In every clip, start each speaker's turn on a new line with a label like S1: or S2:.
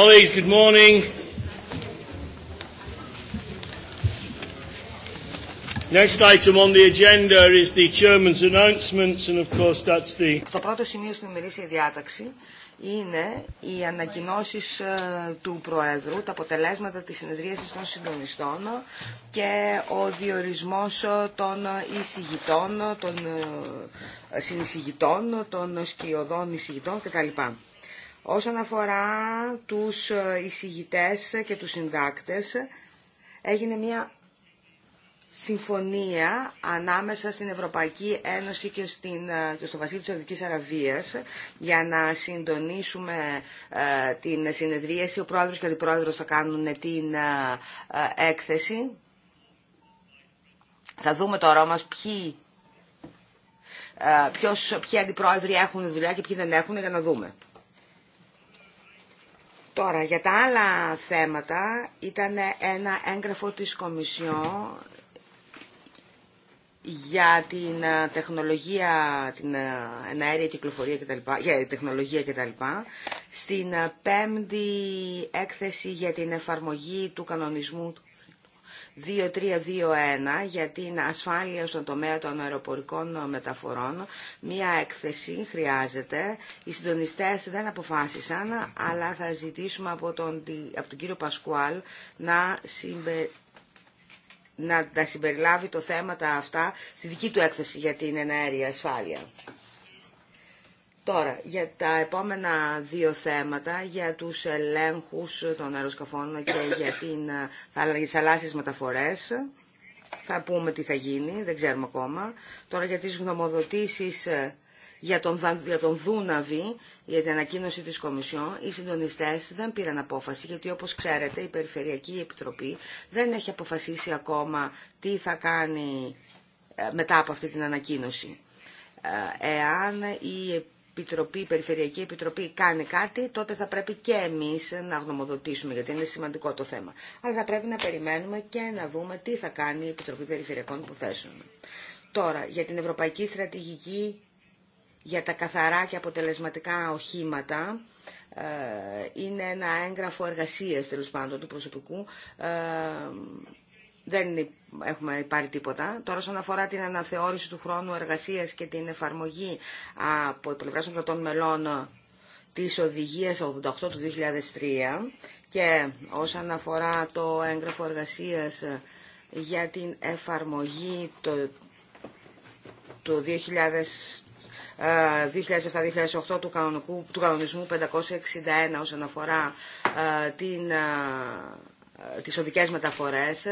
S1: Colleagues, good morning. Next item on the agenda is the chairman's announcements and of course that's the Το πρώτο σημείο στην ημερήσια διάταξη είναι οι
S2: ανακοινώσεις ε, του Προέδρου, τα αποτελέσματα της συνεδρίασης των συντονιστών και ο διορισμός ε, των εισηγητών, ε, των συνεισηγητών, των σκιωδών εισηγητών κτλ. Όσον αφορά τους εισηγητές και τους συντάκτες, έγινε μια συμφωνία ανάμεσα στην Ευρωπαϊκή Ένωση και, στην, και στο Βασίλειο της Σαουδικής Αραβίας για να συντονίσουμε ε, την συνεδρίαση. Ο πρόεδρος και ο αντιπρόεδρος θα κάνουν την ε, έκθεση. Θα δούμε τώρα όμως ποιοι, ε, ποιος, ποιοι αντιπρόεδροι έχουν δουλειά και ποιοι δεν έχουν για να δούμε. Τώρα, για τα άλλα θέματα, ήταν ένα έγγραφο της Κομισιόν για την ε, τεχνολογία, την ε, εναέρια κυκλοφορία κτλ. Για ε, τεχνολογία κτλ. Στην πέμπτη έκθεση για την εφαρμογή του κανονισμού 2321 για την ασφάλεια στον τομέα των αεροπορικών μεταφορών. Μία έκθεση χρειάζεται. Οι συντονιστές δεν αποφάσισαν, αλλά θα ζητήσουμε από τον, από τον κύριο Πασκουάλ να συμπε να τα συμπεριλάβει το θέματα αυτά στη δική του έκθεση για την ενέργεια ασφάλεια. Τώρα, για τα επόμενα δύο θέματα, για τους ελέγχους των αεροσκαφών και για την, τις μεταφορέ. μεταφορές, θα πούμε τι θα γίνει, δεν ξέρουμε ακόμα. Τώρα για τις γνωμοδοτήσεις ε, για τον, για τον Δούναβη, για την ανακοίνωση της Κομισιόν, οι συντονιστές δεν πήραν απόφαση, γιατί όπως ξέρετε η Περιφερειακή Επιτροπή δεν έχει αποφασίσει ακόμα τι θα κάνει ε, μετά από αυτή την ανακοίνωση. Ε, εάν η Επιτροπή, Περιφερειακή Επιτροπή κάνει κάτι, τότε θα πρέπει και εμείς να γνωμοδοτήσουμε, γιατί είναι σημαντικό το θέμα. Αλλά θα πρέπει να περιμένουμε και να δούμε τι θα κάνει η Επιτροπή Περιφερειακών Υποθέσεων. Τώρα, για την Ευρωπαϊκή Στρατηγική για τα καθαρά και αποτελεσματικά οχήματα, ε, είναι ένα έγγραφο εργασίας, τέλο πάντων, του προσωπικού, ε, δεν έχουμε πάρει τίποτα. Τώρα, όσον αφορά την αναθεώρηση του χρόνου εργασίας και την εφαρμογή από πλευρά των κρατών μελών ε, της οδηγίας 88 του 2003 και όσον αφορά το έγγραφο εργασίας ε, για την εφαρμογή το, το 2000, 2007-2008 ε, του, του κανονισμού 561 όσον αφορά την, τις οδικές μεταφορές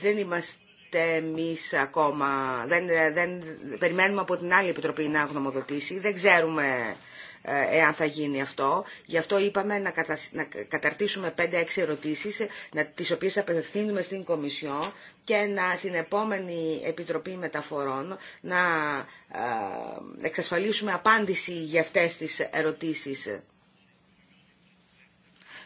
S2: δεν είμαστε Εμεί ακόμα δεν, δεν, περιμένουμε από την άλλη επιτροπή να γνωμοδοτήσει. Δεν ξέρουμε ε, εάν θα γίνει αυτό. Γι' αυτό είπαμε να, να καταρτήσουμε 5-6 ερωτήσεις, να... τις οποίες απευθύνουμε στην Κομισιό και να στην επόμενη Επιτροπή Μεταφορών να εξασφαλίσουμε απάντηση για αυτές τις ερωτήσεις.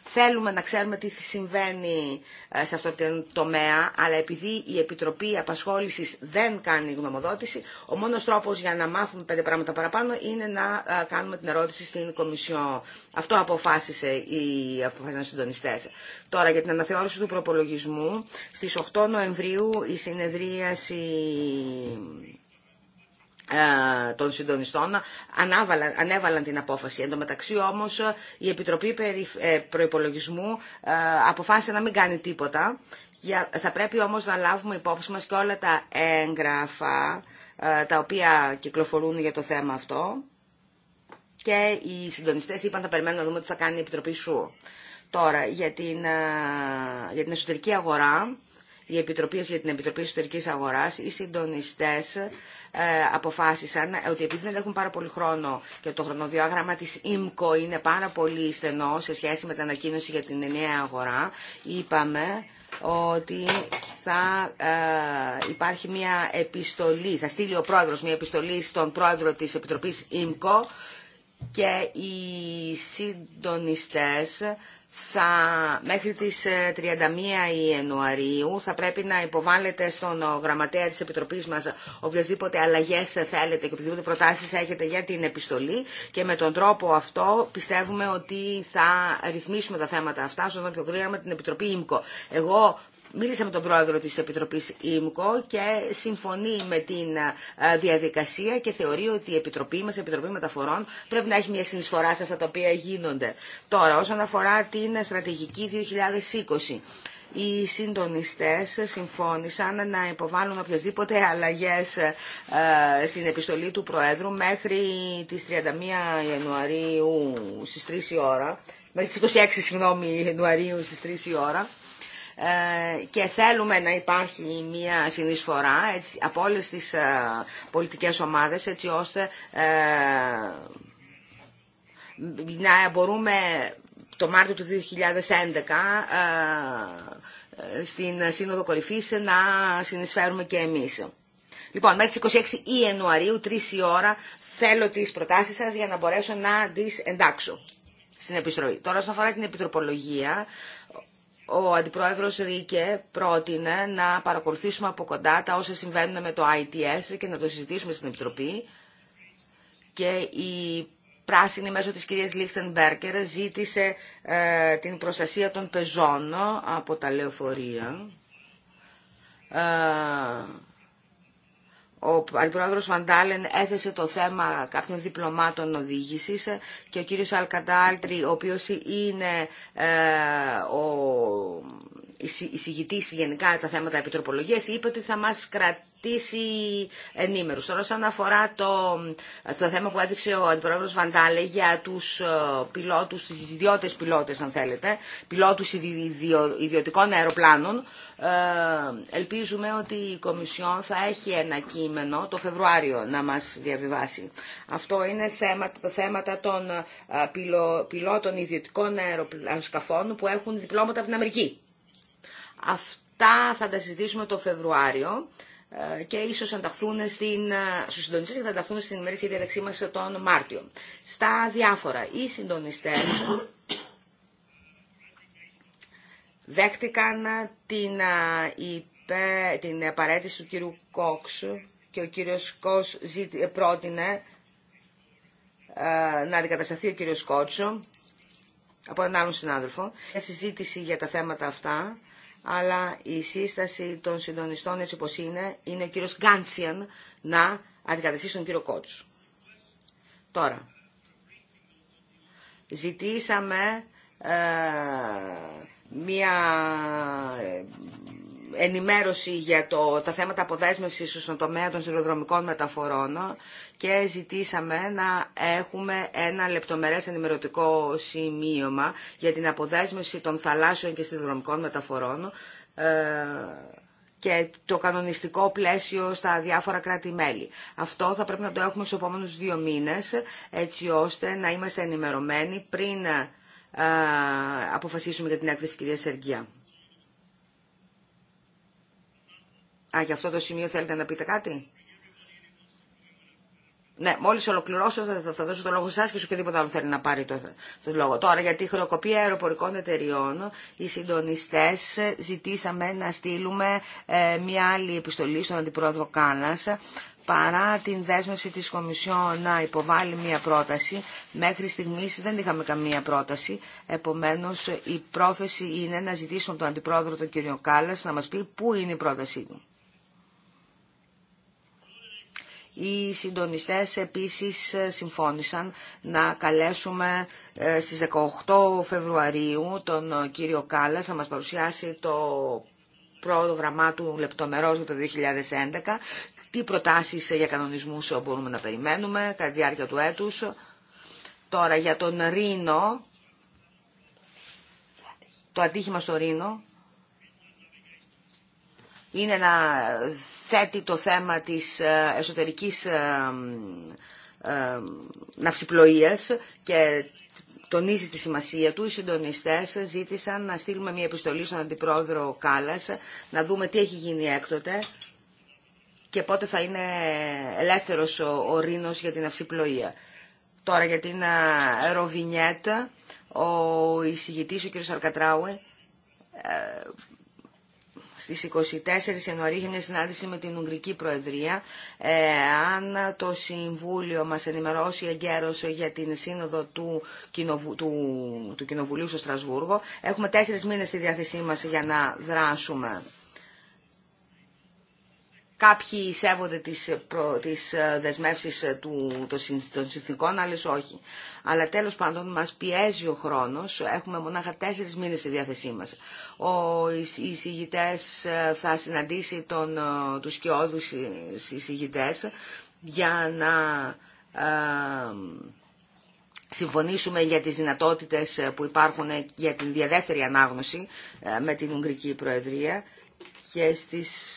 S2: Θέλουμε να ξέρουμε τι συμβαίνει ε, σε αυτό το τομέα, αλλά επειδή η Επιτροπή Απασχόλησης δεν κάνει γνωμοδότηση, ο μόνος τρόπος για να μάθουμε πέντε πράγματα παραπάνω είναι να ε, κάνουμε την ερώτηση στην Κομισιό. Αυτό αποφάσισε οι αποφάσισαν συντονιστέ. Τώρα για την αναθεώρηση του προπολογισμού, στις 8 Νοεμβρίου η συνεδρίαση ε, των συντονιστών ανέβαλαν την απόφαση. Εν τω μεταξύ όμως η Επιτροπή ε, Προϋπολογισμού ε, αποφάσισε να μην κάνει τίποτα. Θα πρέπει όμως να λάβουμε υπόψη μας και όλα τα έγγραφα τα οποία κυκλοφορούν για το θέμα αυτό και οι συντονιστές είπαν θα περιμένουμε να δούμε τι θα κάνει η Επιτροπή ΣΟΥ. Τώρα, για την, για την εσωτερική αγορά, η Επιτροπή για την Επιτροπή Εσωτερικής Αγοράς, οι συντονιστές ε, αποφάσισαν ότι επειδή δεν έχουν πάρα πολύ χρόνο και το χρονοδιάγραμμα της ΙΜΚΟ είναι πάρα πολύ στενό σε σχέση με την ανακοίνωση για την ενιαία αγορά, είπαμε ότι θα ε, υπάρχει μια επιστολή, θα στείλει ο πρόεδρος μια επιστολή στον πρόεδρο της Επιτροπής ΙΜΚΟ και οι συντονιστές θα, μέχρι τις 31 ε, Ιανουαρίου θα πρέπει να υποβάλλετε στον ε, γραμματέα της Επιτροπής μας οποιασδήποτε αλλαγές θέλετε και οποιασδήποτε προτάσεις έχετε για την επιστολή και με τον τρόπο αυτό πιστεύουμε ότι θα ρυθμίσουμε τα θέματα αυτά στον πιο γρήγορα με την Επιτροπή ΙΜΚΟ. Εγώ Μίλησα με τον πρόεδρο της Επιτροπής ΙΜΚΟ και συμφωνεί με την ε, διαδικασία και θεωρεί ότι η Επιτροπή μας, η Επιτροπή Μεταφορών, πρέπει να έχει μια συνεισφορά σε αυτά τα οποία γίνονται. Τώρα, όσον αφορά την στρατηγική 2020, οι συντονιστές συμφώνησαν να υποβάλουν οποιασδήποτε αλλαγές ε, στην επιστολή του Προέδρου μέχρι τις 31 Ιανουαρίου στις 3 η ώρα, μέχρι τις 26 συγγνώμη, Ιανουαρίου στις 3 η ώρα ε, και θέλουμε να υπάρχει μια συνεισφορά έτσι, από όλες τις ε, πολιτικές ομάδες έτσι ώστε ε, να μπορούμε το Μάρτιο του 2011 στην Σύνοδο Κορυφής να συνεισφέρουμε και εμείς. Λοιπόν, μέχρι τις 26 Ιανουαρίου, 3 η ώρα, θέλω τις προτάσεις σας για να μπορέσω να τις εντάξω στην επιστροφή. Τώρα, όσον αφορά την επιτροπολογία, ο αντιπρόεδρος Ρίκε πρότεινε να παρακολουθήσουμε από κοντά τα όσα συμβαίνουν με το ITS και να το συζητήσουμε στην Επιτροπή και η πράσινη μέσω της κυρίας Λίχτενμπέρκερ ζήτησε ε, την προστασία των πεζών από τα λεωφορεία. Ε, ο αντιπρόεδρο Φαντάλεν έθεσε το θέμα κάποιων διπλωμάτων οδήγηση και ο κύριος Αλκαντάλτρη, ο οποίο είναι ε, ο εισηγητήσει γενικά τα θέματα επιτροπολογία, είπε ότι θα μα κρατήσει ενήμερου. Τώρα όσον αφορά το, το θέμα που έδειξε ο αντιπρόεδρο Βαντάλε για του ε, πιλότου, τις ιδιώτε πιλότε, αν θέλετε, πιλότου ιδιωτικών αεροπλάνων, ε, ελπίζουμε ότι η Κομισιόν θα έχει ένα κείμενο το Φεβρουάριο να μας διαβιβάσει. Αυτό είναι θέμα, τα θέματα των ε, πιλότων ιδιωτικών αεροσκαφών που έχουν διπλώματα από την Αμερική. Αυτά θα τα συζητήσουμε το Φεβρουάριο ε, και ίσως ανταχθούν στην, ε, στους συντονιστές και θα ανταχθούν στην ημερήσια διαταξή μας τον Μάρτιο. Στα διάφορα, οι συντονιστές δέχτηκαν την, ε, υπε, την παρέτηση του κύριου Κόξ και ο κύριος Κόξ πρότεινε να αντικατασταθεί ο κύριος Κότσο από έναν άλλον συνάδελφο. Μια συζήτηση για τα θέματα αυτά αλλά η σύσταση των συντονιστών έτσι όπως είναι, είναι ο κύριος Γκάντσιαν να αντικαταστήσει τον κύριο Κότσου. Τώρα, ζητήσαμε ε, μία ε, ενημέρωση για το, τα θέματα αποδέσμευσης στον τομέα των συνδρομικών μεταφορών και ζητήσαμε να έχουμε ένα λεπτομερές ενημερωτικό σημείωμα για την αποδέσμευση των θαλάσσιων και συνδρομικών μεταφορών ε, και το κανονιστικό πλαίσιο στα διάφορα κράτη-μέλη. Αυτό θα πρέπει να το έχουμε στους επόμενους δύο μήνες, έτσι ώστε να είμαστε ενημερωμένοι πριν ε, αποφασίσουμε για την έκθεση κυρία Σεργία. Α, για αυτό το σημείο θέλετε να πείτε κάτι. Ναι, μόλι ολοκληρώσω θα, θα δώσω το λόγο σας και σε οποιοδήποτε άλλο θέλει να πάρει το, το λόγο. Τώρα για τη χρεοκοπία αεροπορικών εταιριών, οι συντονιστέ ζητήσαμε να στείλουμε ε, μια άλλη επιστολή στον Αντιπρόεδρο Κάνας παρά την δέσμευση της Κομισιόν να υποβάλει μία πρόταση. Μέχρι στιγμής δεν είχαμε καμία πρόταση. Επομένως, η πρόθεση είναι να ζητήσουμε τον Αντιπρόεδρο, τον κ. Κάλλας, να μας πει πού είναι η πρότασή του. Οι συντονιστές επίσης ε, συμφώνησαν να καλέσουμε ε, στις 18 Φεβρουαρίου τον ε, κύριο Κάλλας να μας παρουσιάσει το πρόγραμμά του λεπτομερώς για το 2011, τι προτάσεις για κανονισμούς μπορούμε να περιμένουμε κατά τη διάρκεια του έτους. Τώρα για τον Ρήνο, το ατύχημα στο Ρήνο, είναι να θέτει το θέμα της ε, εσωτερικής ε, ε, ναυσιπλοείας και τονίζει τη σημασία του. Οι συντονιστέ ζήτησαν να στείλουμε μια επιστολή στον αντιπρόεδρο κάλας, να δούμε τι έχει γίνει έκτοτε και πότε θα είναι ελεύθερος ο Ρήνος για την ναυσιπλοεία. Τώρα για την Ροβινιέτα, ο εισηγητής, ο κ. Σαρκατράουε, στις 24 Ιανουαρίου είχε μια συνάντηση με την Ουγγρική Προεδρία. Ε, αν το Συμβούλιο μας ενημερώσει εγκαίρως για την σύνοδο του, του... του Κοινοβουλίου στο Στρασβούργο, έχουμε τέσσερις μήνες στη διάθεσή μας για να δράσουμε. Κάποιοι σέβονται τις, προ, ε, δεσμεύσεις ε, του, των συνθηκών, άλλες όχι. Αλλά τέλος πάντων μας πιέζει ο χρόνος, έχουμε μονάχα τέσσερις μήνες στη διάθεσή μας. Ο εισηγητές ε, θα συναντήσει τον, τους κοιόδους εισηγητές για να... συμφωνήσουμε για τις δυνατότητες που υπάρχουν για την διαδεύτερη ανάγνωση με την Ουγγρική Προεδρία και στις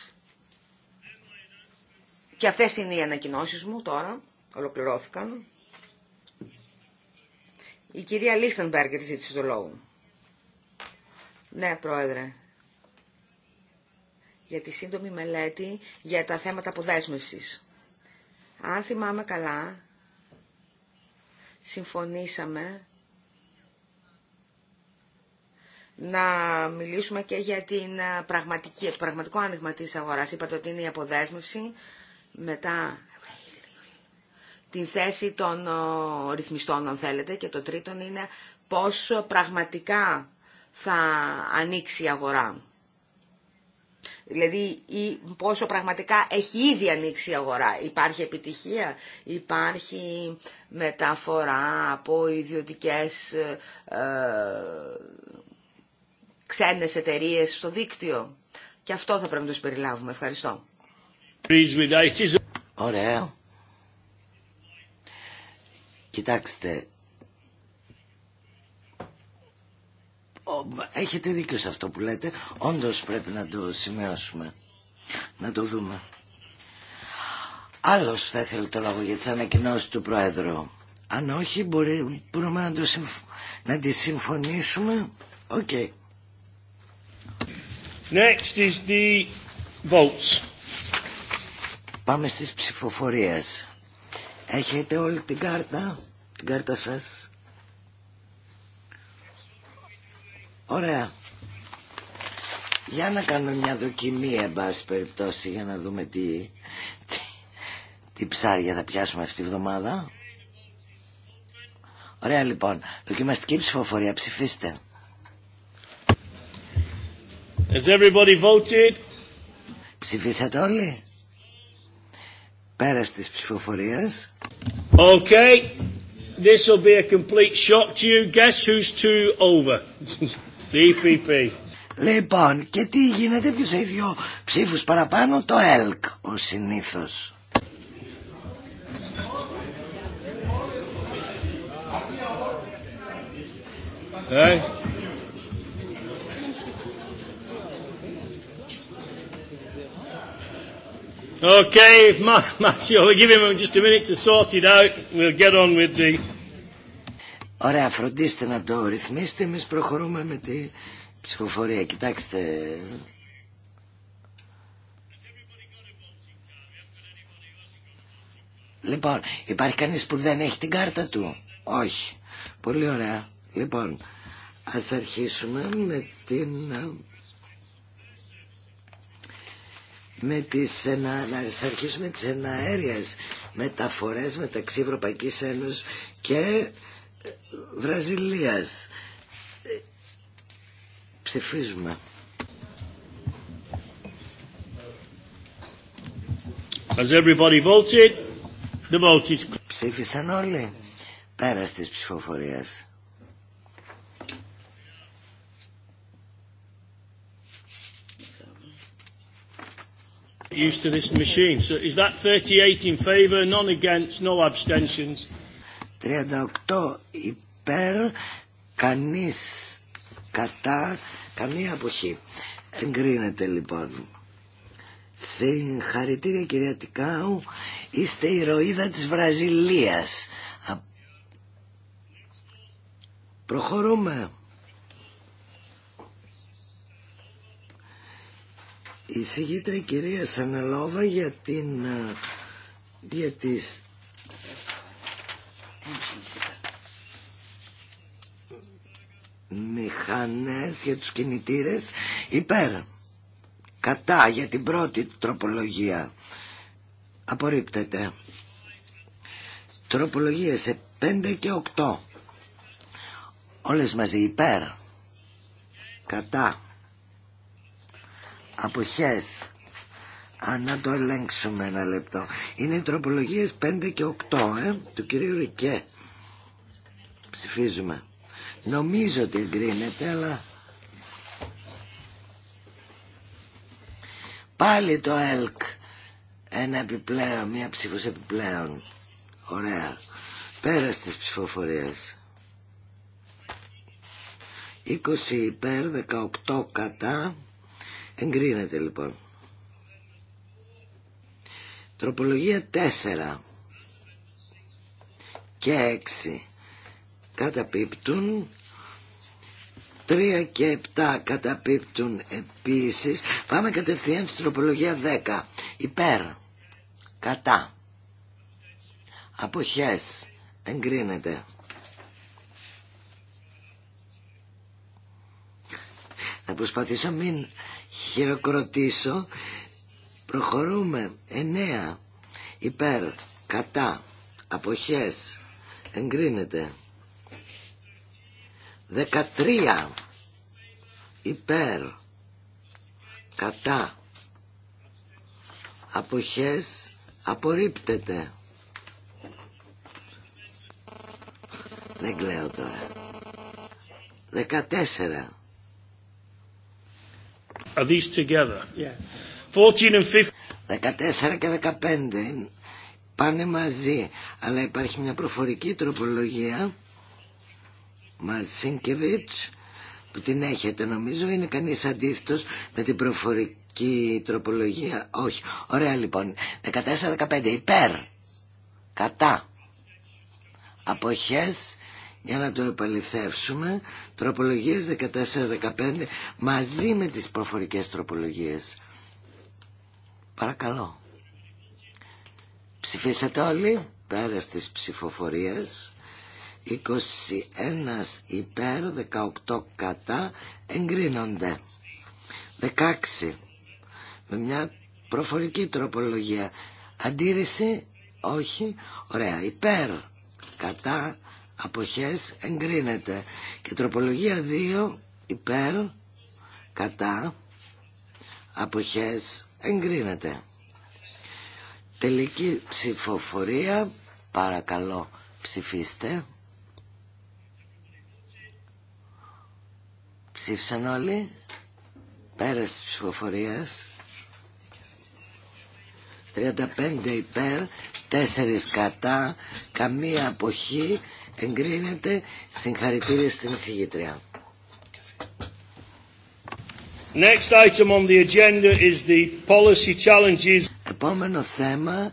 S2: και αυτές είναι οι ανακοινώσεις μου τώρα, ολοκληρώθηκαν. Η κυρία Λίχτενμπέργκερ ζήτησε το λόγο. Ναι, Πρόεδρε. Για τη σύντομη μελέτη για τα θέματα αποδέσμευσης. Αν θυμάμαι καλά, συμφωνήσαμε να μιλήσουμε και για την πραγματική, το πραγματικό άνοιγμα της αγοράς. Είπατε ότι είναι η αποδέσμευση μετά την θέση των ρυθμιστών, αν θέλετε, και το τρίτον είναι πώς πραγματικά θα ανοίξει η αγορά. Δηλαδή ή πόσο πραγματικά έχει ήδη ανοίξει η αγορά. Υπάρχει επιτυχία, υπάρχει μεταφορά από ιδιωτικές ε, ε ξένες εταιρείες στο δίκτυο. Και αυτό θα πρέπει να το συμπεριλάβουμε. Ευχαριστώ.
S1: Ωραία.
S3: Κοιτάξτε. Έχετε δίκιο σε αυτό που λέτε. Όντως πρέπει να το σημειώσουμε. Να το δούμε. Άλλος θα ήθελε το λόγο για τις ανακοινώσεις του Πρόεδρου. Αν όχι μπορεί, μπορούμε να, το τη συμφωνήσουμε. Οκ. Okay. Next is the votes. Πάμε στις ψηφοφορίες. Έχετε όλη την κάρτα, την κάρτα σας. Ωραία. Για να κάνω μια δοκιμή, εν περιπτώσει, για να δούμε τι, τι, ψάρια θα πιάσουμε αυτή τη βδομάδα. Ωραία λοιπόν. Δοκιμαστική ψηφοφορία. Ψηφίστε.
S1: Has everybody voted? Ψηφίσατε
S3: όλοι. Πέρας της
S1: ψηφοφορίας. Okay. This will be a complete shock to you. Guess who's two over. The EPP. Λοιπόν, και τι γίνεται,
S3: ποιος έχει δύο ψήφους παραπάνω, το ΕΛΚ, ο συνήθως.
S1: Hey. Ωραία, φροντίστε
S3: να το ρυθμίσετε. Εμεί προχωρούμε με τη ψηφοφορία. Κοιτάξτε. Λοιπόν, υπάρχει κανείς που δεν έχει την κάρτα του. Όχι. Πολύ ωραία. Λοιπόν, ας αρχίσουμε με την με τις ενα... να αρχίσουμε τις εναέριες μεταφορές μεταξύ Ευρωπαϊκής Ένωσης και ε, Βραζιλίας.
S1: Ε, ψηφίζουμε. As everybody voted?
S3: The vote is... Ψήφισαν όλοι πέρα της ψηφοφορίας.
S1: used to this machine. So is that 38 in favour, none against, no abstentions? 38 υπέρ,
S3: κανείς κατά, καμία αποχή. Εγκρίνεται λοιπόν. Συγχαρητήρια κυρία Τικάου, είστε η ροίδα της Βραζιλίας. Προχωρούμε. η συγγήτρια κυρία Σαναλόβα για την ε, για τις μηχανές για τους κινητήρες υπέρ κατά για την πρώτη τροπολογία απορρίπτεται σε 5 και 8 όλες μαζί υπέρ κατά αποχές Α, να το ελέγξουμε ένα λεπτό. Είναι οι τροπολογίες 5 και 8, ε, του κυρίου Ρικέ. Ψηφίζουμε. Νομίζω ότι εγκρίνεται, αλλά... Πάλι το ΕΛΚ. Ένα επιπλέον, μία ψήφος επιπλέον. Ωραία. Πέρα στις ψηφοφορίες. 20 υπέρ, 18 κατά. Εγκρίνεται λοιπόν. Τροπολογία 4 και 6 καταπίπτουν. 3 και 7 καταπίπτουν επίσης. Πάμε κατευθείαν στην τροπολογία 10. Υπέρ. Κατά. Αποχές. Εγκρίνεται. Θα προσπαθήσω μην χειροκροτήσω. Προχωρούμε. 9. Υπέρ. Κατά. Αποχές. Εγκρίνεται. 13. Υπέρ. Κατά. Αποχές. Απορρίπτεται. Δεν κλαίω τώρα. Δεκατέσσερα. 14 14 και 15 πάνε μαζί, αλλά υπάρχει μια προφορική τροπολογία Μαρσίνκεβιτς που την έχετε νομίζω είναι κανείς αντίθετος με την προφορική τροπολογία όχι, ωραία λοιπόν 14-15 υπέρ κατά αποχές για να το επαληθεύσουμε τροπολογίες 14-15 μαζί με τις προφορικές τροπολογίες παρακαλώ ψηφίσατε όλοι πέρα στις ψηφοφορίες 21 υπέρ 18 κατά εγκρίνονται 16 με μια προφορική τροπολογία αντίρρηση όχι ωραία υπέρ κατά αποχές εγκρίνεται και τροπολογία 2 υπέρ κατά αποχές εγκρίνεται τελική ψηφοφορία παρακαλώ ψηφίστε ψήφισαν όλοι πέρας της ψηφοφορίας 35 υπέρ 4 κατά καμία αποχή εγκρίνεται. Συγχαρητήρια στην
S1: εισηγήτρια. Next item on the agenda is the policy challenges. Επόμενο θέμα,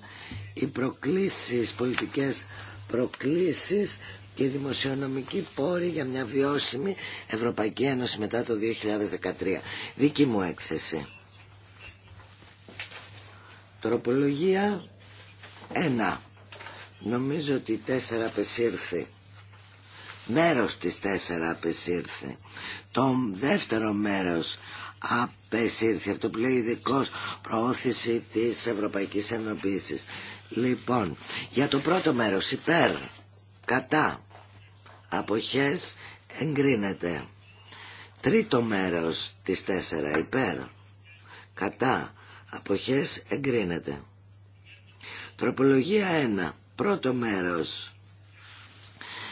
S1: οι προκλήσεις,
S3: πολιτικές προκλήσεις και δημοσιονομική πόρη για μια βιώσιμη Ευρωπαϊκή Ένωση μετά το 2013. Δική μου έκθεση. Τροπολογία 1. Νομίζω ότι η τέσσερα απεσήρθη. Μέρος της τέσσερα απεσήρθη. Το δεύτερο μέρος απεσήρθη. Αυτό που λέει ειδικό προώθηση της Ευρωπαϊκής Ενοποίησης. Λοιπόν, για το πρώτο μέρος υπέρ, κατά, αποχές εγκρίνεται. Τρίτο μέρος της τέσσερα υπέρ, κατά, αποχές εγκρίνεται. Τροπολογία 1. Πρώτο μέρος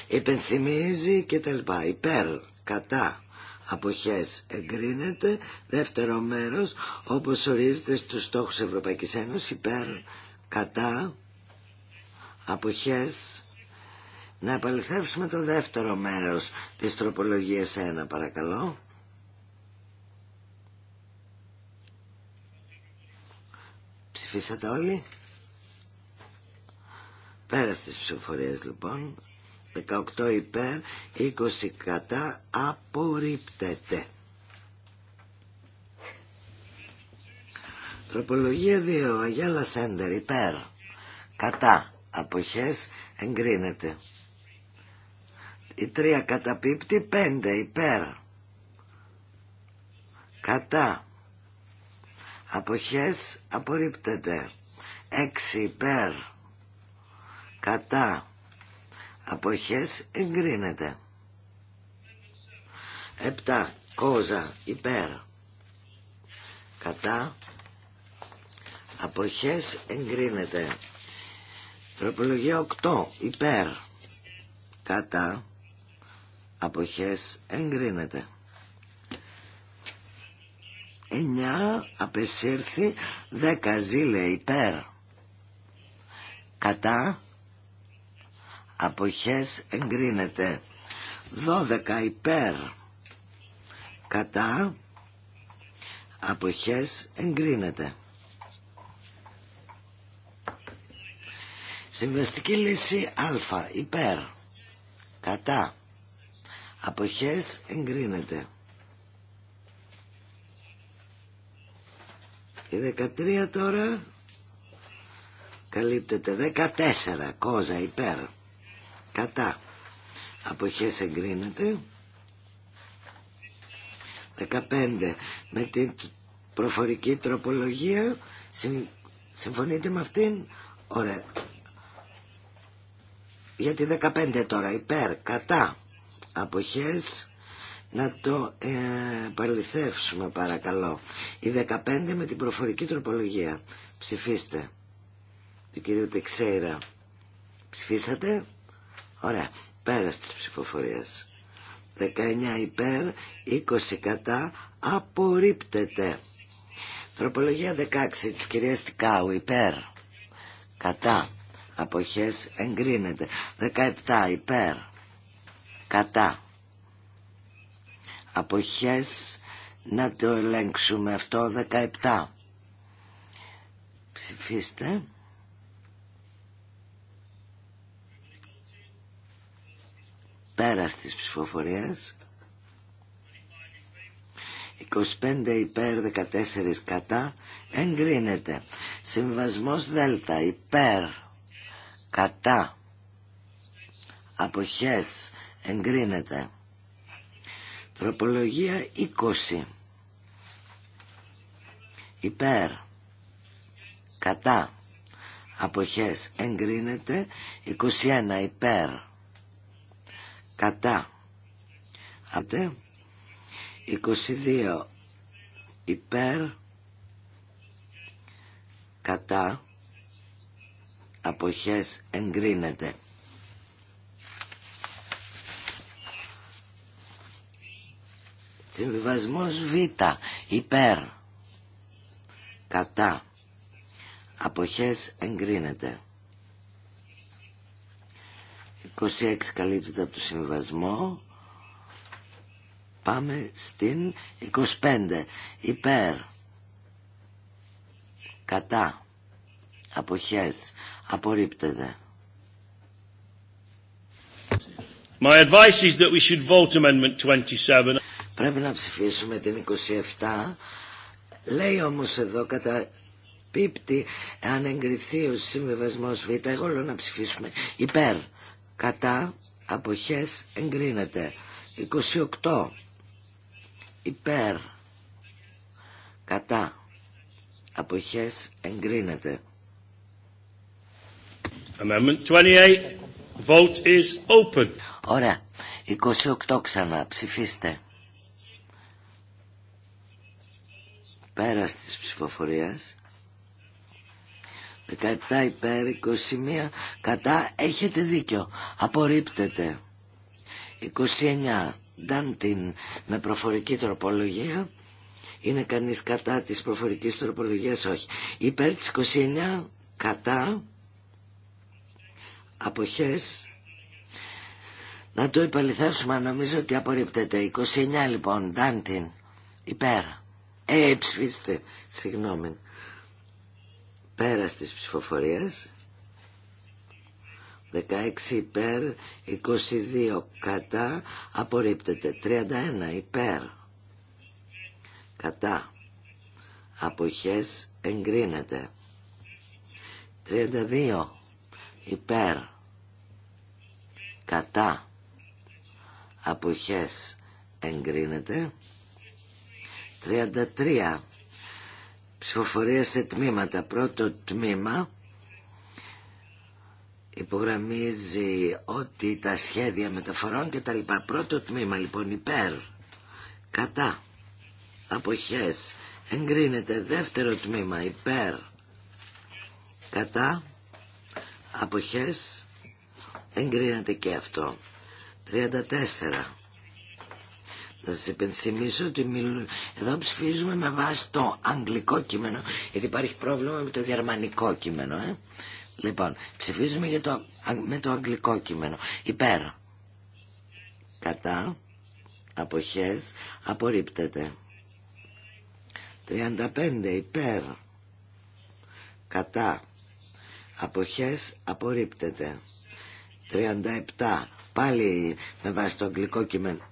S3: υπενθυμίζει και τα λοιπά. Υπέρ, κατά, αποχές εγκρίνεται. Δεύτερο μέρος, όπως ορίζεται στους στόχους Ευρωπαϊκής Ένωσης, υπέρ, κατά, αποχές. Να επαληθεύσουμε το δεύτερο μέρος της τροπολογίας 1, παρακαλώ. Ψηφίσατε όλοι. Πέρα στις ψηφοφορίες λοιπόν 18 υπέρ 20 κατά απορρίπτεται Τροπολογία 2 Αγιάλα Σέντερ υπέρ Κατά Αποχές εγκρίνεται Η 3 καταπίπτει 5 υπέρ Κατά Αποχές απορρίπτεται 6 υπέρ κατά αποχές εγκρίνεται 7 κόζα υπέρ κατά αποχές εγκρίνεται τροπολογία 8 υπέρ κατά αποχές εγκρίνεται 9 απεσύρθη 10 ζήλε υπέρ κατά αποχές εγκρίνεται 12 υπέρ κατά αποχές εγκρίνεται Συμβαστική λύση α υπέρ κατά αποχές εγκρίνεται Η 13 τώρα καλύπτεται 14 κόζα υπέρ κατά αποχές εγκρίνεται 15 με την προφορική τροπολογία συμφωνείτε με αυτήν ωραία για τη 15 τώρα υπέρ κατά αποχές να το ε, παληθεύσουμε παρακαλώ η 15 με την προφορική τροπολογία ψηφίστε του κυρίου Τεξέιρα ψηφίσατε Ωραία. Πέρα τη ψηφοφορία. 19 υπέρ, 20 κατά, απορρίπτεται. Τροπολογία 16 της κυρίας Τικάου, υπέρ, κατά, αποχές εγκρίνεται. 17 υπέρ, κατά, αποχές να το ελέγξουμε αυτό 17. Ψηφίστε. πέρας της ψηφοφορίας 25 υπέρ 14 κατά εγκρίνεται συμβασμός δέλτα υπέρ κατά αποχές εγκρίνεται τροπολογία 20 υπέρ κατά αποχές εγκρίνεται 21 υπέρ κατά αντε 22 υπέρ κατά αποχές εγκρίνεται Συμβιβασμός Β υπέρ κατά αποχές εγκρίνεται 26 καλύπτεται από το συμβιβασμό Πάμε στην 25. Υπέρ.
S1: Κατά. Αποχές. Απορρίπτεται. My advice is that we should vote amendment 27. Πρέπει να ψηφίσουμε την 27. Λέει όμως
S3: εδώ κατά πίπτη αν εγκριθεί ο συμβιβασμός Β. Εγώ λέω να ψηφίσουμε υπέρ κατά αποχές εγκρίνεται 28 υπέρ κατά αποχές εγκρίνεται Amendment 28 Vote is open. Ωραία. 28 ξανά. Ψηφίστε. Πέρας της ψηφοφορίας. 17 υπέρ 21 κατά έχετε δίκιο απορρίπτεται 29 Ντάντιν με προφορική τροπολογία είναι κανείς κατά της προφορικής τροπολογίας όχι υπέρ της 29 κατά αποχές να το υπαλληθέσουμε νομίζω ότι απορρίπτεται 29 λοιπόν Ντάντιν υπέρ ε ψηφίστε συγγνώμη Πέρας της ψηφοφορία. 16 υπέρ 22 κατά απορρίπτεται 31 υπέρ κατά αποχές εγκρίνεται 32 υπέρ κατά αποχές εγκρίνεται 33 Ψηφοφορία σε τμήματα. Πρώτο τμήμα υπογραμμίζει ότι τα σχέδια μεταφορών και τα λοιπά. Πρώτο τμήμα λοιπόν υπέρ, κατά, αποχές, εγκρίνεται δεύτερο τμήμα υπέρ, κατά, αποχές, εγκρίνεται και αυτό. 34. Θα σα υπενθυμίσω ότι εδώ ψηφίζουμε με βάση το αγγλικό κείμενο, γιατί υπάρχει πρόβλημα με το γερμανικό κείμενο. Ε? Λοιπόν, ψηφίζουμε για το... με το αγγλικό κείμενο. Υπέρ. Κατά. Αποχές. Απορρίπτεται. 35. Υπέρ. Κατά. Αποχές. Απορρίπτεται. 37. Πάλι με βάση το αγγλικό κείμενο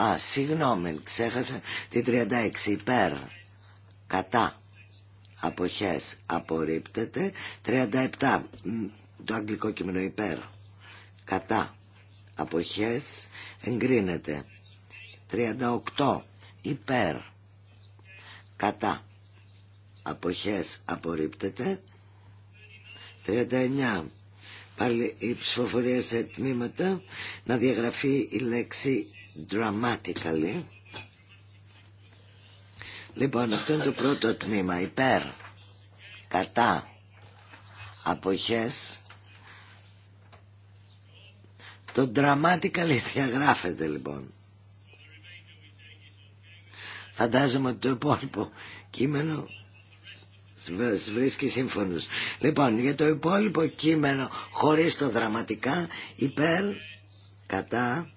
S3: Α, συγγνώμη, ξέχασα τη 36 υπέρ. Κατά. Αποχές απορρίπτεται. 37 το αγγλικό κείμενο υπέρ. Κατά. Αποχές εγκρίνεται. 38 υπέρ. Κατά. Αποχές απορρίπτεται. 39 πάλι η ψηφοφορία σε τμήματα να διαγραφεί η λέξη dramatically. Λοιπόν, αυτό είναι το πρώτο τμήμα. Υπέρ, κατά, αποχές. Το dramatically διαγράφεται λοιπόν. Φαντάζομαι ότι το υπόλοιπο κείμενο βρίσκει σύμφωνος. Λοιπόν, για το υπόλοιπο κείμενο χωρίς το δραματικά, υπέρ, κατά,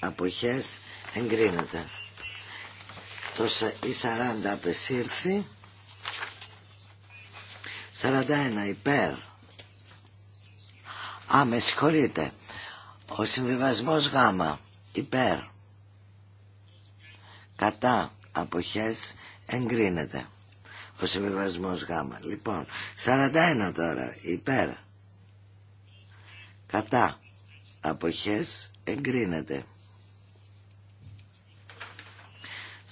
S3: αποχές εγκρίνεται το η 40 απεσύρθη 41 υπέρ α με συγχωρείτε ο συμβιβασμός Γ υπέρ κατά αποχές εγκρίνεται ο συμβιβασμός Γ λοιπόν 41 τώρα υπέρ κατά αποχές εγκρίνεται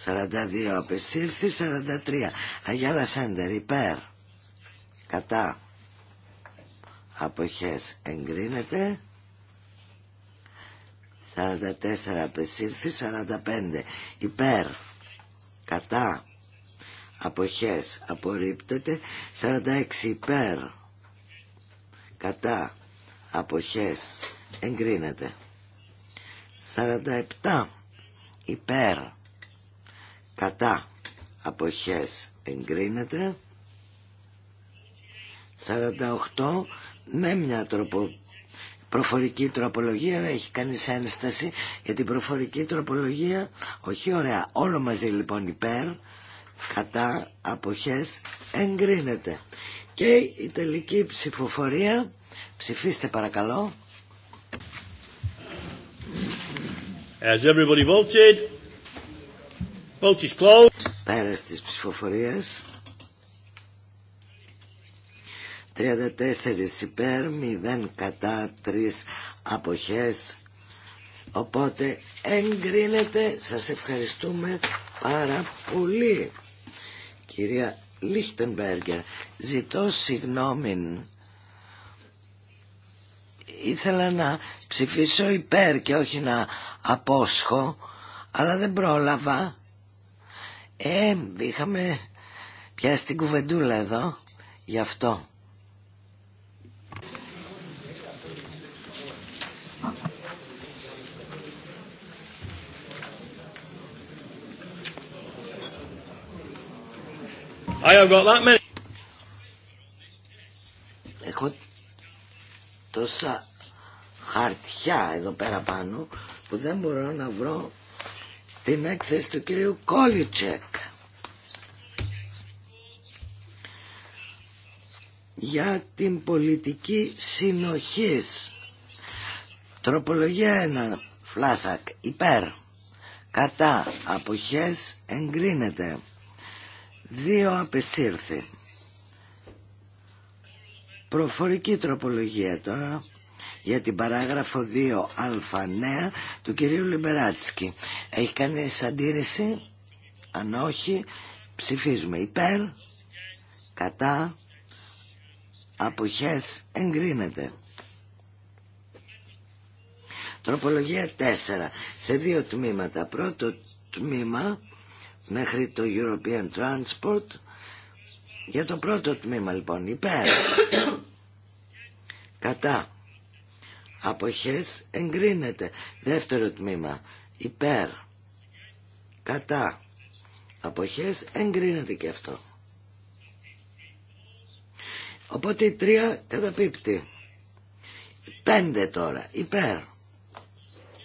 S3: 42 απεσύρθη 43 Αγιάλα Σέντερ υπέρ κατά αποχές εγκρίνεται 44 απεσύρθη 45 υπέρ κατά αποχές απορρίπτεται 46 υπέρ κατά αποχές εγκρίνεται 47 υπέρ κατά αποχές εγκρίνεται 48 με μια τροπο, προφορική τροπολογία έχει κάνει ένσταση για την προφορική τροπολογία όχι ωραία όλο μαζί λοιπόν υπέρ κατά αποχές εγκρίνεται και η τελική ψηφοφορία ψηφίστε παρακαλώ
S1: As everybody voted Πέρα is ψηφοφορία.
S3: 34 υπέρ, 0 κατά, 3 αποχές. Οπότε εγκρίνεται, σας ευχαριστούμε πάρα πολύ. Κυρία Λίχτενμπέργκερ, ζητώ συγγνώμη. Ήθελα να ψηφίσω υπέρ και όχι να απόσχω, αλλά δεν πρόλαβα. Ε, είχαμε πια στην κουβεντούλα εδώ, γι' αυτό.
S1: I have got
S3: Έχω τόσα χαρτιά εδώ πέρα πάνω που δεν μπορώ να βρω την έκθεση του κυρίου Κόλιτσεκ για την πολιτική συνοχής. Τροπολογία 1. Φλάσακ. Υπέρ. Κατά. Αποχές. Εγκρίνεται. δύο Απεσύρθη. Προφορική τροπολογία τώρα για την παράγραφο 2α νέα του κυρίου Λιμπεράτσκι. Έχει κάνει αντίρρηση. Αν όχι, ψηφίζουμε υπέρ, κατά, αποχές, εγκρίνεται. Τροπολογία 4. Σε δύο τμήματα. Πρώτο τμήμα μέχρι το European Transport. Για το πρώτο τμήμα λοιπόν υπέρ. Κατά αποχές εγκρίνεται. Δεύτερο τμήμα υπέρ κατά αποχές εγκρίνεται και αυτό. Οπότε η τρία καταπίπτει. Πέντε τώρα υπέρ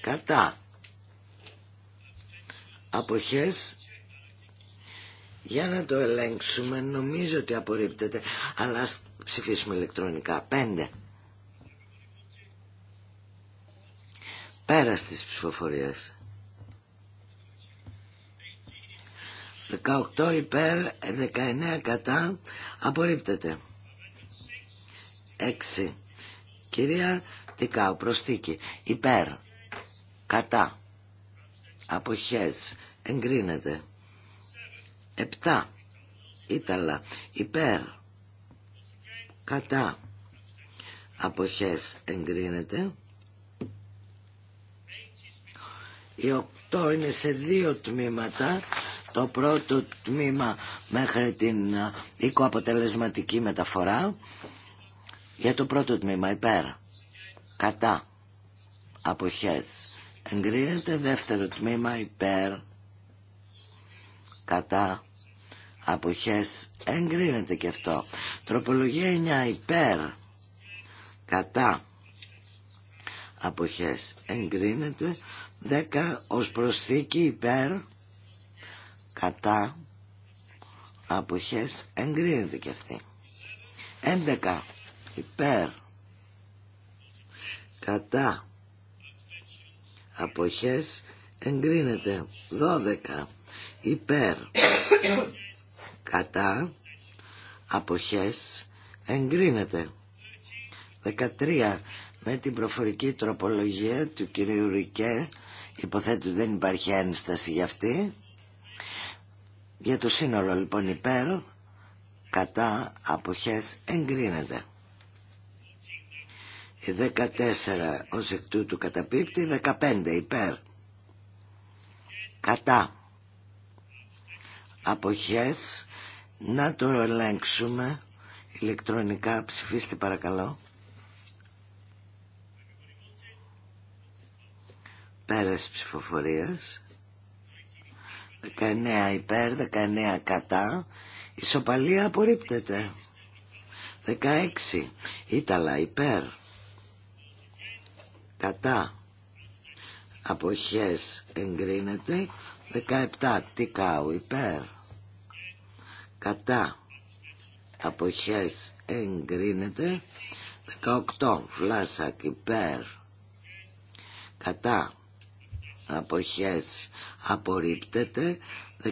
S3: κατά αποχές για να το ελέγξουμε νομίζω ότι απορρίπτεται αλλά ας ψηφίσουμε ηλεκτρονικά πέντε Πέρα στις ψηφοφορίας. 18 υπέρ, 19 κατά, απορρίπτεται. 6. Κυρία Τικάου, προστίκη. Υπέρ, κατά, αποχές, εγκρίνεται. 7. Ήταλα, υπέρ, κατά, αποχές, εγκρίνεται. Οι οκτώ είναι σε δύο τμήματα. Το πρώτο τμήμα μέχρι την ε, οικοαποτελεσματική μεταφορά. Για το πρώτο τμήμα υπέρ. Κατά. Αποχές. Εγκρίνεται δεύτερο τμήμα υπέρ. Κατά. Αποχές. Εγκρίνεται και αυτό. Τροπολογία 9 υπέρ. Κατά. Αποχές. Εγκρίνεται. 10 ως προσθήκη υπέρ κατά αποχές εγκρίνεται και αυτή 11 υπέρ κατά αποχές εγκρίνεται 12 υπέρ κατά αποχές εγκρίνεται 13 με την προφορική τροπολογία του κυρίου Ρικέ Υποθέτω δεν υπάρχει ένσταση για αυτή. Για το σύνολο, λοιπόν υπέρ, κατά αποχές εγκρίνεται. Η 14 ως εκ τούτου καταπίπτει, 15 υπέρ. Κατά αποχές να το ελέγξουμε ηλεκτρονικά. Ψηφίστε παρακαλώ. Πέρας ψηφοφορία. 19 υπέρ, 19 κατά. Ισοπαλία απορρίπτεται. 16. Ήταλα υπέρ. Κατά. Αποχές εγκρίνεται. 17. Τικάου υπέρ. Κατά. Αποχές εγκρίνεται. 18. Φλάσακ υπέρ. Κατά αποχές απορρίπτεται 19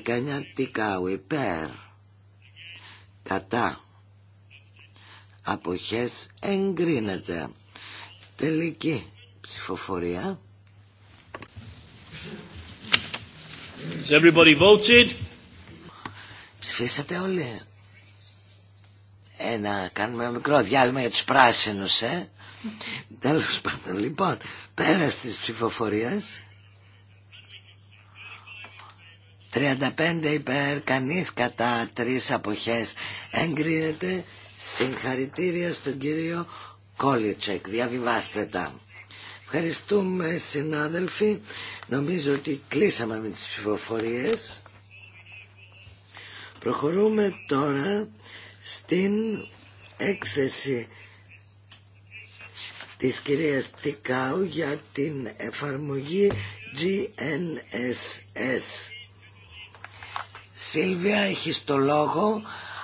S3: τικάου υπέρ κατά αποχές εγκρίνεται τελική ψηφοφορία everybody voted? Ψηφίσατε όλοι Ένα κάνουμε ένα μικρό διάλειμμα για τους πράσινους ε. Τέλος πάντων λοιπόν πέρα στις ψηφοφορίες. 35 υπέρ, κανείς κατά, τρεις αποχές εγκρίνεται. Συγχαρητήρια στον κύριο Κόλιτσεκ, διαβιβάστε τα. Ευχαριστούμε συνάδελφοι, νομίζω ότι κλείσαμε με τις ψηφοφορίες. Προχωρούμε τώρα στην έκθεση της κυρίας Τικάου για την εφαρμογή GNSS. Σίλβια, έχει το λόγο.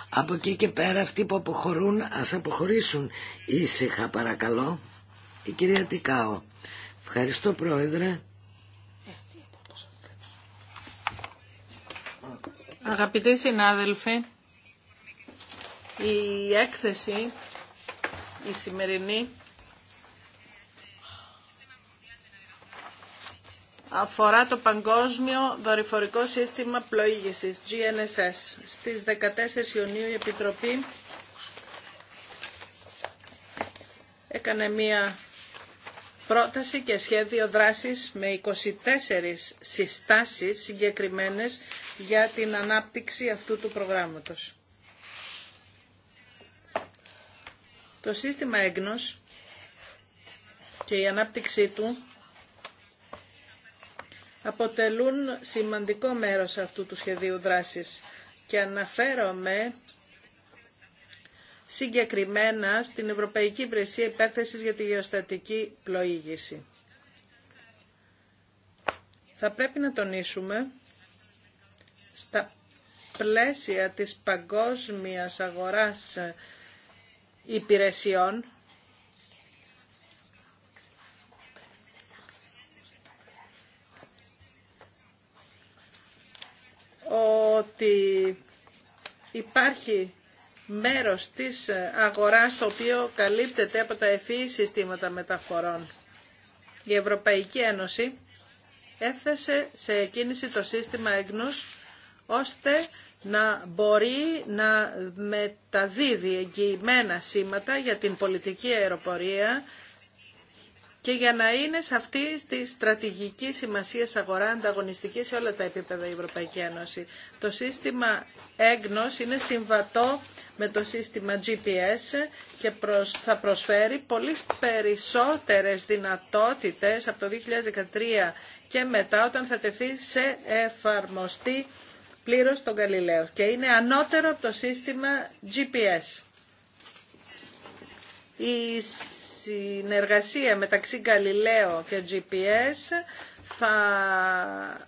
S3: Από εκεί και πέρα αυτοί που αποχωρούν ας αποχωρήσουν ήσυχα παρακαλώ. Η κυρία Τικάο. Ευχαριστώ πρόεδρε.
S4: Αγαπητοί συνάδελφοι, η έκθεση, η σημερινή, αφορά το Παγκόσμιο Δορυφορικό Σύστημα Πλοήγησης, GNSS. Στις 14 Ιουνίου η Επιτροπή έκανε μία πρόταση και σχέδιο δράσης με 24 συστάσεις συγκεκριμένες για την ανάπτυξη αυτού του προγράμματος. Το σύστημα έγνος και η ανάπτυξή του αποτελούν σημαντικό μέρος αυτού του σχεδίου δράσης και αναφέρομαι συγκεκριμένα στην Ευρωπαϊκή Υπηρεσία Υπέρθεσης για τη Γεωστατική Πλοήγηση. Θα πρέπει να τονίσουμε στα πλαίσια της παγκόσμιας αγοράς υπηρεσιών ότι υπάρχει μέρος της αγοράς το οποίο καλύπτεται από τα ευφυή e συστήματα μεταφορών. Η Ευρωπαϊκή Ένωση έθεσε σε κίνηση το σύστημα EGNUS ώστε να μπορεί να μεταδίδει εγγυημένα σήματα για την πολιτική αεροπορία και για να είναι σε αυτή τη στρατηγική σημασία αγορά ανταγωνιστική σε όλα τα επίπεδα η Ευρωπαϊκή Ένωση. Το σύστημα EGNOS είναι συμβατό με το σύστημα GPS και θα προσφέρει πολύ περισσότερες δυνατότητες από το 2013 και μετά όταν θα τεθεί σε εφαρμοστή πλήρως τον Γαλιλαίο και είναι ανώτερο από το σύστημα GPS συνεργασία μεταξύ Galileo και GPS θα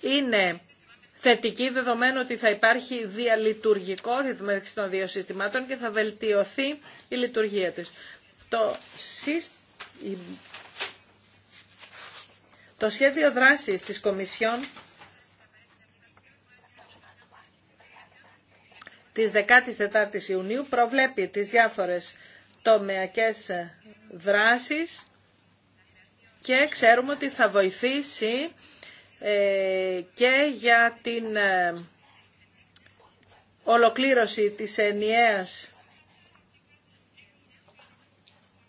S4: είναι θετική δεδομένου ότι θα υπάρχει διαλειτουργικότητα μεταξύ των δύο συστημάτων και θα βελτιωθεί η λειτουργία της. Το, το σχέδιο δράσης της Κομισιόν της 14ης Ιουνίου προβλέπει τις διάφορες τομεακές δράσεις και ξέρουμε ότι θα βοηθήσει ε, και για την ε, ολοκλήρωση της ενιαίας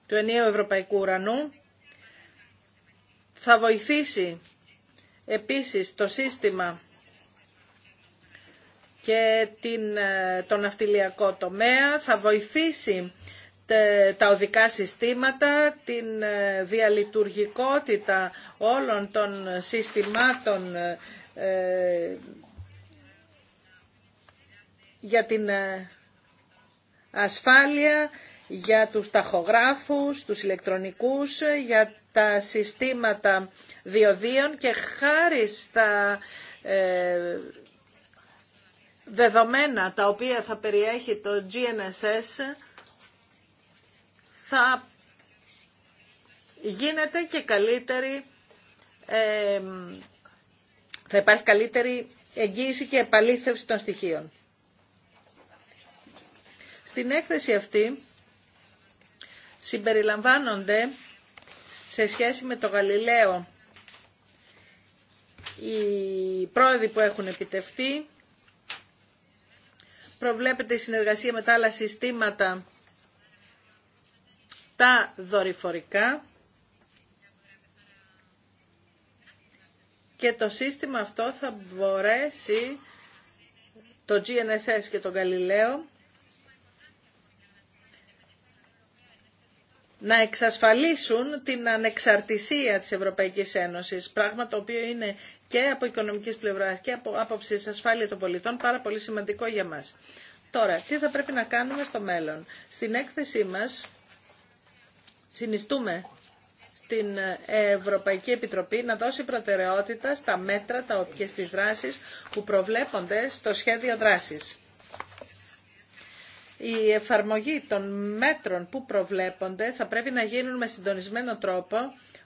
S4: του ενιαίου ευρωπαϊκού ουρανού θα βοηθήσει επίσης το σύστημα και την, ε, τον ναυτιλιακό τομέα, θα βοηθήσει τα οδικά συστήματα, την ε, διαλειτουργικότητα όλων των συστημάτων ε, για την ασφάλεια, για τους ταχογράφους, τους ηλεκτρονικούς, για τα συστήματα διοδίων και χάρη στα δεδομένα τα οποία θα περιέχει το GNSS θα γίνεται και καλύτερη, ε, θα υπάρχει καλύτερη εγγύηση και επαλήθευση των στοιχείων. Στην έκθεση αυτή συμπεριλαμβάνονται σε σχέση με το Γαλιλαίο οι πρόεδροι που έχουν επιτευχθεί προβλέπεται η συνεργασία με τα άλλα συστήματα τα δορυφορικά και το σύστημα αυτό θα μπορέσει το GNSS και το Galileo να εξασφαλίσουν την ανεξαρτησία της Ευρωπαϊκής Ένωσης, πράγμα το οποίο είναι και από οικονομικής πλευράς και από άποψη ασφάλεια των πολιτών πάρα πολύ σημαντικό για μας. Τώρα, τι θα πρέπει να κάνουμε στο μέλλον. Στην έκθεσή μας συνιστούμε στην Ευρωπαϊκή Επιτροπή να δώσει προτεραιότητα στα μέτρα τα οποία στις δράσεις που προβλέπονται στο σχέδιο δράσης η εφαρμογή των μέτρων που προβλέπονται θα πρέπει να γίνουν με συντονισμένο τρόπο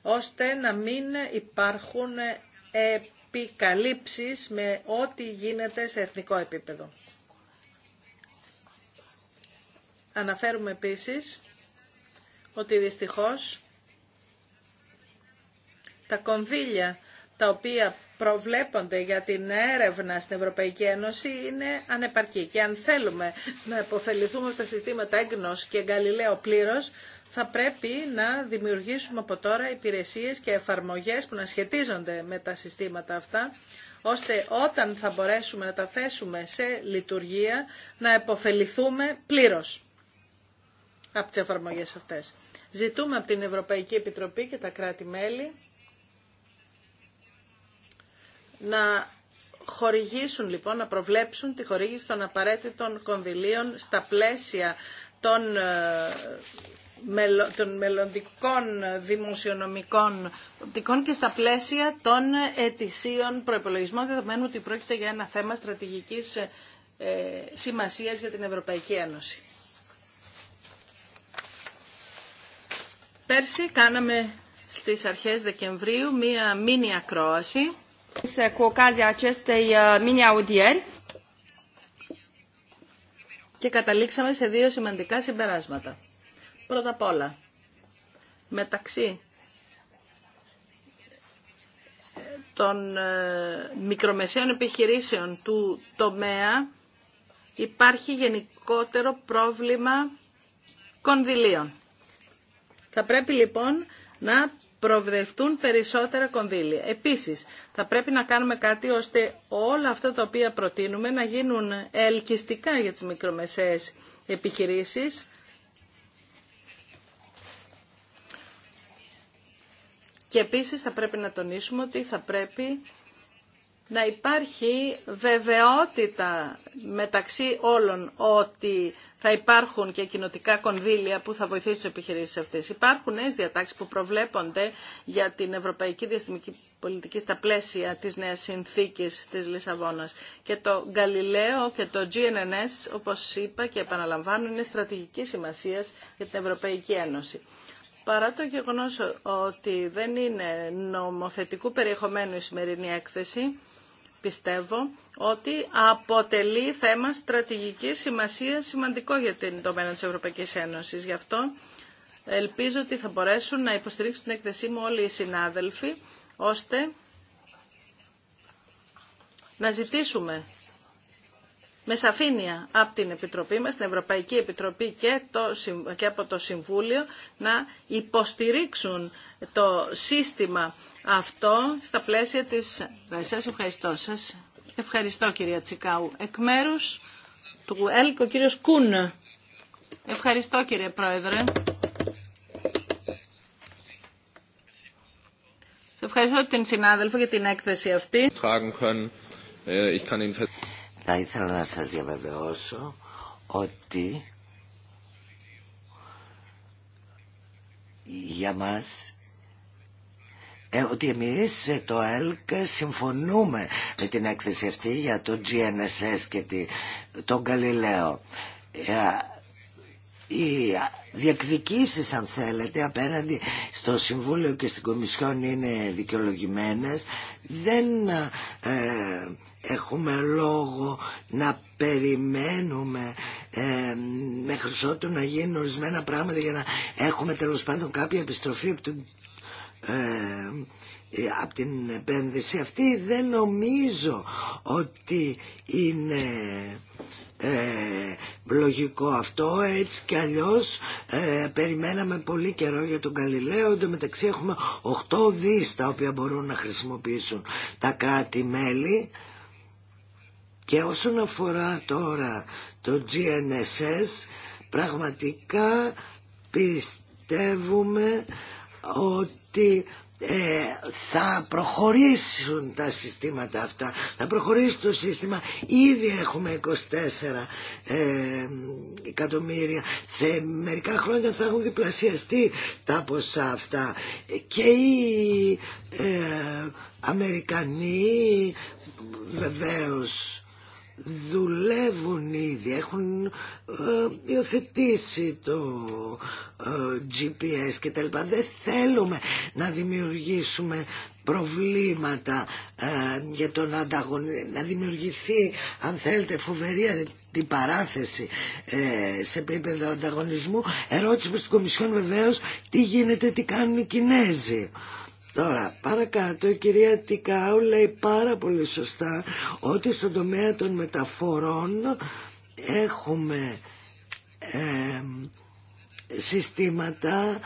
S4: ώστε να μην υπάρχουν επικαλύψεις με ό,τι γίνεται σε εθνικό επίπεδο. Αναφέρουμε επίσης ότι δυστυχώς τα κονδύλια τα οποία προβλέπονται για την έρευνα στην Ευρωπαϊκή Ένωση είναι ανεπαρκή. Και αν θέλουμε να υποφεληθούμε από τα συστήματα έγκνος και Γαλιλαίο πλήρω, θα πρέπει να δημιουργήσουμε από τώρα υπηρεσίες και εφαρμογές που να σχετίζονται με τα συστήματα αυτά, ώστε όταν θα μπορέσουμε να τα θέσουμε σε λειτουργία, να υποφεληθούμε πλήρως από τις εφαρμογές αυτές. Ζητούμε από την Ευρωπαϊκή Επιτροπή και τα κράτη-μέλη να χορηγήσουν λοιπόν, να προβλέψουν τη χορήγηση των απαραίτητων κονδυλίων στα πλαίσια των, ε, μελλοντικών δημοσιονομικών οπτικών και στα πλαίσια των ετησίων προπολογισμών, δεδομένου ότι πρόκειται για ένα θέμα στρατηγικής ε, σημασίας για την Ευρωπαϊκή Ένωση. Πέρσι κάναμε στις αρχές Δεκεμβρίου μία μίνι ακρόαση Uh, Και καταλήξαμε σε δύο σημαντικά συμπεράσματα. Πρώτα απ' όλα, μεταξύ των ε, μικρομεσαίων επιχειρήσεων του τομέα υπάρχει γενικότερο πρόβλημα κονδυλίων. Θα πρέπει λοιπόν να προβλεφτούν περισσότερα κονδύλια. Επίσης, θα πρέπει να κάνουμε κάτι ώστε όλα αυτά τα οποία προτείνουμε να γίνουν ελκυστικά για τις μικρομεσαίες επιχειρήσεις, Και επίσης θα πρέπει να τονίσουμε ότι θα πρέπει να υπάρχει βεβαιότητα μεταξύ όλων ότι θα υπάρχουν και κοινοτικά κονδύλια που θα βοηθήσουν τις επιχειρήσεις αυτές. Υπάρχουν νέες διατάξεις που προβλέπονται για την Ευρωπαϊκή Διαστημική Πολιτική στα πλαίσια της νέας συνθήκης της Λισαβόνας. Και το Galileo και το GNNS, όπως είπα και επαναλαμβάνω, είναι στρατηγική σημασία για την Ευρωπαϊκή Ένωση. Παρά το γεγονός ότι δεν είναι νομοθετικού περιεχομένου η σημερινή έκθεση, πιστεύω ότι αποτελεί θέμα στρατηγικής σημασία σημαντικό για την τομέα της Ευρωπαϊκής Ένωσης. Γι' αυτό ελπίζω ότι θα μπορέσουν να υποστηρίξουν την έκθεσή μου όλοι οι συνάδελφοι, ώστε να ζητήσουμε με σαφήνεια από την Επιτροπή μας, την Ευρωπαϊκή Επιτροπή και, και από το Συμβούλιο να υποστηρίξουν το σύστημα αυτό στα πλαίσια της... Σας ευχαριστώ σας. Ευχαριστώ κυρία Τσικάου. Εκ μέρους του ΕΛΚ ο κύριος Κούν. Ευχαριστώ κύριε Πρόεδρε. Σε ευχαριστώ την συνάδελφο για την έκθεση αυτή.
S3: Äh, Θα ήθελα να σας διαβεβαιώσω ότι για μας ε, ότι εμείς ε, το ΕΛΚ συμφωνούμε με την έκθεση αυτή για το GNSS και τον Γαλιλαίο. Ε, οι διεκδικήσεις αν θέλετε απέναντι στο Συμβούλιο και στην Κομισιόν είναι δικαιολογημένες δεν ε, έχουμε λόγο να περιμένουμε ε, μέχρι ότου να γίνουν ορισμένα πράγματα για να έχουμε τέλο πάντων κάποια επιστροφή από την ε, ε, από την επένδυση αυτή δεν νομίζω ότι είναι ε, λογικό αυτό έτσι και αλλιώς ε, περιμέναμε πολύ καιρό για τον Καλλιλέο εντωμεταξύ έχουμε 8 δις τα οποία μπορούν να χρησιμοποιήσουν τα κράτη-μέλη και όσον αφορά τώρα το GNSS πραγματικά πιστεύουμε ότι ότι ε, θα προχωρήσουν τα συστήματα αυτά θα προχωρήσει το σύστημα ήδη έχουμε 24 ε, εκατομμύρια σε μερικά χρόνια θα έχουν διπλασιαστεί τα ποσά αυτά και οι ε, Αμερικανοί βεβαίως δουλεύουν ήδη, έχουν ε, υιοθετήσει το ε, GPS και τα λοιπά. Δεν θέλουμε να δημιουργήσουμε προβλήματα ε, για τον ανταγωνισμό, να δημιουργηθεί αν θέλετε φοβερή την παράθεση ε, σε επίπεδο ανταγωνισμού. Ερώτηση προς την Κομισιόν βεβαίως τι γίνεται, τι κάνουν οι Κινέζοι. Τώρα, παρακάτω, η κυρία Τικάου λέει πάρα πολύ σωστά ότι στον τομέα των μεταφορών έχουμε συστήματα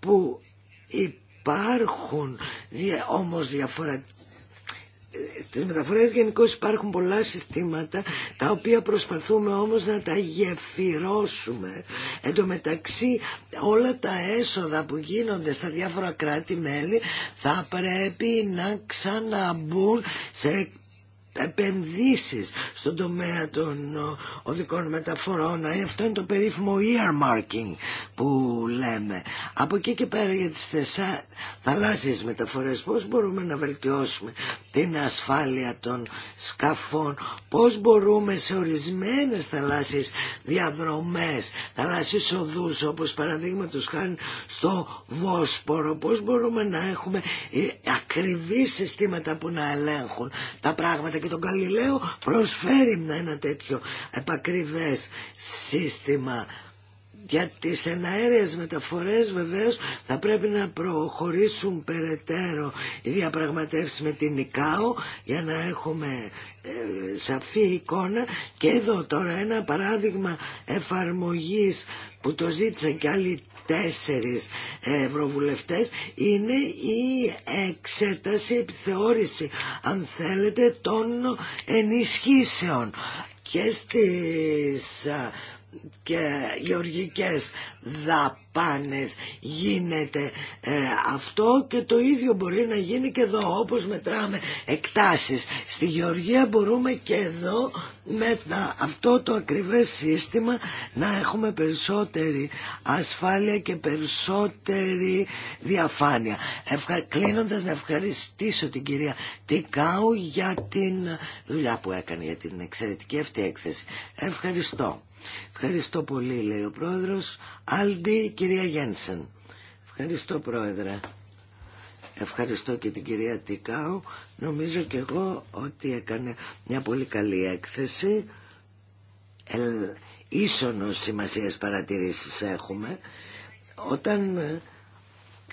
S3: που υπάρχουν όμως διαφορετικά ε, Στι μεταφορέ γενικώ υπάρχουν πολλά συστήματα τα οποία προσπαθούμε όμως να τα γεφυρώσουμε. Εν τω μεταξύ όλα τα έσοδα που γίνονται στα διάφορα κράτη-μέλη θα πρέπει να ξαναμπούν σε επενδύσεις στον τομέα των οδικών μεταφορών ε, αυτό είναι το περίφημο earmarking που λέμε από εκεί και πέρα για τις θεσά, θαλάσσιες μεταφορές πώς μπορούμε να βελτιώσουμε την ασφάλεια των σκαφών πώς μπορούμε σε ορισμένες θαλάσσιες διαδρομές θαλάσσιες οδούς όπως παραδείγματο χάρη στο Βόσπορο πώς μπορούμε να έχουμε ε, ακριβή συστήματα που να ελέγχουν τα πράγματα και τον Γαλιλαίο προσφέρει ένα τέτοιο επακριβές σύστημα για τις εναέρειες μεταφορές βεβαίως θα πρέπει να προχωρήσουν περαιτέρω οι διαπραγματεύσεις με την ΙΚΑΟ για να έχουμε ε, σαφή εικόνα και εδώ τώρα ένα παράδειγμα εφαρμογής που το ζήτησαν και άλλοι τέσσερις ευρωβουλευτές είναι η εξέταση, επιθεώρηση αν θέλετε των ενισχύσεων και στις και γεωργικές δαπάνες γίνεται ε, αυτό και το ίδιο μπορεί να γίνει και εδώ όπως μετράμε εκτάσεις στη γεωργία μπορούμε και εδώ με αυτό το ακριβές σύστημα να έχουμε περισσότερη ασφάλεια και περισσότερη διαφάνεια Ευχα... κλείνοντας να ευχαριστήσω την κυρία Τικάου για την δουλειά που έκανε για την εξαιρετική αυτή έκθεση Ευχαριστώ Ευχαριστώ πολύ, λέει ο πρόεδρος. Άλντι, κυρία Γένσεν. Ευχαριστώ, πρόεδρε. Ευχαριστώ και την κυρία Τικάου. Νομίζω και εγώ ότι έκανε μια πολύ καλή έκθεση. Ε, ίσονος σημασίες παρατηρήσεις έχουμε. Όταν ε,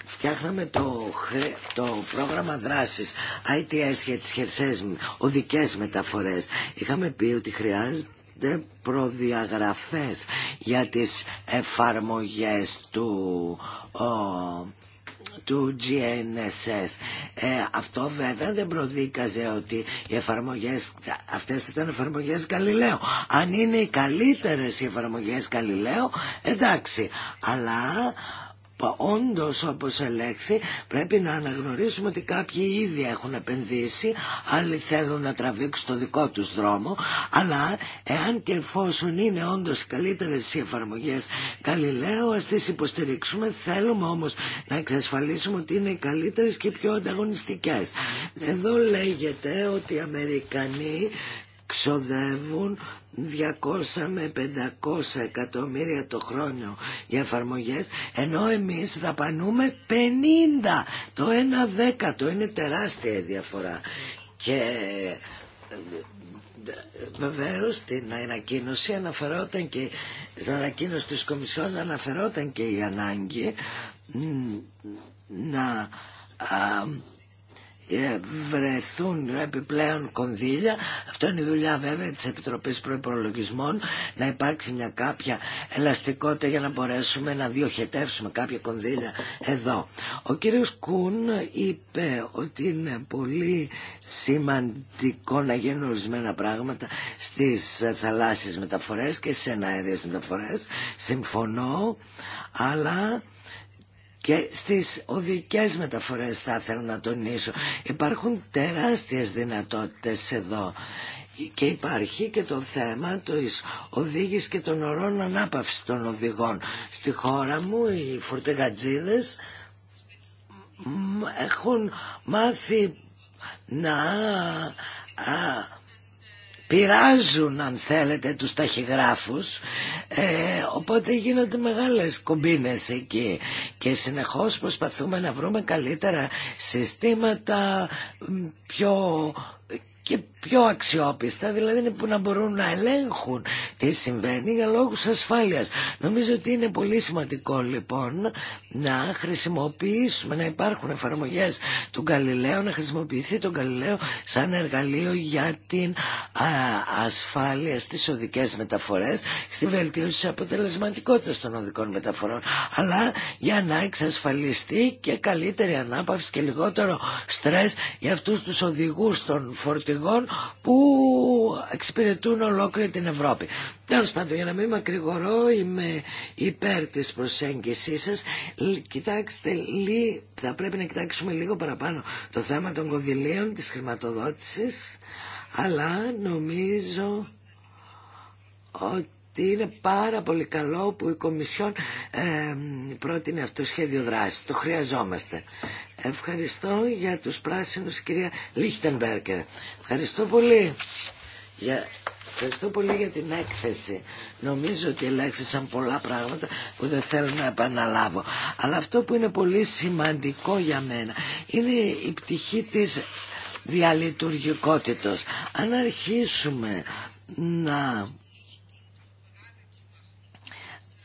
S3: φτιάχναμε το, το πρόγραμμα δράσης ITS για τις χερσές οδικές μεταφορές είχαμε πει ότι χρειάζεται προδιαγραφές για τις εφαρμογές του, του GNSS. Ε, αυτό βέβαια δεν προδίκαζε ότι οι εφαρμογές, αυτές ήταν εφαρμογές Γαλιλαίου. Αν είναι οι καλύτερες οι εφαρμογές Γαλιλαίου, εντάξει. Αλλά Όντως όπως ελέγχθη πρέπει να αναγνωρίσουμε ότι κάποιοι ήδη έχουν επενδύσει, άλλοι θέλουν να τραβήξουν το δικό τους δρόμο, αλλά εάν και εφόσον είναι όντως καλύτερες οι εφαρμογές καλλιλέω ας τις υποστηρίξουμε, θέλουμε όμως να εξασφαλίσουμε ότι είναι οι καλύτερες και πιο ανταγωνιστικές. Εδώ λέγεται ότι οι Αμερικανοί ξοδεύουν 200 με 500 εκατομμύρια το χρόνο για εφαρμογές ενώ εμείς δαπανούμε 50 το 1 δέκατο είναι τεράστια η διαφορά και ε, Βεβαίω στην ανακοίνωση αναφερόταν και στην ανακοίνωση της Κομισιόν αναφερόταν και η ανάγκη να ε, βρεθούν επιπλέον κονδύλια. Αυτό είναι η δουλειά βέβαια της Επιτροπής Προϋπολογισμών να υπάρξει μια κάποια ελαστικότητα για να μπορέσουμε να διοχετεύσουμε κάποια κονδύλια εδώ. Ο κύριος Κούν είπε ότι είναι πολύ σημαντικό να γίνουν ορισμένα πράγματα στις θαλάσσιες μεταφορές και σε αέριες μεταφορές. Συμφωνώ, αλλά και στις οδικές μεταφορές θα ήθελα να τονίσω. Υπάρχουν τεράστιες δυνατότητες εδώ. Και υπάρχει και το θέμα της οδήγης και των ορών ανάπαυσης των οδηγών. Στη χώρα μου οι φορτεγατζίδες έχουν μάθει να πειράζουν αν θέλετε τους ταχυγράφους ε, οπότε γίνονται μεγάλες κομπίνες εκεί και συνεχώς προσπαθούμε να βρούμε καλύτερα συστήματα πιο πιο αξιόπιστα, δηλαδή που να μπορούν να ελέγχουν τι συμβαίνει για λόγους ασφάλειας. Νομίζω ότι είναι πολύ σημαντικό λοιπόν να χρησιμοποιήσουμε, να υπάρχουν εφαρμογές του καλλιλέου να χρησιμοποιηθεί το καλλιλέο σαν εργαλείο για την α, ασφάλεια στις οδικές μεταφορές, στη βελτίωση της αποτελεσματικότητας των οδικών μεταφορών, αλλά για να εξασφαλιστεί και καλύτερη ανάπαυση και λιγότερο στρες για αυτούς τους οδηγού των φορτηγών που εξυπηρετούν ολόκληρη την Ευρώπη. Τέλο πάντων, για να μην μακρηγορώ, είμαι υπέρ τη προσέγγιση σα. Κοιτάξτε, θα πρέπει να κοιτάξουμε λίγο παραπάνω το θέμα των κονδυλίων τη χρηματοδότηση, αλλά νομίζω ότι είναι πάρα πολύ καλό που η Κομισιόν ε, πρότεινε αυτό το σχέδιο δράση. Το χρειαζόμαστε. Ευχαριστώ για τους πράσινους κυρία Λίχτενμπέρκερ. Ευχαριστώ πολύ. Για... Ευχαριστώ πολύ για την έκθεση. Νομίζω ότι ελέγχθησαν πολλά πράγματα που δεν θέλω να επαναλάβω. Αλλά αυτό που είναι πολύ σημαντικό για μένα είναι η πτυχή της διαλειτουργικότητας. Αν αρχίσουμε να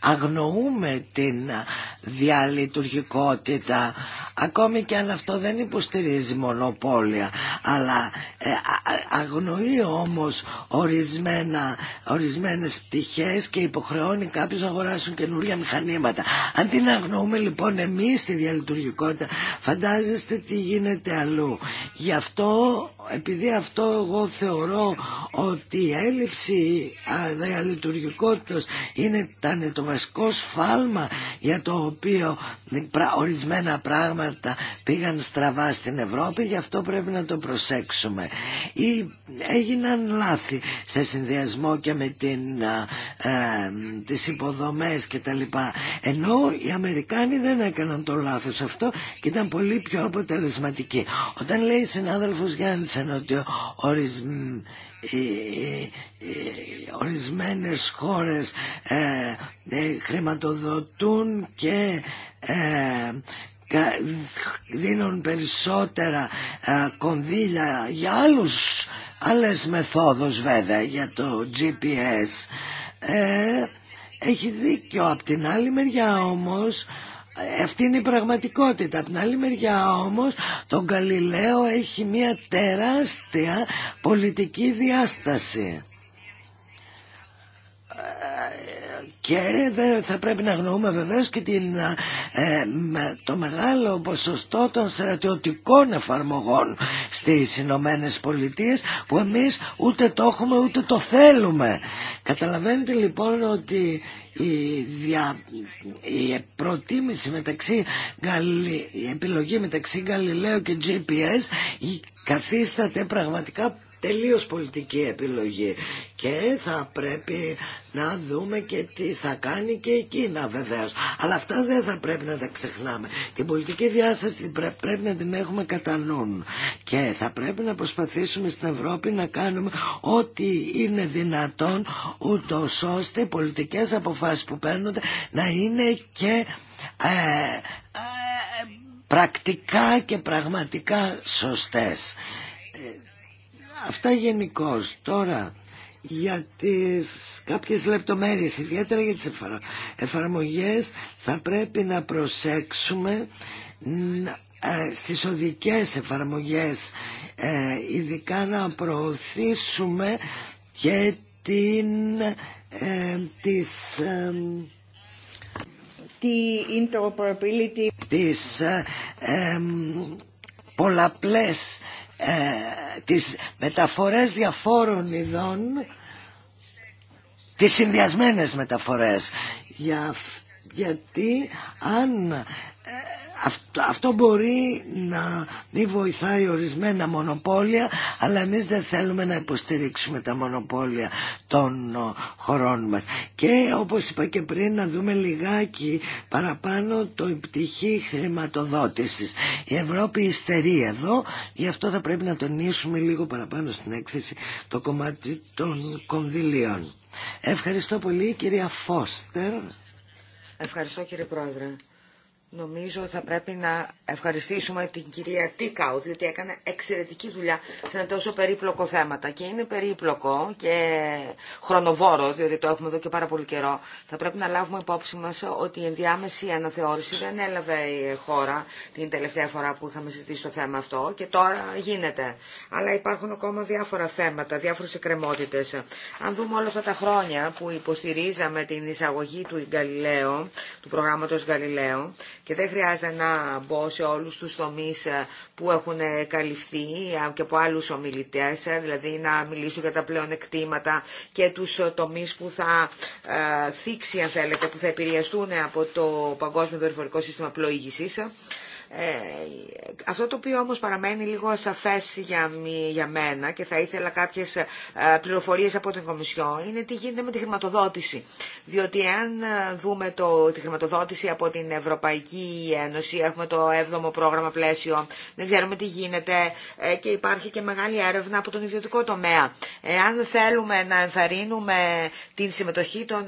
S3: αγνοούμε την διαλειτουργικότητα ακόμη και αν αυτό δεν υποστηρίζει μονοπόλια αλλά ε, αγνοεί όμως ορισμένα, ορισμένες πτυχές και υποχρεώνει κάποιους να αγοράσουν καινούργια μηχανήματα αν την αγνοούμε λοιπόν εμείς τη διαλειτουργικότητα φαντάζεστε τι γίνεται αλλού γι' αυτό επειδή αυτό εγώ θεωρώ ότι η έλλειψη διαλειτουργικότητας είναι, βασικό σφάλμα για το οποίο ορισμένα πράγματα πήγαν στραβά στην Ευρώπη, γι' αυτό πρέπει να το προσέξουμε. Ή έγιναν λάθη σε συνδυασμό και με την, ε, τις υποδομές και τα λοιπά. Ενώ οι Αμερικάνοι δεν έκαναν το λάθος αυτό και ήταν πολύ πιο αποτελεσματικοί. Όταν λέει η συνάδελφος Γιάννησεν ότι ορισμένοι ορισμένες χώρες ε, ε, χρηματοδοτούν και ε, δίνουν περισσότερα κονδύλια για άλλους, άλλες μεθόδους βέβαια για το GPS έχει δίκιο απ' την άλλη μεριά όμως ε, αυτή είναι η πραγματικότητα. Απ' την άλλη μεριά όμως τον Καλιλαίο έχει μια τεράστια πολιτική διάσταση. Και θα πρέπει να γνωρούμε βεβαίω και την, ε, το μεγάλο ποσοστό των στρατιωτικών εφαρμογών στις Ηνωμένε Πολιτείε που εμείς ούτε το έχουμε ούτε το θέλουμε. Καταλαβαίνετε λοιπόν ότι η, δια, η προτίμηση η επιλογή μεταξύ Γαλιλαίου και GPS καθίσταται πραγματικά τελείως πολιτική επιλογή και θα πρέπει να δούμε και τι θα κάνει και η Κίνα βεβαίως αλλά αυτά δεν θα πρέπει να τα ξεχνάμε την πολιτική διάσταση πρέπει να την έχουμε κατά νου και θα πρέπει να προσπαθήσουμε στην Ευρώπη να κάνουμε ό,τι είναι δυνατόν ούτω ώστε οι πολιτικές αποφάσεις που παίρνονται να είναι και ε, ε, πρακτικά και πραγματικά σωστές Αυτά γενικώ. Τώρα για τις κάποιες λεπτομέρειες, ιδιαίτερα για τις εφαρμογέ, εφαρμογές, θα πρέπει να προσέξουμε ε, στις οδικές εφαρμογές ε, ειδικά να προωθήσουμε και την ε, της ε, της ε, πολλαπλές ε, τις μεταφορές διαφόρων ειδών, τις συνδυασμένες μεταφορές. Για, γιατί αν ε, αυτό, μπορεί να μην βοηθάει ορισμένα μονοπόλια αλλά εμείς δεν θέλουμε να υποστηρίξουμε τα μονοπόλια των χωρών μας και όπως είπα και πριν να δούμε λιγάκι παραπάνω το πτυχή χρηματοδότησης η Ευρώπη υστερεί εδώ γι' αυτό θα πρέπει να τονίσουμε λίγο παραπάνω στην έκθεση το κομμάτι των κονδυλίων Ευχαριστώ πολύ κυρία Φώστερ
S2: Ευχαριστώ κύριε Πρόεδρε Νομίζω θα πρέπει να ευχαριστήσουμε την κυρία Τίκαου, διότι έκανε εξαιρετική δουλειά σε ένα τόσο περίπλοκο θέματα. Και είναι περίπλοκο και χρονοβόρο, διότι το έχουμε εδώ και πάρα πολύ καιρό. Θα πρέπει να λάβουμε υπόψη μας ότι η ενδιάμεση αναθεώρηση δεν έλαβε η χώρα την τελευταία φορά που είχαμε ζητήσει το θέμα αυτό και τώρα γίνεται. Αλλά υπάρχουν ακόμα διάφορα θέματα, διάφορες εκκρεμότητες. Αν δούμε όλα αυτά τα χρόνια που υποστηρίζαμε την εισαγωγή του Γαλιλαίου, του προγράμματος Γαλιλαίου, και δεν χρειάζεται να μπω σε όλους τους τομείς ε, που έχουν ε, καλυφθεί ε, και από άλλους ομιλητές, δηλαδή να μιλήσω για τα πλέον εκτήματα και τους τομείς που θα θίξει, αν θέλετε, που θα επηρεαστούν από το Παγκόσμιο Δορυφορικό Σύστημα Πλοήγησης. Ε, αυτό το οποίο όμως παραμένει λίγο ασαφές για, για μένα και θα ήθελα κάποιες ε, πληροφορίες από την Κομισιό είναι τι γίνεται με τη χρηματοδότηση. Διότι αν ε, δούμε το, τη χρηματοδότηση από την Ευρωπαϊκή Ένωση, έχουμε το 7ο πρόγραμμα πλαίσιο, δεν ξέρουμε τι γίνεται και υπάρχει και μεγάλη έρευνα από τον ιδιωτικό τομέα. Αν θέλουμε να ενθαρρύνουμε την συμμετοχή των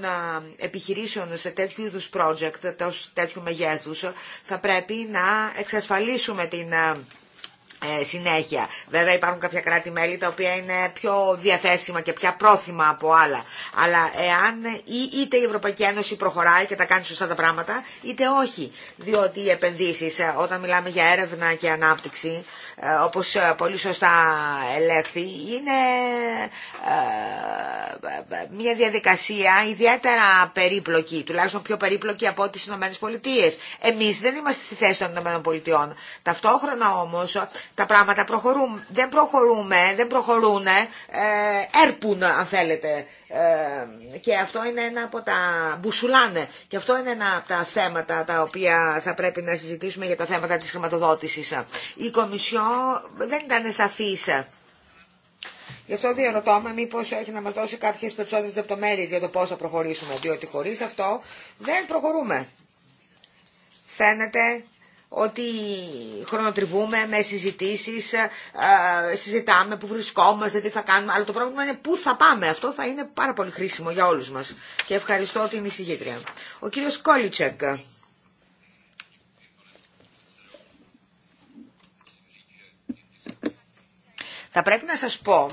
S2: επιχειρήσεων σε τέτοιου είδους project, τέτοιου μεγέθους, θα πρέπει να εξασφαλίσουμε την ε, συνέχεια. Βέβαια υπάρχουν κάποια κράτη-μέλη τα οποία είναι πιο διαθέσιμα και πιο πρόθυμα από άλλα. Αλλά εάν είτε η Ευρωπαϊκή Ένωση προχωράει και τα κάνει σωστά τα πράγματα, είτε όχι. Διότι οι επενδύσεις, ε, όταν μιλάμε για έρευνα και ανάπτυξη, ε, όπως ε, πολύ σωστά ελέγχθη, είναι ε, μια διαδικασία ιδιαίτερα περίπλοκη, τουλάχιστον πιο περίπλοκη από τις Ηνωμένες Πολιτείες. Εμείς δεν είμαστε στη θέση των Ηνωμένων Πολιτειών. Ταυτόχρονα όμως τα πράγματα προχωρούν, δεν προχωρούμε, δεν προχωρούν, έρπουν αν θέλετε. και αυτό είναι ένα από τα μπουσουλάνε. Και αυτό είναι ένα από τα θέματα τα οποία θα πρέπει να συζητήσουμε για τα θέματα της χρηματοδότησης. Η Κομισιόν δεν ήταν σαφής. Γι' αυτό διαρωτώμε μήπω έχει να μα δώσει κάποιε περισσότερε λεπτομέρειε για το πώ θα προχωρήσουμε. Διότι χωρί αυτό δεν προχωρούμε. Φαίνεται ότι χρονοτριβούμε με συζητήσεις, συζητάμε που βρισκόμαστε, τι θα κάνουμε, αλλά το πρόβλημα είναι πού θα πάμε. Αυτό θα είναι πάρα πολύ χρήσιμο για όλους μας. Και ευχαριστώ την εισηγήτρια. Ο κύριος Κόλιτσεκ. Θα πρέπει να σας πω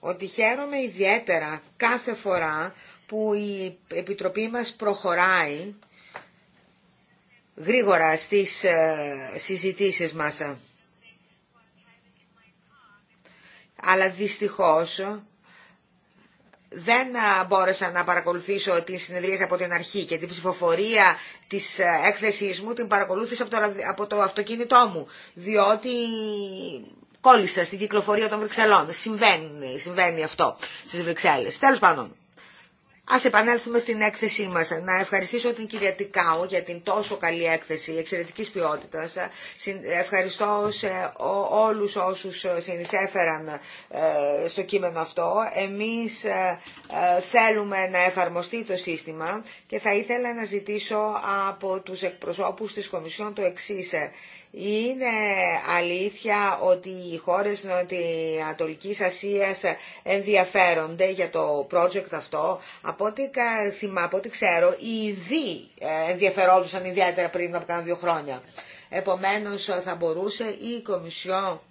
S2: ότι χαίρομαι ιδιαίτερα κάθε φορά που η Επιτροπή μας προχωράει γρήγορα στις ε, συζητήσεις μας. Αλλά δυστυχώς δεν μπόρεσα να παρακολουθήσω την συνεδρίαση από την αρχή και την ψηφοφορία της ε, έκθεσής μου την παρακολούθησα από το, αυτοκίνητό μου, διότι κόλλησα στην κυκλοφορία των Βρυξελών. Συμβαίνει, συμβαίνει αυτό στις Βρυξέλλες. Τέλος πάντων, Ας επανέλθουμε στην έκθεσή μας. Να ευχαριστήσω την κυρία Τικάου για την τόσο καλή έκθεση εξαιρετικής ποιότητας. Ευχαριστώ όλους όσους συνεισέφεραν ε, στο κείμενο αυτό. Εμείς ε, ε, θέλουμε να εφαρμοστεί το σύστημα και θα ήθελα να ζητήσω από τους εκπροσώπους της Κομισιόν το εξής. Είναι αλήθεια ότι οι χώρες Νοτιοανατολικής Ασίας ενδιαφέρονται για το project αυτό. Από ό,τι θυμάμαι, από ό,τι ξέρω, οι ΙΔΙ ενδιαφερόντουσαν ιδιαίτερα πριν από κάνα δύο χρόνια. Επομένως θα μπορούσε η Κομισιό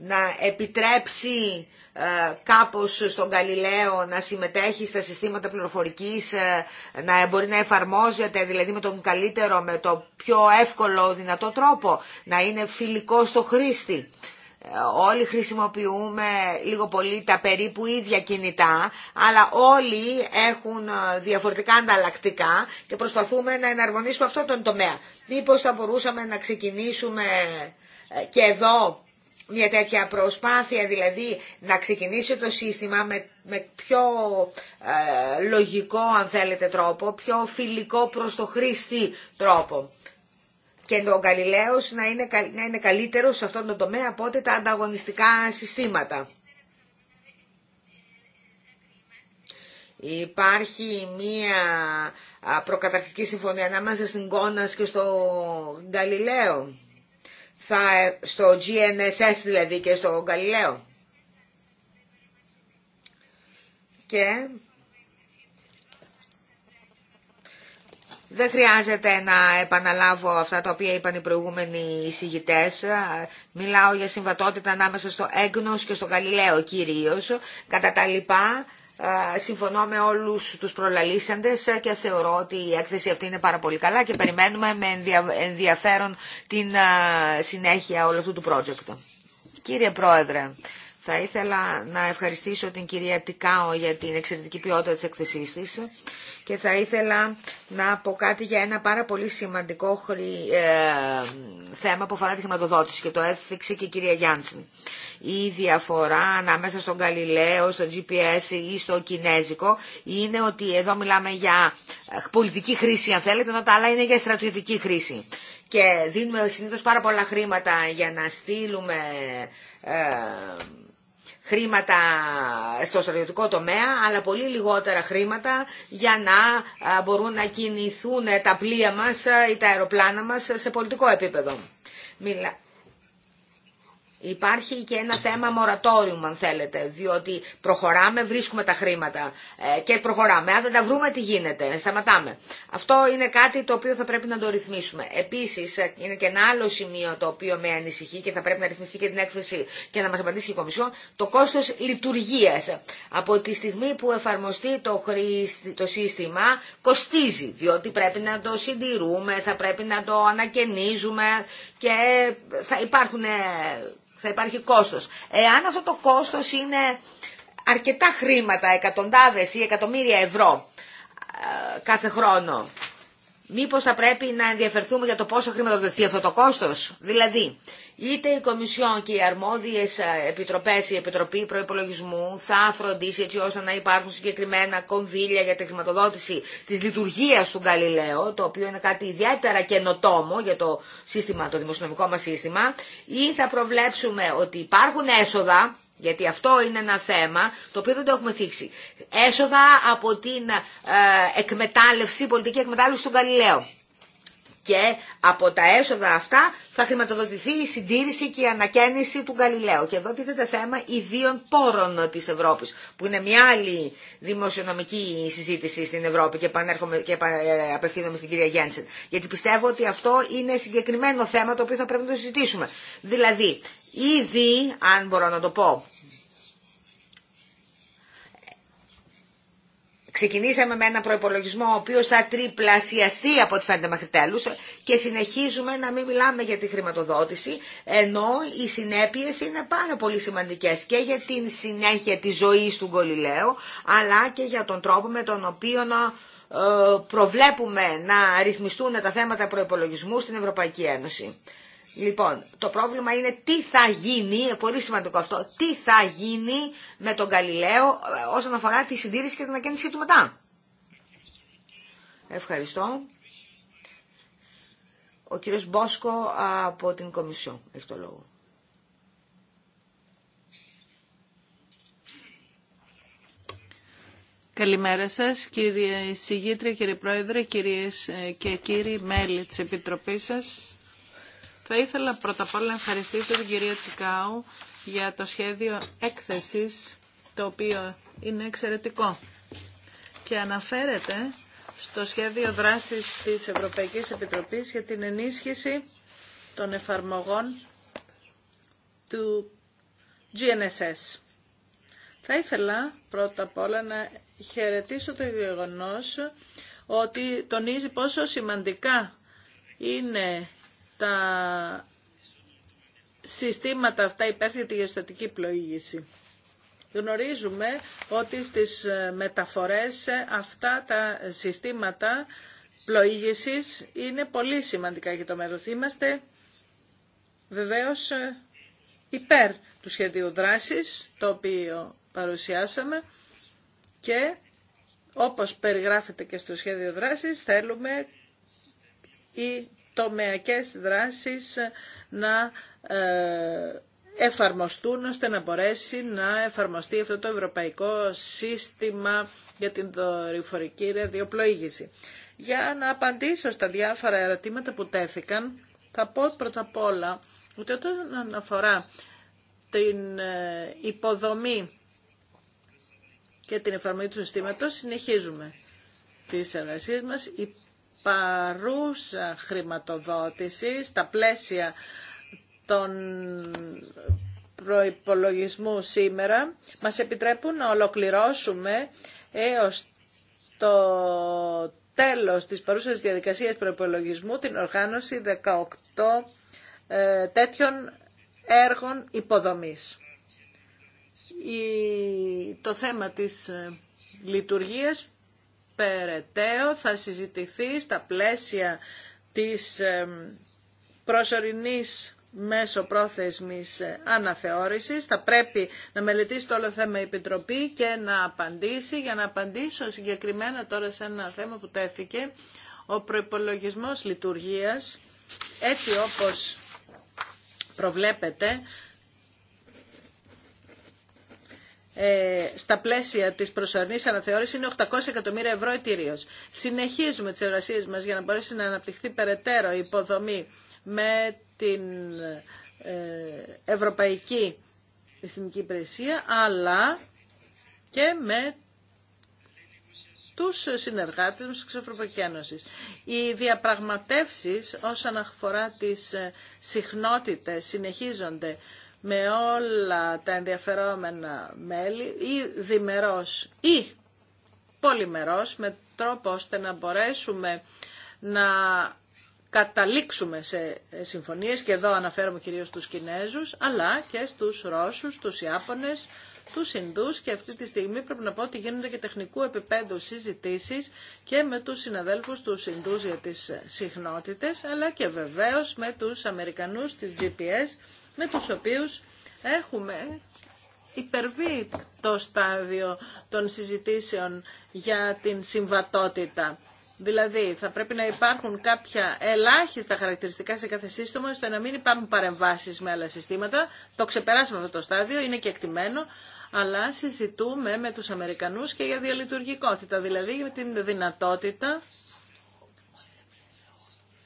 S2: να επιτρέψει ε, κάπως στον Γαλιλαίο να συμμετέχει στα συστήματα πληροφορικής, ε, να μπορεί να εφαρμόζεται δηλαδή με τον καλύτερο, με το πιο εύκολο δυνατό τρόπο, να είναι φιλικό στο χρήστη. Ε, όλοι χρησιμοποιούμε λίγο πολύ τα περίπου ίδια κινητά, αλλά όλοι έχουν διαφορετικά ανταλλακτικά και προσπαθούμε να εναρμονίσουμε αυτό τον τομέα. Μήπως θα μπορούσαμε να ξεκινήσουμε και εδώ μια τέτοια προσπάθεια, δηλαδή να ξεκινήσει το σύστημα με, με πιο ε, λογικό, αν θέλετε, τρόπο, πιο φιλικό προς το χρήστη τρόπο. Και ο Γαλιλαίος να είναι, να είναι καλύτερος σε αυτόν τον τομέα από ό,τι τα ανταγωνιστικά συστήματα. Υπάρχει μία προκαταρκτική συμφωνία ανάμεσα στην Κόνας και στο Γαλιλαίο θα, στο GNSS δηλαδή και στο Γαλιλαίο. Και Δεν χρειάζεται να επαναλάβω αυτά τα οποία είπαν οι προηγούμενοι εισηγητέ. Μιλάω για συμβατότητα ανάμεσα στο έγνος και στο Γαλιλαίο κυρίως, Κατά τα λοιπά, συμφωνώ με όλους τους προλαλήσαντες ε, και θεωρώ ότι η έκθεση αυτή είναι πάρα πολύ καλά και περιμένουμε με ενδιαφέρον την συνέχεια όλου αυτού του project. Κύριε Πρόεδρε, θα ήθελα να ευχαριστήσω την κυρία Τικάο για την εξαιρετική ποιότητα της εκθεσής της και θα ήθελα να πω κάτι για ένα πάρα πολύ σημαντικό ε, θέμα που αφορά τη χρηματοδότηση και το έθιξε και η κυρία Γιάντσιν η διαφορά ανάμεσα στον Γαλιλαίο, στο GPS ή στο Κινέζικο είναι ότι εδώ μιλάμε για ε, πολιτική χρήση αν θέλετε, ενώ τα άλλα είναι για στρατιωτική χρήση. Και δίνουμε συνήθως πάρα πολλά χρήματα για να στείλουμε ε, χρήματα στο στρατιωτικό τομέα, αλλά πολύ λιγότερα χρήματα για να ε, μπορούν να κινηθούν τα πλοία μας ε, ή τα αεροπλάνα μας σε πολιτικό επίπεδο. Υπάρχει και ένα θέμα μορατόριου, αν θέλετε, διότι προχωράμε, βρίσκουμε τα χρήματα ε, και προχωράμε. Αν δεν τα βρούμε, τι γίνεται, σταματάμε. Αυτό είναι κάτι το οποίο θα πρέπει να το ρυθμίσουμε. Επίση, ε, είναι και ένα άλλο σημείο το οποίο με ανησυχεί και θα πρέπει να ρυθμιστεί και την έκθεση και να μα απαντήσει η Κομισιό, το κόστο λειτουργία. Από τη στιγμή που εφαρμοστεί το, το σύστημα, κοστίζει, διότι πρέπει να το συντηρούμε, θα πρέπει να το ανακαινίζουμε και θα υπάρχουν ε, θα υπάρχει κόστος. Εάν αυτό το κόστος είναι αρκετά χρήματα, εκατοντάδες ή εκατομμύρια ευρώ ε, κάθε χρόνο, μήπως θα πρέπει να ενδιαφερθούμε για το πόσο χρηματοδοτηθεί αυτό το κόστος. Δηλαδή, είτε η Κομισιόν και οι αρμόδιες ε, επιτροπές, η Επιτροπή Προϋπολογισμού θα φροντίσει έτσι ώστε να υπάρχουν συγκεκριμένα κονδύλια για τη χρηματοδότηση της λειτουργίας του Γαλιλαίου, το οποίο είναι κάτι ιδιαίτερα καινοτόμο για το, σύστημα, το δημοσιονομικό μας σύστημα, ή θα προβλέψουμε ότι υπάρχουν έσοδα γιατί αυτό είναι ένα θέμα το οποίο δεν το έχουμε θίξει. Έσοδα από την ε, εκμετάλλευση, πολιτική εκμετάλλευση του Γαλιλαίου. Και από τα έσοδα αυτά θα χρηματοδοτηθεί η συντήρηση και η ανακαίνιση του Γαλιλαίου. Και εδώ τίθεται θέμα ιδίων πόρων της Ευρώπης, που είναι μια άλλη δημοσιονομική συζήτηση στην Ευρώπη και, και ε, απευθύνομαι στην κυρία Γένσεν. Γιατί πιστεύω ότι αυτό είναι συγκεκριμένο θέμα το οποίο θα πρέπει να το συζητήσουμε. Δηλαδή, ήδη, αν μπορώ να το πω, Ξεκινήσαμε με ένα προπολογισμό ο οποίος θα τριπλασιαστεί από ό,τι φαίνεται μέχρι και συνεχίζουμε να μην μιλάμε για τη χρηματοδότηση, ενώ οι συνέπειες είναι πάρα πολύ σημαντικές και για την συνέχεια της ζωής του Γκολιλαίου, αλλά και για τον τρόπο με τον οποίο να ε, προβλέπουμε να ρυθμιστούν τα θέματα προπολογισμού στην Ευρωπαϊκή Ένωση. Λοιπόν, το πρόβλημα είναι τι θα γίνει, πολύ σημαντικό αυτό, τι θα γίνει με τον Γαλιλαίο ε, όσον αφορά τη συντήρηση και την αγκέννηση του μετά. Ευχαριστώ. Ο κύριος Μπόσκο από την Κομισιό έχει το λόγο.
S4: Καλημέρα σας κύριε Συγήτρια, κύριε Πρόεδρε, κυρίες ε, και κύριοι μέλη της Επιτροπής σας. Θα ήθελα πρώτα απ' όλα να ευχαριστήσω την κυρία Τσικάου για το σχέδιο έκθεσης, το οποίο είναι εξαιρετικό και αναφέρεται στο σχέδιο δράσης της Ευρωπαϊκής Επιτροπής για την ενίσχυση των εφαρμογών του GNSS. Θα ήθελα πρώτα απ' όλα να χαιρετήσω το γεγονό ότι τονίζει πόσο σημαντικά είναι τα συστήματα αυτά υπάρχει τη γεωστατική πλοήγηση. Γνωρίζουμε ότι στις ε, μεταφορές ε, αυτά τα συστήματα πλοήγησης είναι πολύ σημαντικά για το μέλλον. Είμαστε βεβαίως ε, υπέρ του σχεδίου δράσης, το οποίο παρουσιάσαμε και όπως περιγράφεται και στο σχέδιο δράσης θέλουμε η τομεακές δράσεις να ε, εφαρμοστούν ώστε να μπορέσει να εφαρμοστεί αυτό το ευρωπαϊκό σύστημα για την δορυφορική ραδιοπλοήγηση. Για να απαντήσω στα διάφορα ερωτήματα που τέθηκαν, θα πω πρώτα απ' όλα ότι όταν αναφορά την ε, υποδομή και την εφαρμογή του συστήματος, συνεχίζουμε τις εργασίες μας παρούσα χρηματοδότηση στα πλαίσια των προϋπολογισμού σήμερα μας επιτρέπουν να ολοκληρώσουμε έως το τέλος της παρούσας διαδικασίας προϋπολογισμού την οργάνωση 18 ε, τέτοιων έργων υποδομής. Η, το θέμα της ε, λειτουργίας περαιτέρω θα συζητηθεί στα πλαίσια της προσωρινής μέσω πρόθεσμης ε, αναθεώρησης. Θα πρέπει να μελετήσει το όλο θέμα η Επιτροπή και να απαντήσει. Για να απαντήσω συγκεκριμένα τώρα σε ένα θέμα που τέθηκε, ο προϋπολογισμός λειτουργίας, έτσι όπως προβλέπεται, ε, στα πλαίσια της προσωρινής αναθεώρηση είναι 800 εκατομμύρια ευρώ ετηρίως. Συνεχίζουμε τις εργασίες μας για να μπορέσει να αναπτυχθεί περαιτέρω η υποδομή με την ε, Ευρωπαϊκή Εθνική Υπηρεσία, αλλά και με τους συνεργάτες μας της Ευρωπαϊκής Ένωσης. Οι διαπραγματεύσεις όσον αφορά τις ε, συχνότητες συνεχίζονται με όλα τα ενδιαφερόμενα μέλη ή διμερός ή πολυμερός με τρόπο ώστε να μπορέσουμε να καταλήξουμε σε συμφωνίες και εδώ αναφέρομαι κυρίως τους Κινέζους αλλά και στους Ρώσους, τους Ιάπωνες, τους Ινδούς και αυτή τη στιγμή πρέπει να πω ότι γίνονται και τεχνικού επίπεδου συζητήσεις και με τους συναδέλφους τους Ινδούς για τις συχνότητες αλλά και βεβαίως με τους Αμερικανούς, τις GPS με τους οποίους έχουμε υπερβεί το στάδιο των συζητήσεων για την συμβατότητα. Δηλαδή, θα πρέπει να υπάρχουν κάποια ελάχιστα χαρακτηριστικά σε κάθε σύστημα, ώστε να μην υπάρχουν παρεμβάσει με άλλα συστήματα. Το ξεπεράσαμε αυτό το στάδιο, είναι και εκτιμένο, αλλά συζητούμε με τους Αμερικανούς και για διαλειτουργικότητα, δηλαδή για την δυνατότητα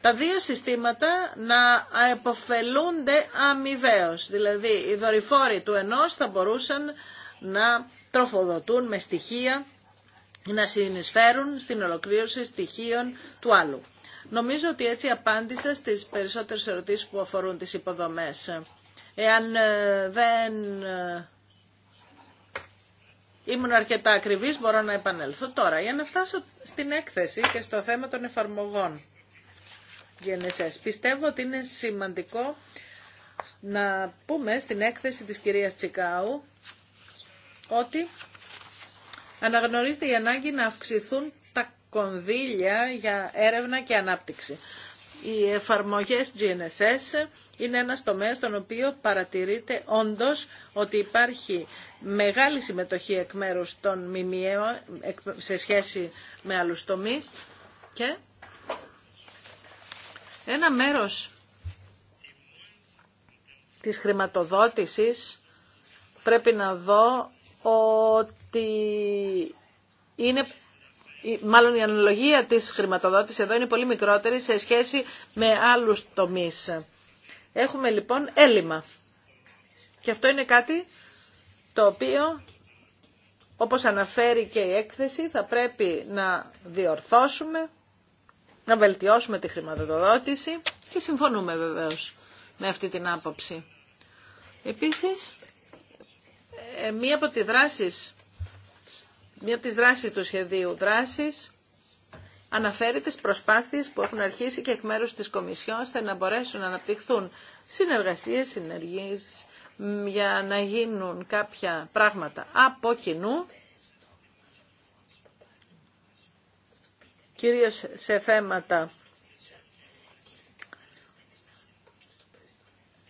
S4: τα δύο συστήματα να εποφελούνται αμοιβαίω. Δηλαδή οι δορυφόροι του ενός θα μπορούσαν να τροφοδοτούν με στοιχεία ή να συνεισφέρουν στην ολοκλήρωση στοιχείων του άλλου. Νομίζω ότι έτσι απάντησα στις περισσότερες ερωτήσεις που αφορούν τις υποδομές. Εάν ε, δεν ε, ήμουν αρκετά ακριβής μπορώ να επανέλθω τώρα για να φτάσω στην έκθεση και στο θέμα των εφαρμογών. Πιστεύω ότι είναι σημαντικό να πούμε στην έκθεση της κυρίας Τσικάου ότι αναγνωρίζεται η ανάγκη να αυξηθούν τα κονδύλια για έρευνα και ανάπτυξη. Οι εφαρμογές GNSS είναι ένας τομέας στον οποίο παρατηρείται όντως ότι υπάρχει μεγάλη συμμετοχή εκ μέρους των ΜΜΕ σε σχέση με άλλους τομείς και ένα μέρος της χρηματοδότησης πρέπει να δω ότι είναι μάλλον η αναλογία της χρηματοδότησης εδώ είναι πολύ μικρότερη σε σχέση με άλλους τομείς. Έχουμε λοιπόν έλλειμμα. Και αυτό είναι κάτι το οποίο, όπως αναφέρει και η έκθεση, θα πρέπει να διορθώσουμε να βελτιώσουμε τη χρηματοδότηση και συμφωνούμε βεβαίως με αυτή την άποψη. Επίσης, ε, μία από τις δράσεις, μία τις δράσεις του σχεδίου δράσης αναφέρει τις προσπάθειες που έχουν αρχίσει και εκ μέρους της Κομισιόν ώστε να μπορέσουν να αναπτυχθούν συνεργασίες, συνεργείς για να γίνουν κάποια πράγματα από κοινού κυρίως σε θέματα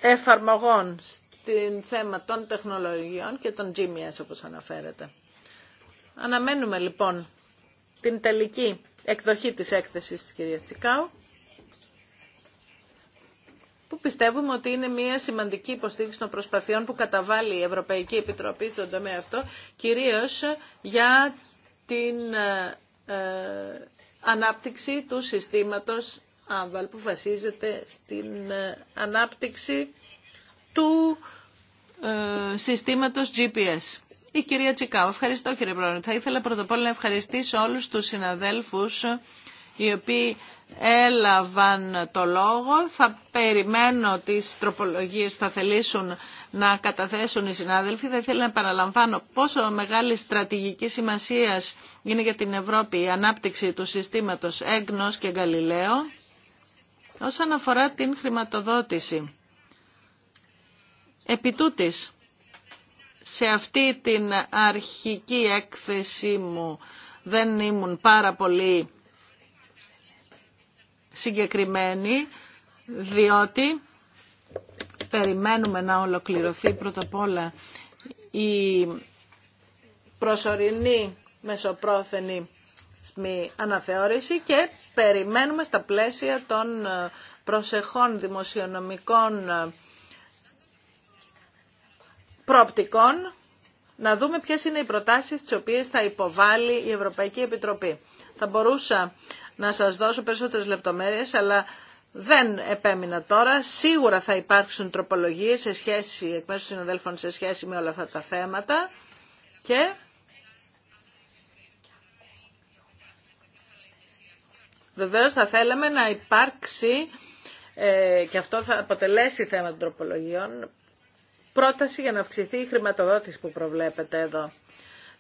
S4: εφαρμογών στην θέμα των τεχνολογιών και των GMS όπως αναφέρεται. Αναμένουμε λοιπόν την τελική εκδοχή της έκθεσης της κυρίας Τσικάου που πιστεύουμε ότι είναι μια σημαντική υποστήριξη των προσπαθειών που καταβάλει η Ευρωπαϊκή Επιτροπή στον τομέα αυτό, κυρίως για την ε, ε, ανάπτυξη του συστήματος ΑΒΑΛ που βασίζεται στην ε, ανάπτυξη του ε, συστήματος GPS. Η κυρία Τσικάου, ευχαριστώ κύριε Πρόεδρε. Θα ήθελα πρώτα να ευχαριστήσω όλους τους συναδέλφους οι οποίοι έλαβαν το λόγο. Θα περιμένω τις τροπολογίες που θα θελήσουν να καταθέσουν οι συνάδελφοι. Θα ήθελα να παραλαμβάνω πόσο μεγάλη στρατηγική σημασία είναι για την Ευρώπη η ανάπτυξη του συστήματος έγνος και γαλιλαίο όσον αφορά την χρηματοδότηση. Επιτούτης, σε αυτή την αρχική έκθεσή μου δεν ήμουν πάρα πολύ συγκεκριμένη, διότι περιμένουμε να ολοκληρωθεί πρώτα απ' όλα η προσωρινή μεσοπρόθενη αναθεώρηση και περιμένουμε στα πλαίσια των προσεχών δημοσιονομικών προπτικών να δούμε ποιες είναι οι προτάσεις τις οποίες θα υποβάλει η Ευρωπαϊκή Επιτροπή. Θα μπορούσα να σας δώσω περισσότερες λεπτομέρειες, αλλά δεν επέμεινα τώρα. Σίγουρα θα υπάρξουν τροπολογίες σε σχέση, εκ μέσω συναδέλφων σε σχέση με όλα αυτά τα θέματα. Και... Βεβαίως θα θέλαμε να υπάρξει, ε, και αυτό θα αποτελέσει θέμα των τροπολογιών, πρόταση για να αυξηθεί η χρηματοδότηση που προβλέπετε εδώ.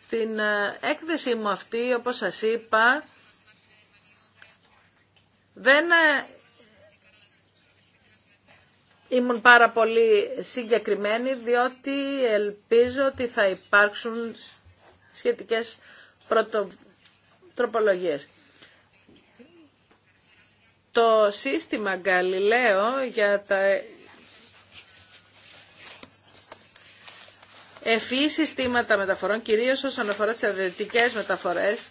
S4: Στην ε, έκθεση μου αυτή, όπως σας είπα, δεν ε, ήμουν πάρα πολύ συγκεκριμένη διότι ελπίζω ότι θα υπάρξουν σχετικές πρωτοτροπολογίες. Το σύστημα Γκαλιλαίο για τα ευφυή συστήματα μεταφορών, κυρίως όσον αφορά τις αδετικές μεταφορές,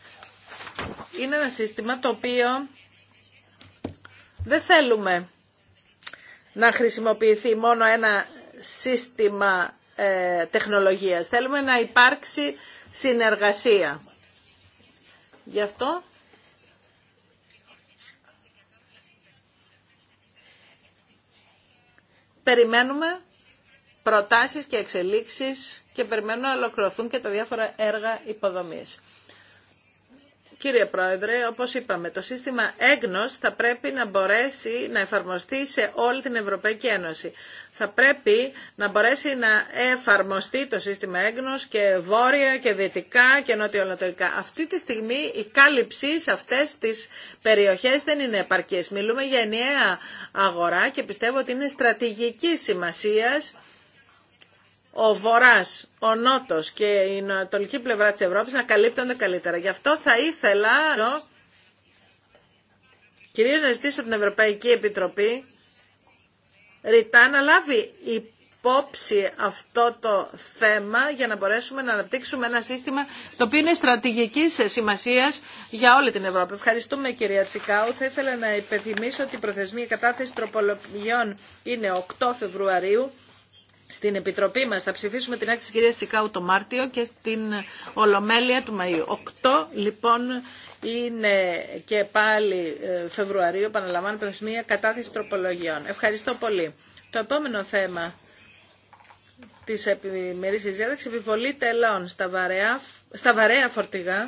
S4: είναι ένα σύστημα το οποίο δεν θέλουμε να χρησιμοποιηθεί μόνο ένα σύστημα ε, τεχνολογίας. Θέλουμε να υπάρξει συνεργασία. Γι' αυτό περιμένουμε προτάσεις και εξελίξεις και περιμένουμε να ολοκληρωθούν και τα διάφορα έργα υποδομής. Κύριε Πρόεδρε, όπως είπαμε, το σύστημα έγνωσης θα πρέπει να μπορέσει να εφαρμοστεί σε όλη την Ευρωπαϊκή Ένωση. Θα πρέπει να μπορέσει να εφαρμοστεί το σύστημα έγνωσης και βόρεια και δυτικά και νοτιο Αυτή τη στιγμή η κάλυψη σε αυτές τις περιοχές δεν είναι επαρκής. Μιλούμε για ενιαία αγορά και πιστεύω ότι είναι στρατηγική σημασίας ο Βορράς, ο Νότος και η Ανατολική πλευρά της Ευρώπης να καλύπτονται καλύτερα. Γι' αυτό θα ήθελα κυρίως να ζητήσω την Ευρωπαϊκή Επιτροπή ρητά να λάβει υπόψη αυτό το θέμα για να μπορέσουμε να αναπτύξουμε ένα σύστημα το οποίο είναι στρατηγικής σημασίας για όλη την Ευρώπη. Ευχαριστούμε κυρία Τσικάου. Θα ήθελα να υπενθυμίσω ότι η προθεσμία κατάθεση τροπολογιών είναι 8 Φεβρουαρίου στην Επιτροπή μας θα ψηφίσουμε την της κυρίας Τσικάου το Μάρτιο και στην Ολομέλεια του Μαΐου. Οκτώ λοιπόν είναι και πάλι ε, Φεβρουαρίου, επαναλαμβάνω μία κατάθεση τροπολογιών. Ευχαριστώ πολύ. Το επόμενο θέμα της επιμερήσης διάταξης επιβολή τελών στα, βαρέα, στα βαρέα φορτηγά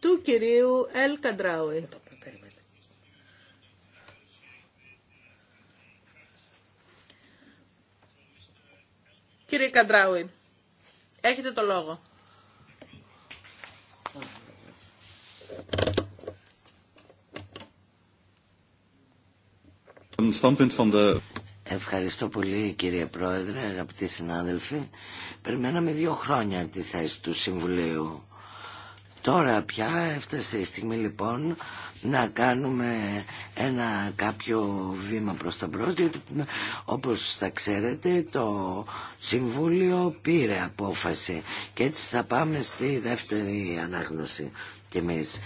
S4: του κυρίου Ελ Καντράουι. Κύριε Καντράουι, έχετε το λόγο.
S3: Ευχαριστώ πολύ κύριε Πρόεδρε, αγαπητοί συνάδελφοι. Περιμέναμε δύο χρόνια τη θέση του Συμβουλίου Τώρα πια έφτασε η στιγμή λοιπόν να κάνουμε ένα κάποιο βήμα προς τα μπρος διότι όπως θα ξέρετε το Συμβούλιο πήρε απόφαση και έτσι θα πάμε στη δεύτερη ανάγνωση κι εμείς.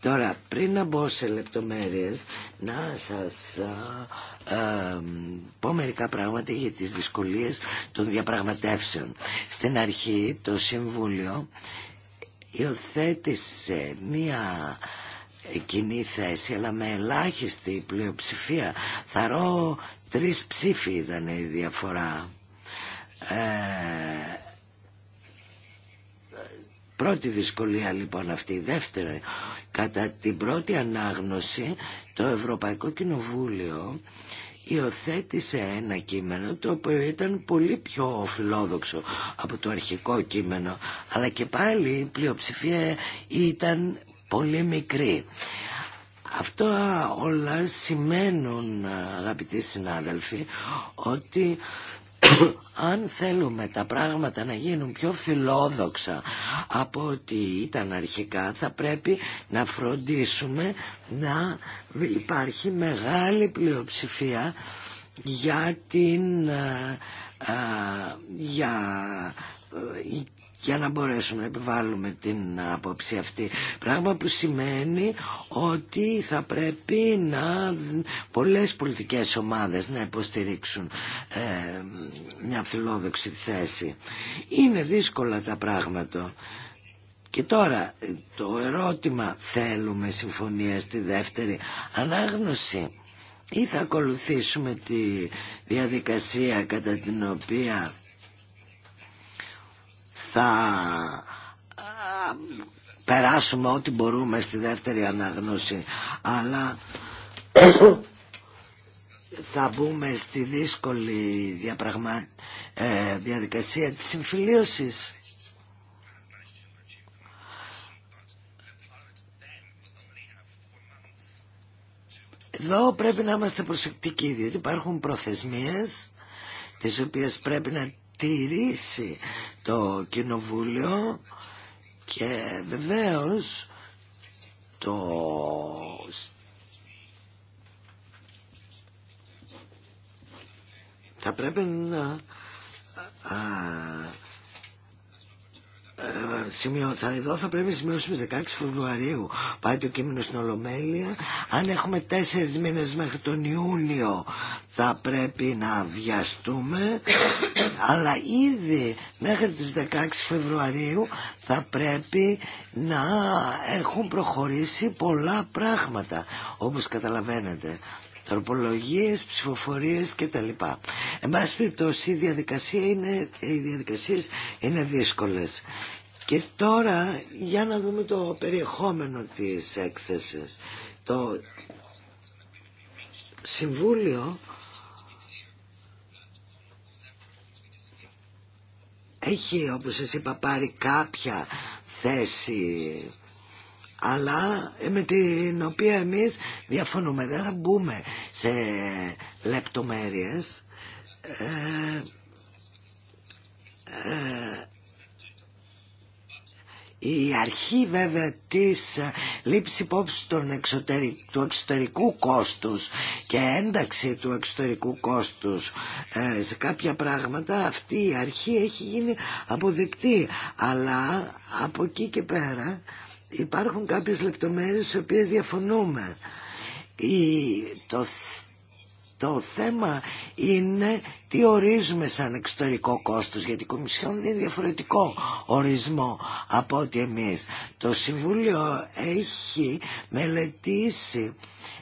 S3: Τώρα πριν να μπω σε λεπτομέρειες να σας πω μερικά πράγματα για τις δυσκολίες των διαπραγματεύσεων. Στην αρχή το Συμβούλιο υιοθέτησε μία κοινή θέση αλλά με ελάχιστη πλειοψηφία ρω τρεις ψήφοι ήταν η διαφορά ε, Πρώτη δυσκολία λοιπόν αυτή, δεύτερη, κατά την πρώτη ανάγνωση το Ευρωπαϊκό Κοινοβούλιο υιοθέτησε ένα κείμενο το οποίο ήταν πολύ πιο φιλόδοξο από το αρχικό κείμενο αλλά και πάλι η πλειοψηφία ήταν πολύ μικρή. Αυτό όλα σημαίνουν αγαπητοί συνάδελφοι ότι αν θέλουμε τα πράγματα να γίνουν πιο φιλόδοξα από ό,τι ήταν αρχικά θα πρέπει να φροντίσουμε να υπάρχει μεγάλη πλειοψηφία για την ε, ε, για ε, για να μπορέσουμε να επιβάλλουμε την άποψη αυτή. Πράγμα που σημαίνει ότι θα πρέπει να πολλές πολιτικές ομάδες να υποστηρίξουν ε, μια φιλόδοξη θέση. Είναι δύσκολα τα πράγματα. Και τώρα το ερώτημα θέλουμε συμφωνία στη δεύτερη ανάγνωση ή θα ακολουθήσουμε τη διαδικασία κατά την οποία θα περάσουμε ό,τι μπορούμε στη δεύτερη αναγνώση αλλά θα μπούμε στη δύσκολη διαπραγμα... ε, διαδικασία της συμφιλίωσης Εδώ πρέπει να είμαστε προσεκτικοί διότι υπάρχουν προθεσμίες τις οποίες πρέπει να τηρήσει το Κοινοβούλιο και βεβαίως το θα πρέπει να ε, θα, εδώ θα πρέπει να σημειώσουμε 16 Φεβρουαρίου πάει το κείμενο στην Ολομέλεια αν έχουμε τέσσερι μήνες μέχρι τον Ιούνιο θα πρέπει να βιαστούμε αλλά ήδη μέχρι τις 16 Φεβρουαρίου θα πρέπει να έχουν προχωρήσει πολλά πράγματα όπως καταλαβαίνετε τροπολογίες, ψηφοφορίες κτλ. Εν πάση περιπτώσει, οι, διαδικασία είναι, οι διαδικασίες είναι δύσκολες. Και τώρα για να δούμε το περιεχόμενο της έκθεσης. Το Συμβούλιο έχει όπως σας είπα πάρει κάποια θέση αλλά ε, με την οποία εμείς διαφωνούμε. Δεν θα μπούμε σε λεπτομέρειες. Ε, ε, η αρχή βέβαια της λήψη υπόψη των του εξωτερικού κόστους και ένταξη του εξωτερικού κόστους σε κάποια πράγματα αυτή η αρχή έχει γίνει αποδεκτή αλλά από εκεί και πέρα υπάρχουν κάποιες λεπτομέρειες στις οποίες διαφωνούμε. Η, το, το θέμα είναι τι ορίζουμε σαν εξωτερικό κόστος, γιατί η Κομισιόν δίνει διαφορετικό ορισμό από ό,τι εμείς. Το Συμβούλιο έχει μελετήσει,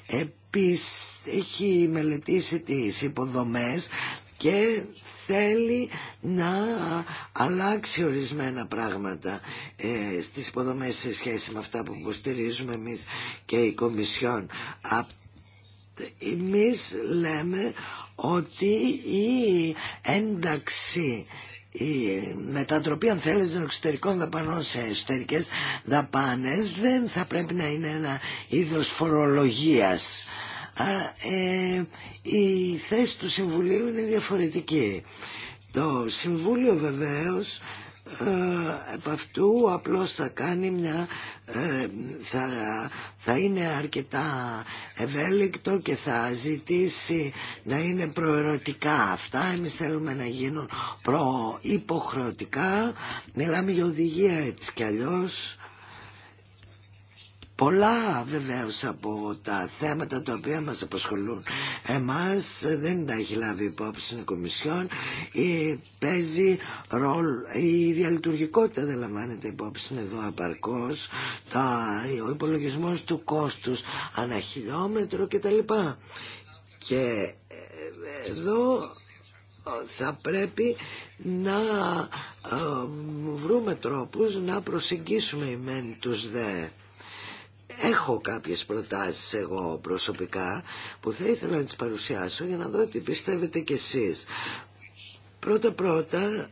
S3: επίσης, έχει μελετήσει τις υποδομές και θέλει να αλλάξει ορισμένα πράγματα ε, στις υποδομές σε σχέση με αυτά που υποστηρίζουμε εμείς και η Κομισιόν. Εμείς λέμε ότι η ένταξη η μετατροπή αν θέλετε των εξωτερικών δαπανών σε εσωτερικές δαπάνες δεν θα πρέπει να είναι ένα είδος φορολογίας ε, η θέση του Συμβουλίου είναι διαφορετική. Το Συμβούλιο βεβαίως ε, αυτού απλώς θα κάνει μια ε, θα, θα είναι αρκετά ευέλικτο και θα ζητήσει να είναι προερωτικά αυτά εμείς θέλουμε να γίνουν προϋποχρεωτικά μιλάμε για οδηγία έτσι κι αλλιώς Πολλά βεβαίω από τα θέματα τα οποία μας απασχολούν εμάς δεν τα έχει λάβει υπόψη η Κομισιόν ή παίζει ρόλο η διαλειτουργικότητα δεν λαμβάνεται υπόψη εδώ απαρκώς τα, ο υπολογισμό του κόστους ανά χιλιόμετρο κτλ. Και ε, εδώ ε, θα πρέπει να ε, βρούμε τρόπους να προσεγγίσουμε οι μεν τους δε. Έχω κάποιες προτάσεις εγώ προσωπικά που θα ήθελα να τις παρουσιάσω για να δω τι πιστεύετε κι εσείς. Πρώτα-πρώτα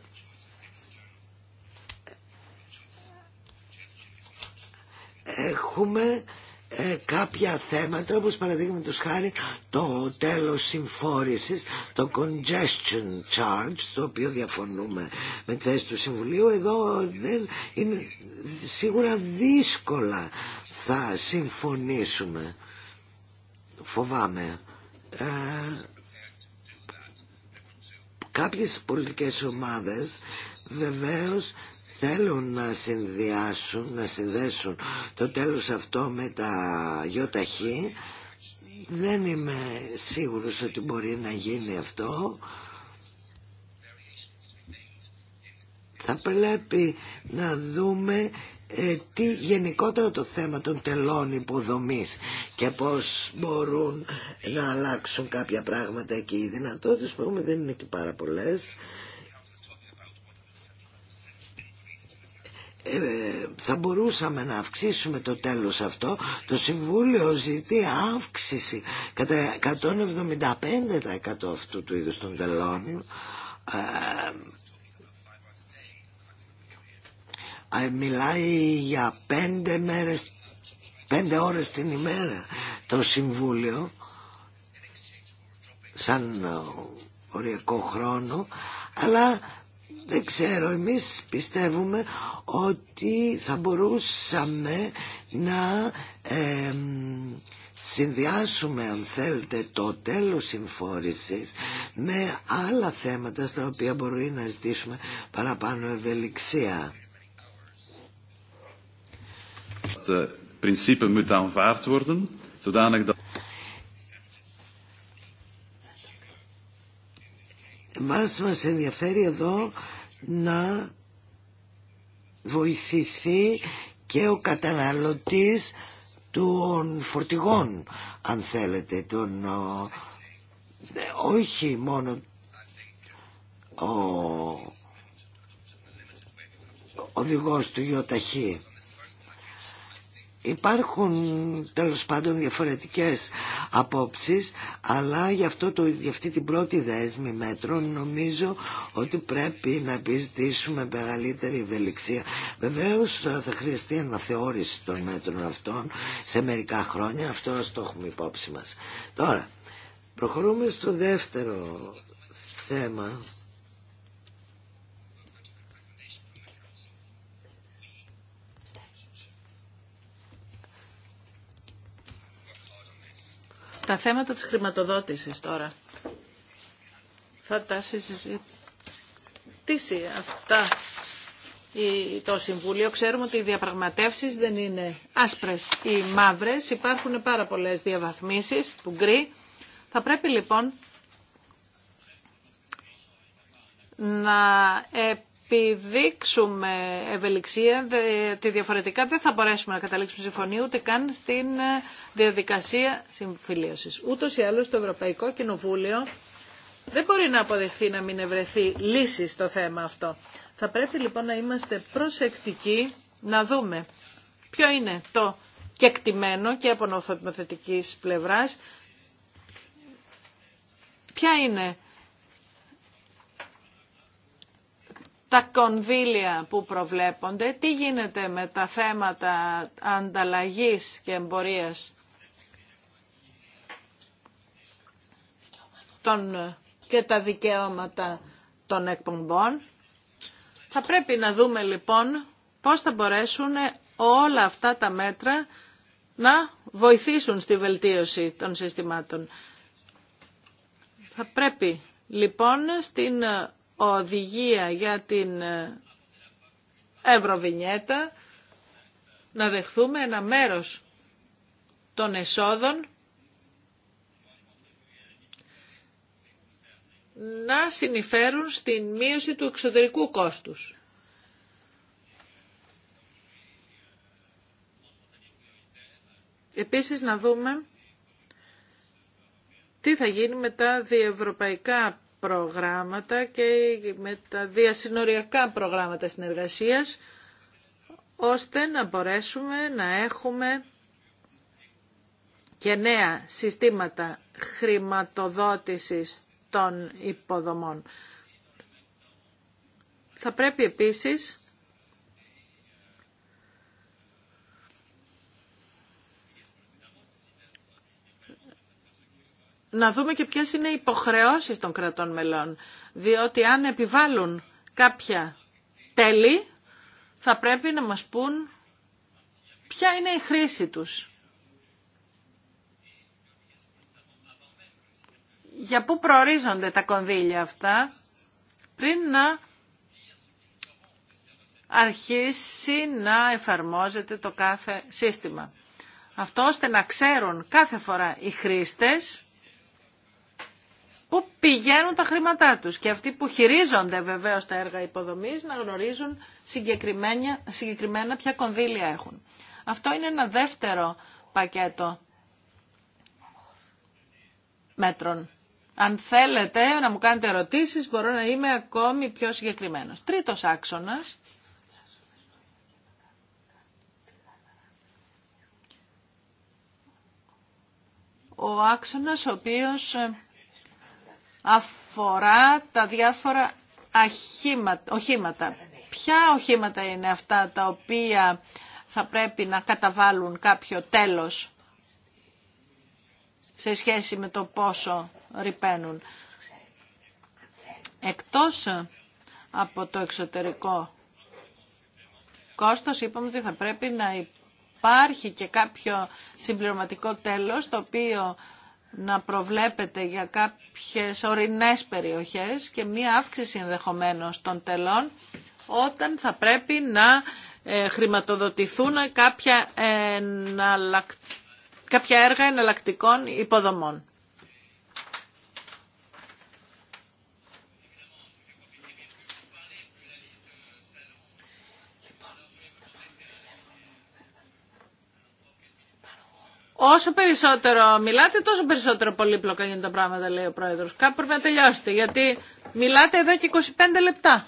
S3: έχουμε ε, κάποια θέματα όπως παραδείγματο χάρη το τέλος συμφόρησης το congestion charge το οποίο διαφωνούμε με τη θέση του Συμβουλίου εδώ δεν είναι σίγουρα δύσκολα θα συμφωνήσουμε. Φοβάμαι. Ε, κάποιες πολιτικές ομάδες βεβαίως θέλουν να συνδυάσουν, να συνδέσουν το τέλος αυτό με τα γιοταχή. Δεν είμαι σίγουρος ότι μπορεί να γίνει αυτό. Θα πρέπει να δούμε ε, τι γενικότερο το θέμα των τελών υποδομής και πώς μπορούν να αλλάξουν κάποια πράγματα εκεί. Οι δυνατότητες που έχουμε δεν είναι και πάρα πολλές. Ε, θα μπορούσαμε να αυξήσουμε το τέλος αυτό το Συμβούλιο ζητεί αύξηση κατά 175% αυτού του είδους των τελών ε, μιλάει για πέντε μέρες, πέντε ώρες την ημέρα το Συμβούλιο σαν οριακό χρόνο αλλά δεν ξέρω εμείς πιστεύουμε ότι θα μπορούσαμε να συνδυάσουμε αν θέλετε το τέλος συμφόρησης με άλλα θέματα στα οποία μπορεί να ζητήσουμε παραπάνω ευελιξία.
S1: Εμά eh, principe moet aanvaard worden, zodanig dat...
S3: μας ενδιαφέρει εδώ να βοηθηθεί και ο καταναλωτής των φορτηγών, αν θέλετε, τον, ε, όχι μόνο ο οδηγός του Ιωταχή υπάρχουν τέλος πάντων διαφορετικές απόψεις αλλά για, αυτό το, για αυτή την πρώτη δέσμη μέτρων νομίζω ότι πρέπει να επιζητήσουμε μεγαλύτερη ευελιξία. Βεβαίως θα χρειαστεί αναθεώρηση των μέτρων αυτών σε μερικά χρόνια, αυτό το έχουμε υπόψη μας. Τώρα, προχωρούμε στο δεύτερο θέμα
S4: Τα θέματα της χρηματοδότησης τώρα. Θα τα συζητήσει αυτά το Συμβούλιο. Ξέρουμε ότι οι διαπραγματεύσεις δεν είναι άσπρες ή μαύρες. Υπάρχουν πάρα πολλές διαβαθμίσεις του γκρι. Θα πρέπει λοιπόν να επιδείξουμε ευελιξία, τη διαφορετικά δεν θα μπορέσουμε να καταλήξουμε συμφωνία ούτε καν στην ε, διαδικασία συμφιλίωσης. Ούτως ή άλλως το Ευρωπαϊκό Κοινοβούλιο δεν μπορεί να αποδεχθεί να μην ευρεθεί λύση στο θέμα αυτό. Θα πρέπει λοιπόν να είμαστε προσεκτικοί να δούμε ποιο είναι το κεκτημένο και από νοθοτημοθετικής πλευράς, ποια είναι τα κονδύλια που προβλέπονται, τι γίνεται με τα θέματα ανταλλαγής και εμπορίας των, και τα δικαιώματα των εκπομπών. Θα πρέπει να δούμε λοιπόν πώς θα μπορέσουν όλα αυτά τα μέτρα να βοηθήσουν στη βελτίωση των συστημάτων. Θα πρέπει λοιπόν στην οδηγία για την ε, Ευρωβινιέτα να δεχθούμε ένα μέρος των εσόδων να συνηφέρουν στην μείωση του εξωτερικού κόστους. Επίσης να δούμε τι θα γίνει με τα διευρωπαϊκά προγράμματα και με τα διασυνοριακά προγράμματα συνεργασίας, ώστε να μπορέσουμε να έχουμε και νέα συστήματα χρηματοδότησης των υποδομών. Θα πρέπει επίσης να δούμε και ποιες είναι οι υποχρεώσεις των κρατών μελών. Διότι αν επιβάλλουν κάποια τέλη, θα πρέπει να μας πούν ποια είναι η χρήση τους. Για πού προορίζονται τα κονδύλια αυτά πριν να αρχίσει να εφαρμόζεται το κάθε σύστημα. Αυτό ώστε να ξέρουν κάθε φορά οι χρήστες πού πηγαίνουν τα χρήματά τους και αυτοί που χειρίζονται βεβαίως τα έργα υποδομής να γνωρίζουν συγκεκριμένα, συγκεκριμένα ποια κονδύλια έχουν. Αυτό είναι ένα δεύτερο πακέτο μέτρων. Αν θέλετε να μου κάνετε ερωτήσεις μπορώ να είμαι ακόμη πιο συγκεκριμένος. Τρίτος άξονας. Ο άξονας ο οποίος ε, αφορά τα διάφορα οχήματα. Ποια οχήματα είναι αυτά τα οποία θα πρέπει να καταβάλουν κάποιο τέλος σε σχέση με το πόσο ρηπαίνουν. Εκτός από το εξωτερικό κόστος είπαμε ότι θα πρέπει να υπάρχει και κάποιο συμπληρωματικό τέλος το οποίο να προβλέπετε για κάποιες ορεινές περιοχές και μία αύξηση ενδεχομένω των τελών όταν θα πρέπει να ε, χρηματοδοτηθούν κάποια, κάποια έργα εναλλακτικών υποδομών. Όσο περισσότερο μιλάτε, τόσο περισσότερο πολύπλοκα γίνονται τα πράγματα, λέει ο πρόεδρος. Κάπου πρέπει να τελειώσετε, γιατί μιλάτε εδώ και 25 λεπτά.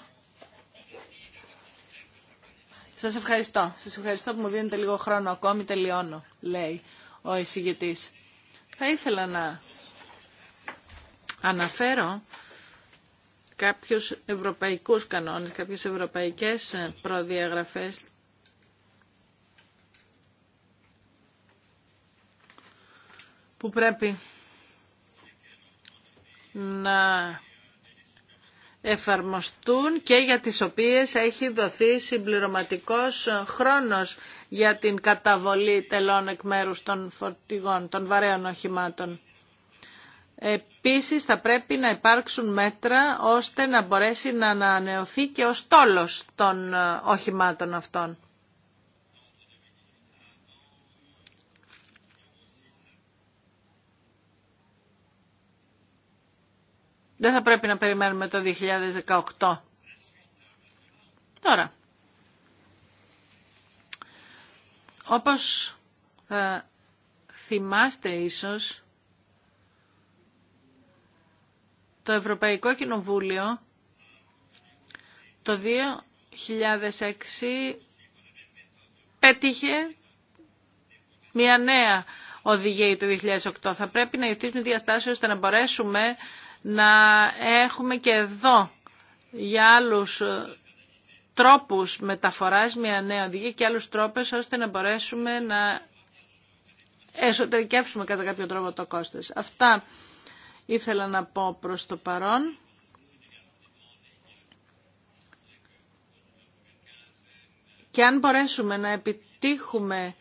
S4: Σας ευχαριστώ. Σας ευχαριστώ που μου δίνετε λίγο χρόνο ακόμη. Τελειώνω, λέει ο εισηγητή. Θα ήθελα να αναφέρω κάποιους ευρωπαϊκούς κανόνες, κάποιες ευρωπαϊκές προδιαγραφές που πρέπει να εφαρμοστούν και για τις οποίες έχει δοθεί συμπληρωματικός χρόνος για την καταβολή τελών εκ μέρους των φορτηγών, των βαρέων οχημάτων. Επίσης θα πρέπει να υπάρξουν μέτρα ώστε να μπορέσει να ανανεωθεί και ο στόλος των οχημάτων αυτών. Δεν θα πρέπει να περιμένουμε το 2018. Τώρα, όπως θα ε, θυμάστε ίσως, το Ευρωπαϊκό Κοινοβούλιο το 2006 πέτυχε μια νέα οδηγία το 2008. Θα πρέπει να υιοθετήσουμε διαστάσεις ώστε να μπορέσουμε να έχουμε και εδώ για άλλους ε, τρόπους μεταφοράς μια νέα οδηγία και άλλους τρόπους ώστε να μπορέσουμε να εσωτερικεύσουμε κατά κάποιο τρόπο το κόστος. Αυτά ήθελα να πω προς το παρόν. Και αν μπορέσουμε να επιτύχουμε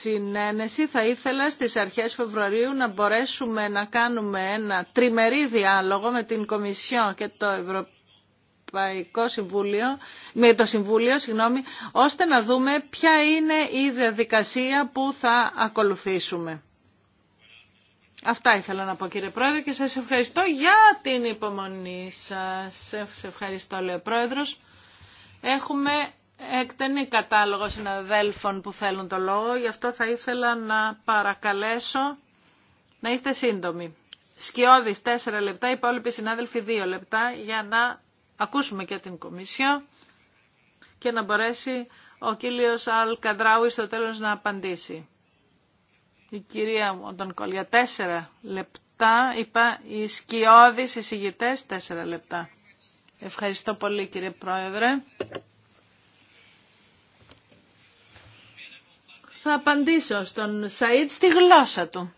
S4: συνένεση. Θα ήθελα στις αρχές Φεβρουαρίου να μπορέσουμε να κάνουμε ένα τριμερή διάλογο με την Κομισιό και το Ευρωπαϊκό Συμβούλιο, με το Συμβούλιο, συγγνώμη, ώστε να δούμε ποια είναι η διαδικασία που θα ακολουθήσουμε. Αυτά ήθελα να πω κύριε Πρόεδρε και σας ευχαριστώ για την υπομονή σας. Σε ευχαριστώ λέει ο Πρόεδρος. Έχουμε εκτενή κατάλογο συναδέλφων που θέλουν το λόγο, γι' αυτό θα ήθελα να παρακαλέσω να είστε σύντομοι. Σκιώδης 4 λεπτά, οι υπόλοιποι συνάδελφοι 2 λεπτά για να ακούσουμε και την Κομισιό και να μπορέσει ο κύριος Αλ Καντράουι στο τέλος να απαντήσει. Η κυρία τον για 4 λεπτά, είπα οι σκιώδεις εισηγητές 4 λεπτά. Ευχαριστώ πολύ κύριε Πρόεδρε. θα απαντήσω στον Σαΐτ στη γλώσσα του.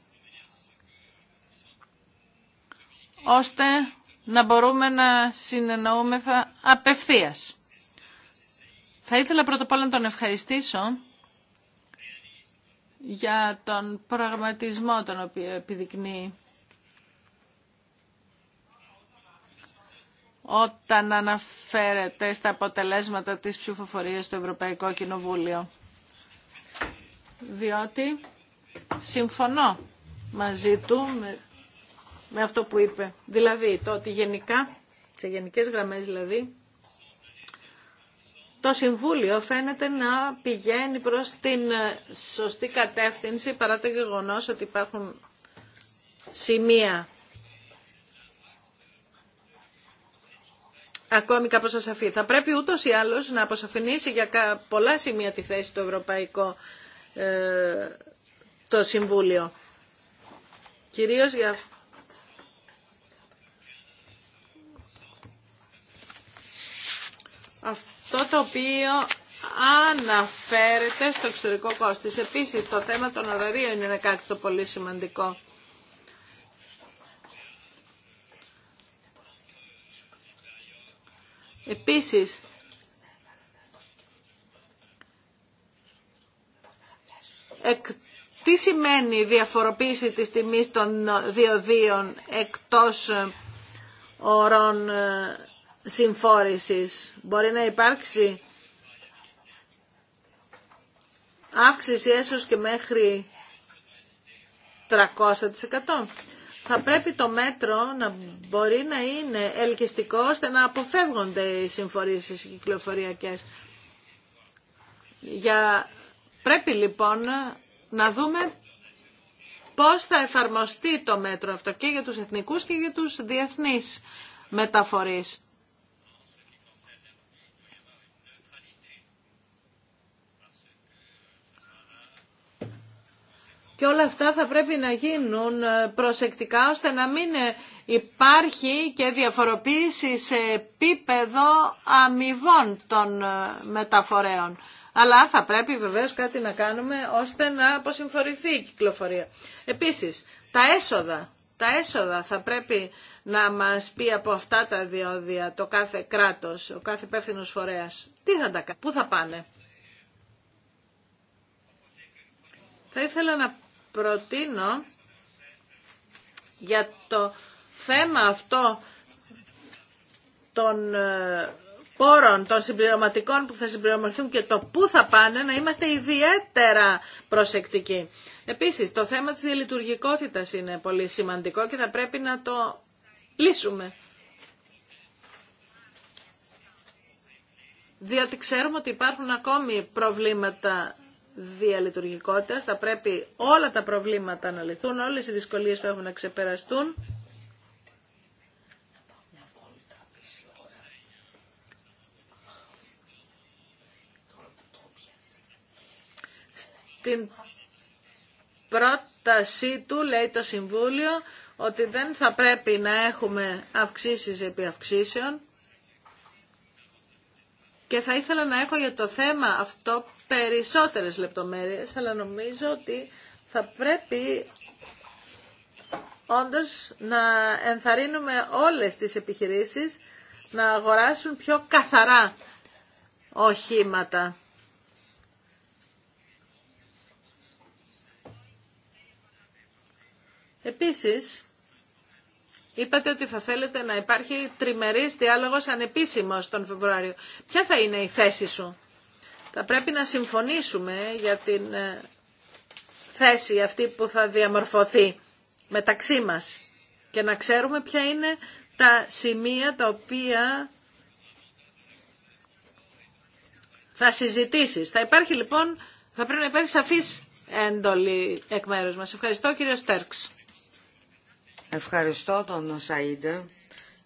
S4: Ώστε να μπορούμε να συνεννοούμεθα απευθείας. Θα ήθελα πρώτα απ' όλα να τον ευχαριστήσω για τον πραγματισμό τον οποίο επιδεικνύει όταν αναφέρεται στα αποτελέσματα της ψηφοφορίας στο Ευρωπαϊκό Κοινοβούλιο διότι συμφωνώ μαζί του με, αυτό που είπε. Δηλαδή το ότι γενικά, σε γενικές γραμμές δηλαδή, το Συμβούλιο φαίνεται να πηγαίνει προς την ε, σωστή κατεύθυνση παρά το γεγονός ότι υπάρχουν σημεία ακόμη κάπως ασαφή. Θα πρέπει ούτως ή άλλως να αποσαφηνίσει για πολλά σημεία τη θέση του Ευρωπαϊκού ε, το Συμβούλιο. Κυρίως για... Αυτό το οποίο αναφέρεται στο εξωτερικό κόστος. Επίσης, το θέμα των ωραρίων είναι κάτι το πολύ σημαντικό. Επίσης, τι σημαίνει διαφοροποίηση της τιμής των διοδίων εκτός ορών ε, ε, συμφόρησης. Μπορεί να υπάρξει αύξηση έσως και μέχρι 300%. Θα πρέπει το μέτρο να μπορεί να είναι ελκυστικό ώστε να αποφεύγονται οι συμφορήσεις κυκλοφοριακές. Για Πρέπει λοιπόν να δούμε πώς θα εφαρμοστεί το μέτρο αυτό και για τους εθνικούς και για τους διεθνείς μεταφορείς. Και όλα αυτά θα πρέπει να γίνουν προσεκτικά ώστε να μην υπάρχει και διαφοροποίηση σε επίπεδο αμοιβών των μεταφορέων αλλά θα πρέπει βεβαίως κάτι να κάνουμε ώστε να αποσυμφορηθεί η κυκλοφορία. Επίσης, τα έσοδα. Τα έσοδα θα πρέπει να μας πει από αυτά τα διόδια το κάθε κράτος, ο κάθε υπεύθυνο φορέας. Τι θα τα κάνει, πού θα πάνε. Θα ήθελα να προτείνω για το θέμα αυτό των ε, πόρων των συμπληρωματικών που θα συμπληρωμαθούν και το πού θα πάνε να είμαστε ιδιαίτερα προσεκτικοί. Επίσης, το θέμα της διαλειτουργικότητας είναι πολύ σημαντικό και θα πρέπει να το λύσουμε. Διότι ξέρουμε ότι υπάρχουν ακόμη προβλήματα διαλειτουργικότητας, θα πρέπει όλα τα προβλήματα να λυθούν, όλες οι δυσκολίες που έχουν να ξεπεραστούν Την πρότασή του λέει το Συμβούλιο ότι δεν θα πρέπει να έχουμε αυξήσεις επί αυξήσεων και θα ήθελα να έχω για το θέμα αυτό περισσότερες λεπτομέρειες, αλλά νομίζω ότι θα πρέπει όντως να ενθαρρύνουμε όλες τις επιχειρήσεις να αγοράσουν πιο καθαρά οχήματα. Επίσης, είπατε ότι θα θέλετε να υπάρχει τριμερής διάλογος ανεπίσημος τον Φεβρουάριο. Ποια θα είναι η θέση σου. Θα πρέπει να συμφωνήσουμε για την ε, θέση αυτή που θα διαμορφωθεί μεταξύ μας και να ξέρουμε ποια είναι τα σημεία τα οποία θα συζητήσεις. Θα υπάρχει λοιπόν, θα πρέπει να υπάρχει σαφής έντολη εκ μέρους μας. Ευχαριστώ κύριο Στέρξ.
S2: Ευχαριστώ τον Σαΐντα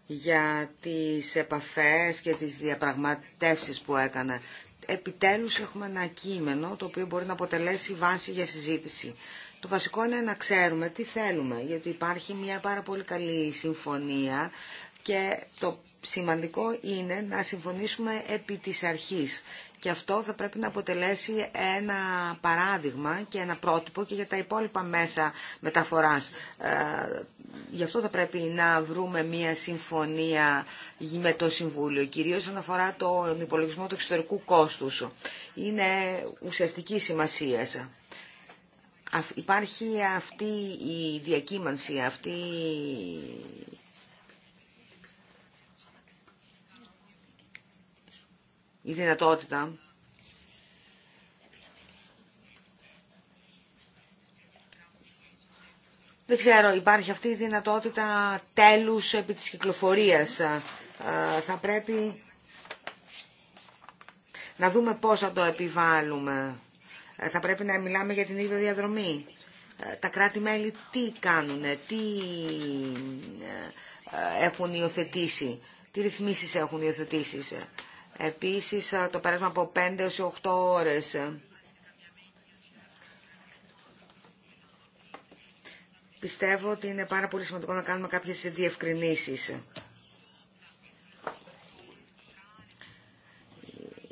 S2: για τις επαφές και τις διαπραγματεύσεις που έκανα. Επιτέλους έχουμε ένα κείμενο το οποίο μπορεί να αποτελέσει βάση για συζήτηση. Το βασικό είναι να ξέρουμε τι θέλουμε, γιατί υπάρχει μια πάρα πολύ καλή συμφωνία και το σημαντικό είναι να συμφωνήσουμε επί της αρχής. Και αυτό θα πρέπει να αποτελέσει ένα παράδειγμα και ένα πρότυπο και για τα υπόλοιπα μέσα μεταφοράς. Ε, γι' αυτό θα πρέπει να βρούμε μια συμφωνία με το Συμβούλιο, κυρίως όσον αφορά τον υπολογισμό του εξωτερικού κόστους. Είναι ουσιαστική σημασία. Υπάρχει αυτή η διακύμανση, αυτή η δυνατότητα Δεν ξέρω, υπάρχει αυτή η δυνατότητα τέλους επί της κυκλοφορίας. Θα πρέπει να δούμε πώς θα το επιβάλλουμε. Ε, θα πρέπει να μιλάμε για την ίδια διαδρομή. Ε, τα κράτη-μέλη τι κάνουν, τι ε, έχουν υιοθετήσει, τι ρυθμίσεις έχουν υιοθετήσει. Επίσης το πέρασμα από 5 έως 8 ώρες. Πιστεύω ότι είναι πάρα πολύ σημαντικό να κάνουμε κάποιες διευκρινήσεις.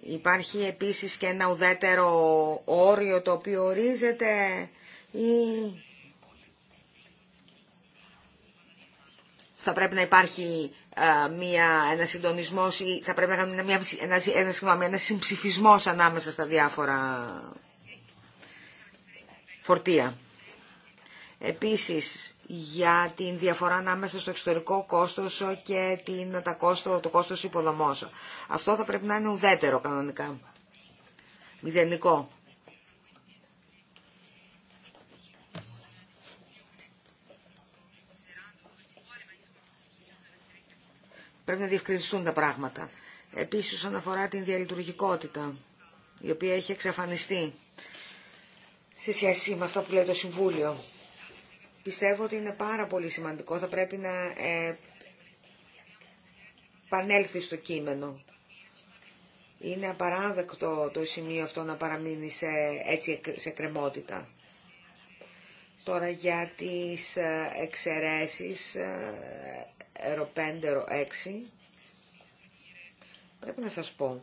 S2: Υπάρχει επίσης και ένα ουδέτερο όριο το οποίο ορίζεται ή θα πρέπει να υπάρχει ε, μια, ένα συντονισμό ή θα πρέπει να κάνουμε μια, ένα, ένα, συμψηφισμό ανάμεσα στα διάφορα φορτία. Επίσης, για την διαφορά ανάμεσα στο εξωτερικό κόστος και την, τα κόστο, το κόστος υποδομός. Αυτό θα πρέπει να είναι ουδέτερο κανονικά, μηδενικό. Πρέπει να διευκρινιστούν τα πράγματα. Επίσης, όσον αφορά την διαλειτουργικότητα, η οποία έχει εξαφανιστεί σε σχέση με αυτό που λέει το Συμβούλιο, πιστεύω ότι είναι πάρα πολύ σημαντικό. Θα πρέπει να ε, πανέλθει στο κείμενο. Είναι απαράδεκτο το σημείο αυτό να παραμείνει σε, έτσι σε κρεμότητα. Τώρα για τις ε, εξαιρέσεις ε, ρο 5, 6, πρέπει να σας πω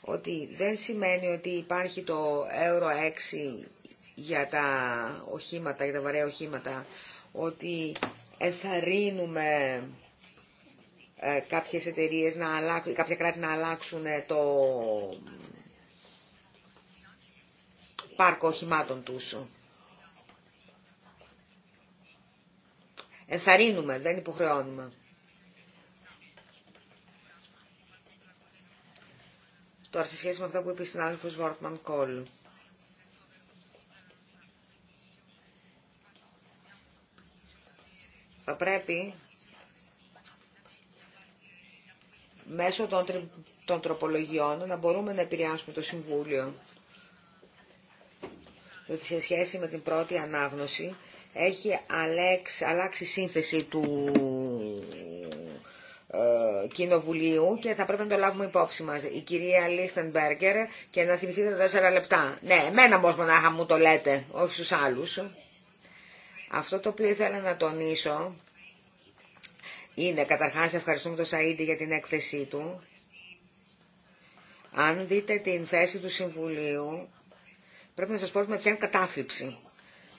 S2: ότι δεν σημαίνει ότι υπάρχει το Euro 6 για τα οχήματα, για τα βαρέα οχήματα, ότι εθαρρύνουμε ε, κάποιες εταιρείες να αλλάξουν, κάποια κράτη να αλλάξουν ε, το πάρκο οχημάτων τους. ενθαρρύνουμε, δεν υποχρεώνουμε. Τώρα σε σχέση με αυτό που είπε η συνάδελφος Βόρτμαν Κόλ. Θα πρέπει μέσω των, των τροπολογιών να μπορούμε να επηρεάσουμε το Συμβούλιο. Διότι σε σχέση με την πρώτη ανάγνωση έχει αλλάξει η σύνθεση του ε, Κοινοβουλίου και θα πρέπει να το λάβουμε υπόψη μας. Η κυρία Λίχτενμπέργκερ και να θυμηθείτε τα τέσσερα λεπτά. Ναι, εμένα όμως μονάχα μου το λέτε, όχι στους άλλους. Αυτό το οποίο ήθελα να τονίσω είναι καταρχάς ευχαριστούμε τον Σαΐντι για την έκθεσή του. Αν δείτε την θέση του Συμβουλίου, πρέπει να σας πω ότι με πιάνει κατάθλιψη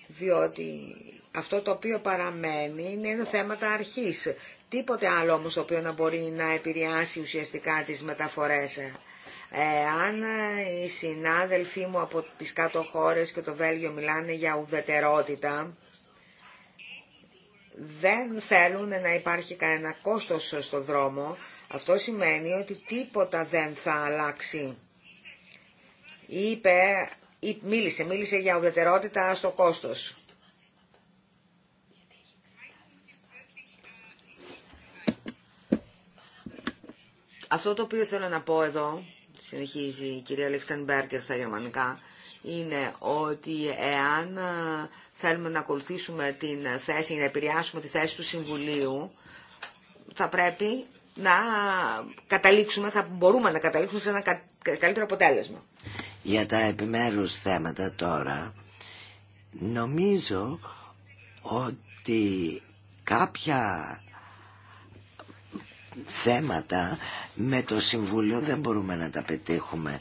S2: διότι αυτό το οποίο παραμένει είναι θέματα αρχής. Τίποτε άλλο όμως το οποίο να μπορεί να επηρεάσει ουσιαστικά τις μεταφορές. Ε, αν οι συνάδελφοί μου από τις κάτω χώρες και το Βέλγιο μιλάνε για ουδετερότητα, δεν θέλουν να υπάρχει κανένα κόστος στο δρόμο. Αυτό σημαίνει ότι τίποτα δεν θα αλλάξει. Είπε μίλησε, μίλησε για ουδετερότητα στο κόστος. Αυτό το οποίο θέλω να πω εδώ, συνεχίζει η κυρία Λίχτενμπέργκερ στα γερμανικά, είναι ότι εάν ε, θέλουμε να ακολουθήσουμε την θέση, να επηρεάσουμε τη θέση του Συμβουλίου, θα πρέπει να καταλήξουμε, θα μπορούμε να καταλήξουμε σε ένα καλύτερο αποτέλεσμα.
S3: Για τα επιμέρους θέματα τώρα, νομίζω ότι κάποια θέματα με το Συμβούλιο δεν μπορούμε να τα πετύχουμε.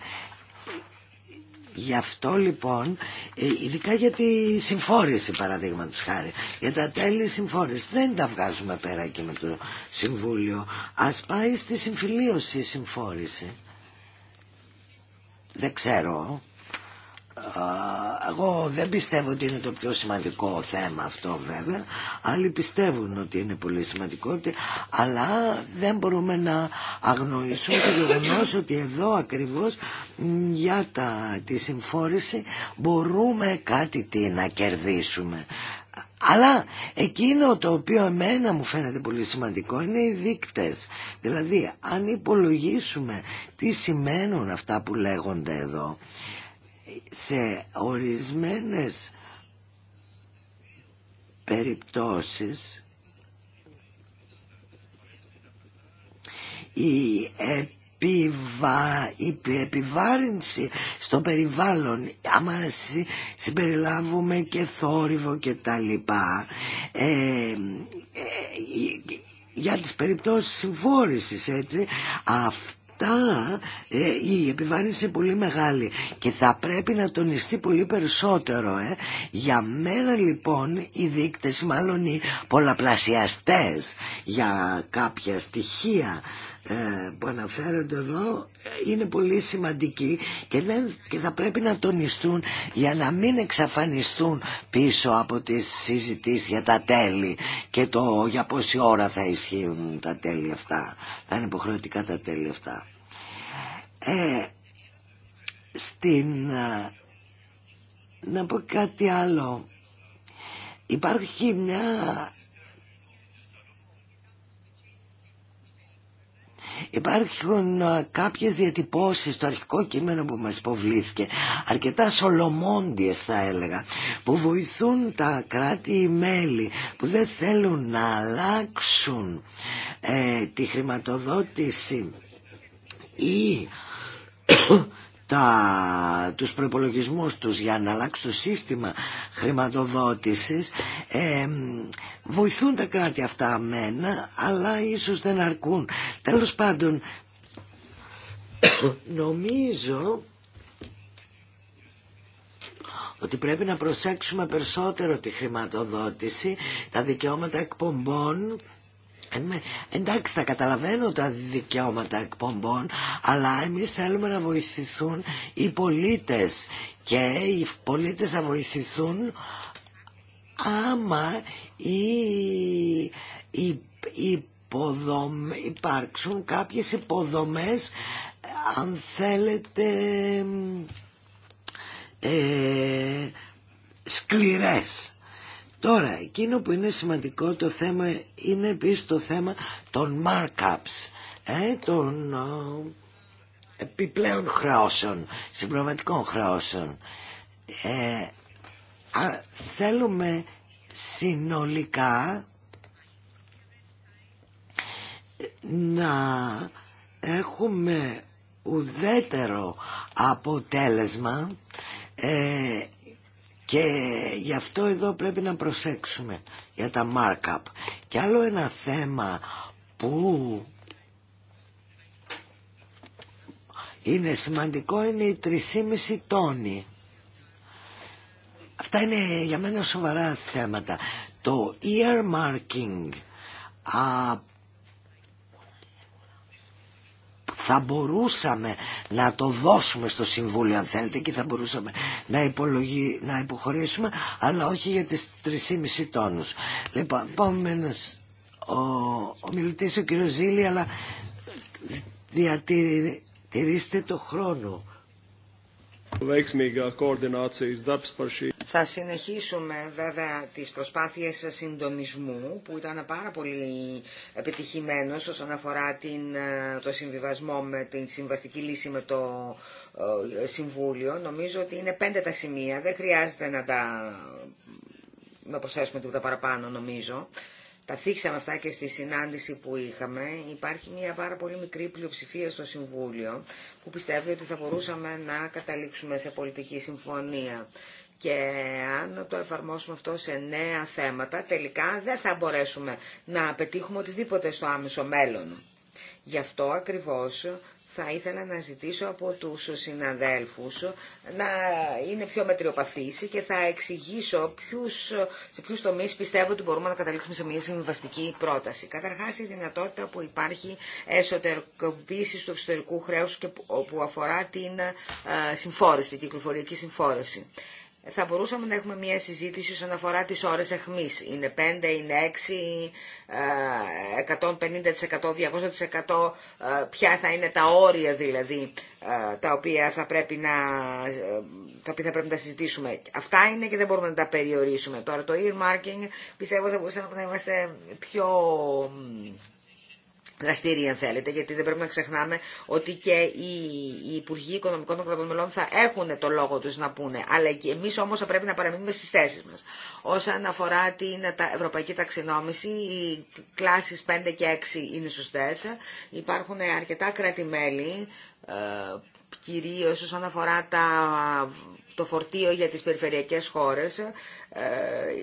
S3: Γι' αυτό λοιπόν, ε, ειδικά για τη συμφόρηση του χάρη, για τα τέλη συμφόρηση, δεν τα βγάζουμε πέρα και με το Συμβούλιο. ας πάει στη συμφιλίωση η συμφόρηση δεν ξέρω. Εγώ δεν πιστεύω ότι είναι το πιο σημαντικό θέμα αυτό βέβαια Άλλοι πιστεύουν ότι είναι πολύ σημαντικό Αλλά δεν μπορούμε να αγνοήσουμε το γεγονό ότι εδώ ακριβώς για τα, τη συμφόρηση μπορούμε κάτι τι να κερδίσουμε αλλά εκείνο το οποίο εμένα μου φαίνεται πολύ σημαντικό είναι οι δείκτες. Δηλαδή αν υπολογίσουμε τι σημαίνουν αυτά που λέγονται εδώ σε ορισμένες περιπτώσεις η επιβα... επιβάρυνση στο περιβάλλον άμα συμπεριλάβουμε και θόρυβο και τα λοιπά ε, ε, για τις περιπτώσεις συμφόρησης έτσι αυτά ε, η επιβάρυνση είναι πολύ μεγάλη και θα πρέπει να τονιστεί πολύ περισσότερο ε. για μένα λοιπόν οι δείκτες μάλλον οι πολλαπλασιαστές για κάποια στοιχεία ε, που αναφέρονται εδώ ε, είναι πολύ σημαντικοί και, δεν, και θα πρέπει να τονιστούν για να μην εξαφανιστούν πίσω από τις συζητήσεις για τα τέλη και το για πόση ώρα θα ισχύουν τα τέλη αυτά. Θα είναι υποχρεωτικά τα τέλη αυτά. Ε, στην, ε, να πω κάτι άλλο. Υπάρχει μια Υπάρχουν κάποιες διατυπώσεις στο αρχικό κείμενο που μας υποβλήθηκε, αρκετά σολομόντιες θα έλεγα, που βοηθούν τα κράτη-μέλη που δεν θέλουν να αλλάξουν ε, τη χρηματοδότηση ή τα, τους προϋπολογισμούς τους για να αλλάξουν το σύστημα χρηματοδότησης ε, βοηθούν τα κράτη αυτά αμένα αλλά ίσως δεν αρκούν τέλος πάντων νομίζω ότι πρέπει να προσέξουμε περισσότερο τη χρηματοδότηση, τα δικαιώματα εκπομπών Εντάξει, θα καταλαβαίνω τα δικαιώματα εκπομπών, αλλά εμείς θέλουμε να βοηθηθούν οι πολίτες και οι πολίτες θα βοηθηθούν άμα οι, οι, υπάρξουν κάποιες υποδομές αν θέλετε ε, σκληρές Τώρα, εκείνο που είναι σημαντικό το θέμα είναι επίσης το θέμα των markups, ε, των ε, επιπλέον χρεώσεων, συμπληρωματικών χρεώσεων. Ε, θέλουμε συνολικά να έχουμε ουδέτερο αποτέλεσμα ε, και γι' αυτό εδώ πρέπει να προσέξουμε για τα markup. Και άλλο ένα θέμα που είναι σημαντικό είναι οι 3,5 τόνοι. Αυτά είναι για μένα σοβαρά θέματα. Το earmarking θα μπορούσαμε να το δώσουμε στο Συμβούλιο αν θέλετε και θα μπορούσαμε να, υπολογι... να υποχωρήσουμε αλλά όχι για τις 3,5 τόνους. Λοιπόν, επόμενος ο, ο μιλητής ο κύριος Ζήλη αλλά διατηρήστε το χρόνο
S2: θα συνεχίσουμε βέβαια τις προσπάθειες συντονισμού που ήταν πάρα πολύ επιτυχημένος όσον αφορά ε, το συμβιβασμό με την συμβαστική λύση με το ε, Συμβούλιο. Νομίζω ότι είναι πέντε τα σημεία, δεν χρειάζεται να τα να προσθέσουμε τίποτα παραπάνω νομίζω τα θίξαμε αυτά και στη συνάντηση που είχαμε, υπάρχει μια πάρα πολύ μικρή πλειοψηφία στο Συμβούλιο που πιστεύει ότι θα μπορούσαμε να καταλήξουμε σε πολιτική συμφωνία. Και αν το εφαρμόσουμε αυτό σε νέα θέματα, τελικά δεν θα μπορέσουμε να πετύχουμε οτιδήποτε στο άμεσο μέλλον. Γι' αυτό ακριβώς θα ήθελα να ζητήσω από τους συναδέλφους να είναι πιο μετριοπαθήσει και θα εξηγήσω ποιους, σε ποιους τομείς πιστεύω ότι μπορούμε να καταλήξουμε σε μια συμβαστική πρόταση. Καταρχάς η δυνατότητα που υπάρχει εσωτερικοποίηση του εξωτερικού χρέους και που αφορά την ε, συμφόρηση, την κυκλοφοριακή συμφόρηση θα μπορούσαμε να έχουμε μια συζήτηση όσον αφορά τις ώρες εχμής. Είναι 5, είναι 6, 150%, 200%, ποια θα είναι τα όρια δηλαδή ε, ε, τα οποία θα πρέπει να, τα οποία θα πρέπει να συζητήσουμε. Αυτά είναι και δεν μπορούμε να τα περιορίσουμε. Τώρα το earmarking πιστεύω θα μπορούσαμε να είμαστε πιο δραστήρια αν θέλετε, γιατί δεν πρέπει να ξεχνάμε ότι και οι, Υπουργοί Οικονομικών των Κρατών Μελών θα έχουν το λόγο τους να πούνε, αλλά και εμείς όμως θα πρέπει να παραμείνουμε στις θέσεις μας. Όσον αφορά την τα ευρωπαϊκή ταξινόμηση, οι κλάσεις 5 και 6 είναι σωστές, υπάρχουν αρκετά κράτη-μέλη, ε, κυρίως όσον αφορά το φορτίο για τις περιφερειακές χώρες, ε,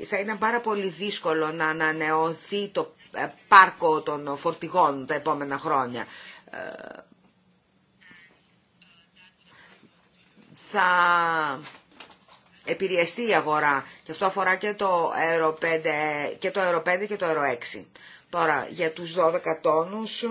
S2: θα είναι πάρα πολύ δύσκολο να ανανεωθεί το ε, πάρκο των φορτηγών τα επόμενα χρόνια. Ε, θα επηρεαστεί η αγορά και αυτό αφορά και το Aero 5 και το Aero 5 και το Aero 6. Τώρα, για τους 12 τόνους,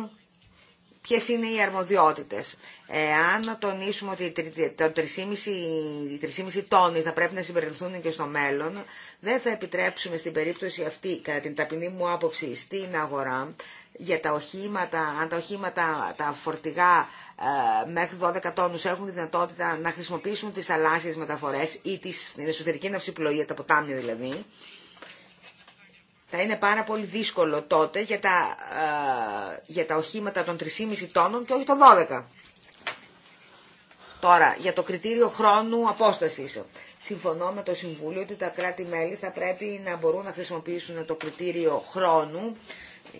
S2: ποιες είναι οι αρμοδιότητες. Εάν τονίσουμε ότι οι 3,5, τόνοι θα πρέπει να συμπεριληφθούν και στο μέλλον, δεν θα επιτρέψουμε στην περίπτωση αυτή, κατά την ταπεινή μου άποψη, στην αγορά, για τα οχήματα, αν τα οχήματα, τα φορτηγά ε, μέχρι 12 τόνους έχουν δυνατότητα να χρησιμοποιήσουν τις θαλάσσιες μεταφορές ή την εσωτερική ναυσιπλοεία, τα ποτάμια δηλαδή, θα είναι πάρα πολύ δύσκολο τότε για τα, ε, για τα οχήματα των 3,5 τόνων και όχι των 12. Τώρα, για το κριτήριο χρόνου απόστασης. Συμφωνώ με το Συμβούλιο ότι τα κράτη-μέλη θα πρέπει να μπορούν να χρησιμοποιήσουν το κριτήριο χρόνου, ε,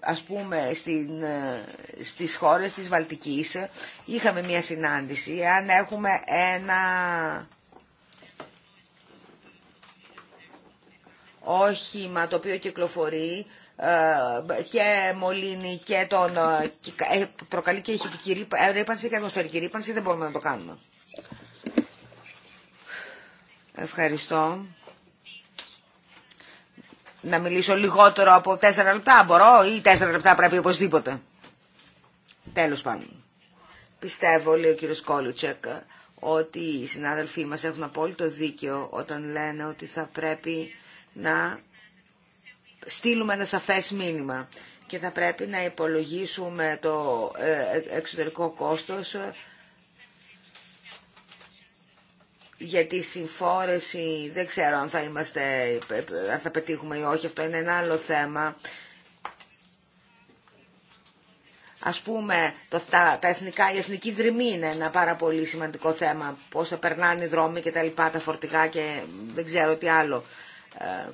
S2: ας πούμε στην, ε, στις χώρες της Βαλτικής. Είχαμε μια συνάντηση, αν έχουμε ένα... όχημα το οποίο κυκλοφορεί ε, και μολύνει και τον ε, ε, προκαλεί και έχει ρήπανση και ατμοσφαιρική ρήπανση δεν μπορούμε να το κάνουμε ευχαριστώ να μιλήσω λιγότερο από τέσσερα λεπτά μπορώ ή τέσσερα λεπτά πρέπει οπωσδήποτε τέλος πάντων πιστεύω λέει ο κύριος Κόλουτσεκ ότι οι συνάδελφοί μας έχουν απόλυτο δίκαιο όταν λένε ότι θα πρέπει να στείλουμε ένα σαφές μήνυμα και θα πρέπει να υπολογίσουμε το ε, εξωτερικό κόστος ε, για τη συμφόρεση δεν ξέρω αν θα, είμαστε, αν θα πετύχουμε ή όχι, αυτό είναι ένα άλλο θέμα. Ας πούμε, το, τα, εθνικά, η εθνική δρυμή είναι ένα πάρα πολύ σημαντικό θέμα. Πώς θα περνάνε οι δρόμοι και τα λοιπά, τα φορτηγά και δεν ξέρω τι άλλο. Ε,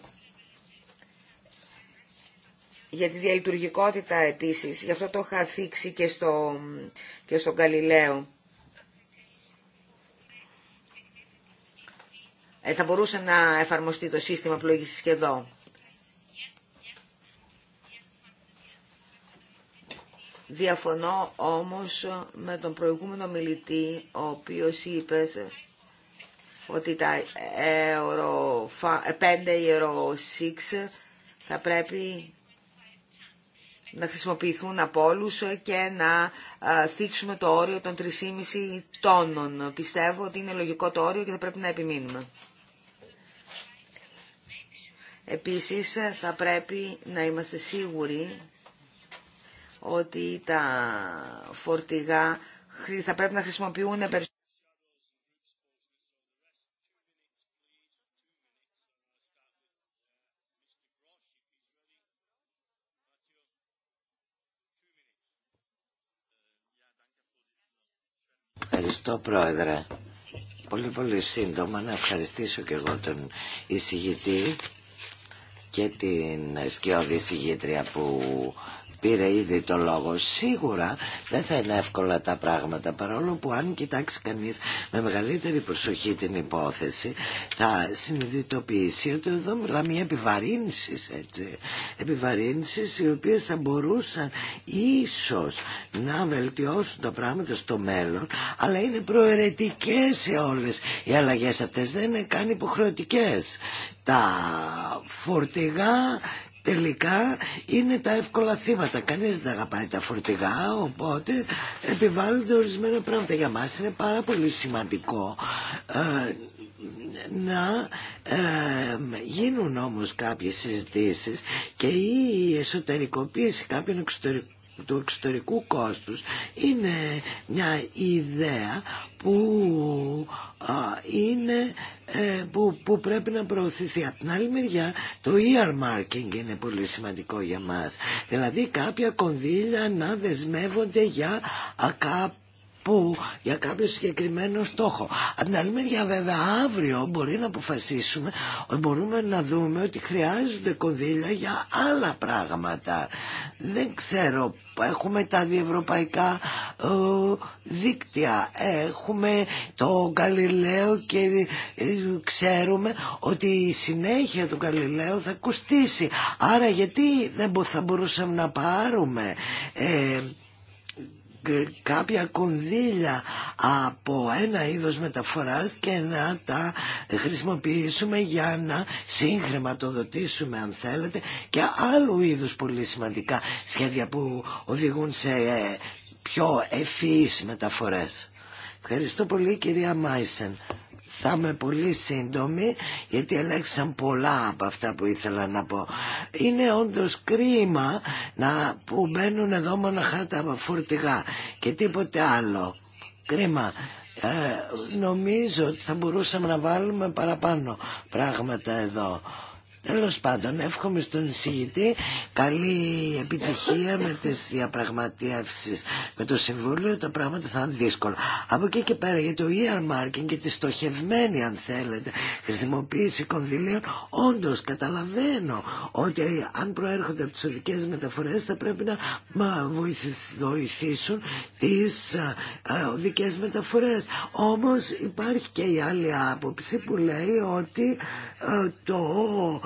S2: για τη διαλειτουργικότητα επίσης, γι' αυτό το είχα θίξει και, στο, και στον Καλλιλέο. Ε, θα μπορούσε να εφαρμοστεί το σύστημα πλοήγησης και εδώ. Διαφωνώ όμως με τον προηγούμενο μιλητή, ο οποίος είπε ότι τα 5, 6 ε, θα πρέπει να χρησιμοποιηθούν από όλους και να θίξουμε το όριο των 3,5 τόνων. Πιστεύω ότι είναι λογικό το όριο και θα πρέπει να επιμείνουμε. Επίσης θα πρέπει να είμαστε σίγουροι ότι τα φορτηγά θα πρέπει να χρησιμοποιούν
S3: Ευχαριστώ πρόεδρε. Πολύ πολύ σύντομα να ευχαριστήσω και εγώ τον εισηγητή και την σκιώδη εισηγήτρια που πήρε ήδη το λόγο. Σίγουρα δεν θα είναι εύκολα τα πράγματα, παρόλο που αν κοιτάξει κανείς με μεγαλύτερη προσοχή την υπόθεση, θα συνειδητοποιήσει ότι εδώ μιλάμε για επιβαρύνσεις, έτσι. οι οποίες θα μπορούσαν ίσως να βελτιώσουν τα πράγματα στο μέλλον, αλλά είναι προαιρετικές σε όλες οι αλλαγές αυτές, δεν είναι καν υποχρεωτικές. Τα φορτηγά τελικά είναι τα εύκολα θύματα. Κανείς δεν αγαπάει τα φορτηγά, οπότε επιβάλλονται ορισμένα πράγματα. Για μας είναι πάρα πολύ σημαντικό ε, να ε, γίνουν όμως κάποιες συζητήσεις και η εσωτερικοποίηση κάποιων εξωτερικών του εξωτερικού κόστους είναι μια ιδέα που α, είναι ε, που, πρέπει να προωθηθεί. Από την άλλη μεριά το earmarking είναι πολύ σημαντικό για μας. Δηλαδή κάποια κονδύλια να δεσμεύονται για ακά που για κάποιο συγκεκριμένο στόχο. Από την άλλη μεριά βέβαια αύριο μπορεί να αποφασίσουμε ότι μπορούμε να δούμε ότι χρειάζονται κονδύλια για άλλα πράγματα. Δεν ξέρω, έχουμε τα διευρωπαϊκά ε, δίκτυα, έχουμε το Γαλιλαίο και ε, ξέρουμε ότι η συνέχεια του Γαλιλαίου θα κοστίσει. Άρα γιατί δεν θα μπορούσαμε να πάρουμε... Ε, ε, κάποια κονδύλια από ένα είδος μεταφοράς και να τα χρησιμοποιήσουμε για να συγχρηματοδοτήσουμε αν θέλετε και άλλου είδους πολύ σημαντικά σχέδια που οδηγούν σε ε, πιο ευφυείς μεταφορές. Ευχαριστώ πολύ κυρία Μάισεν. Θα είμαι πολύ σύντομη γιατί ελέγξαν πολλά από αυτά που ήθελα να πω. Είναι όντως κρίμα να, που μπαίνουν εδώ μοναχά τα φορτηγά και τίποτε άλλο. Κρίμα. Ε, νομίζω ότι θα μπορούσαμε να βάλουμε παραπάνω πράγματα εδώ. Τέλο πάντων, εύχομαι στον εισηγητή καλή επιτυχία με τις διαπραγματεύσεις με το Συμβούλιο, τα πράγματα θα είναι δύσκολα. Από εκεί και πέρα για το earmarking και τη στοχευμένη αν θέλετε χρησιμοποίηση κονδυλίων, όντω καταλαβαίνω ότι αν προέρχονται από τι οδικέ μεταφορές θα πρέπει να βοηθήσουν τι οδικές μεταφορές. όμω υπάρχει και η άλλη άποψη που λέει ότι το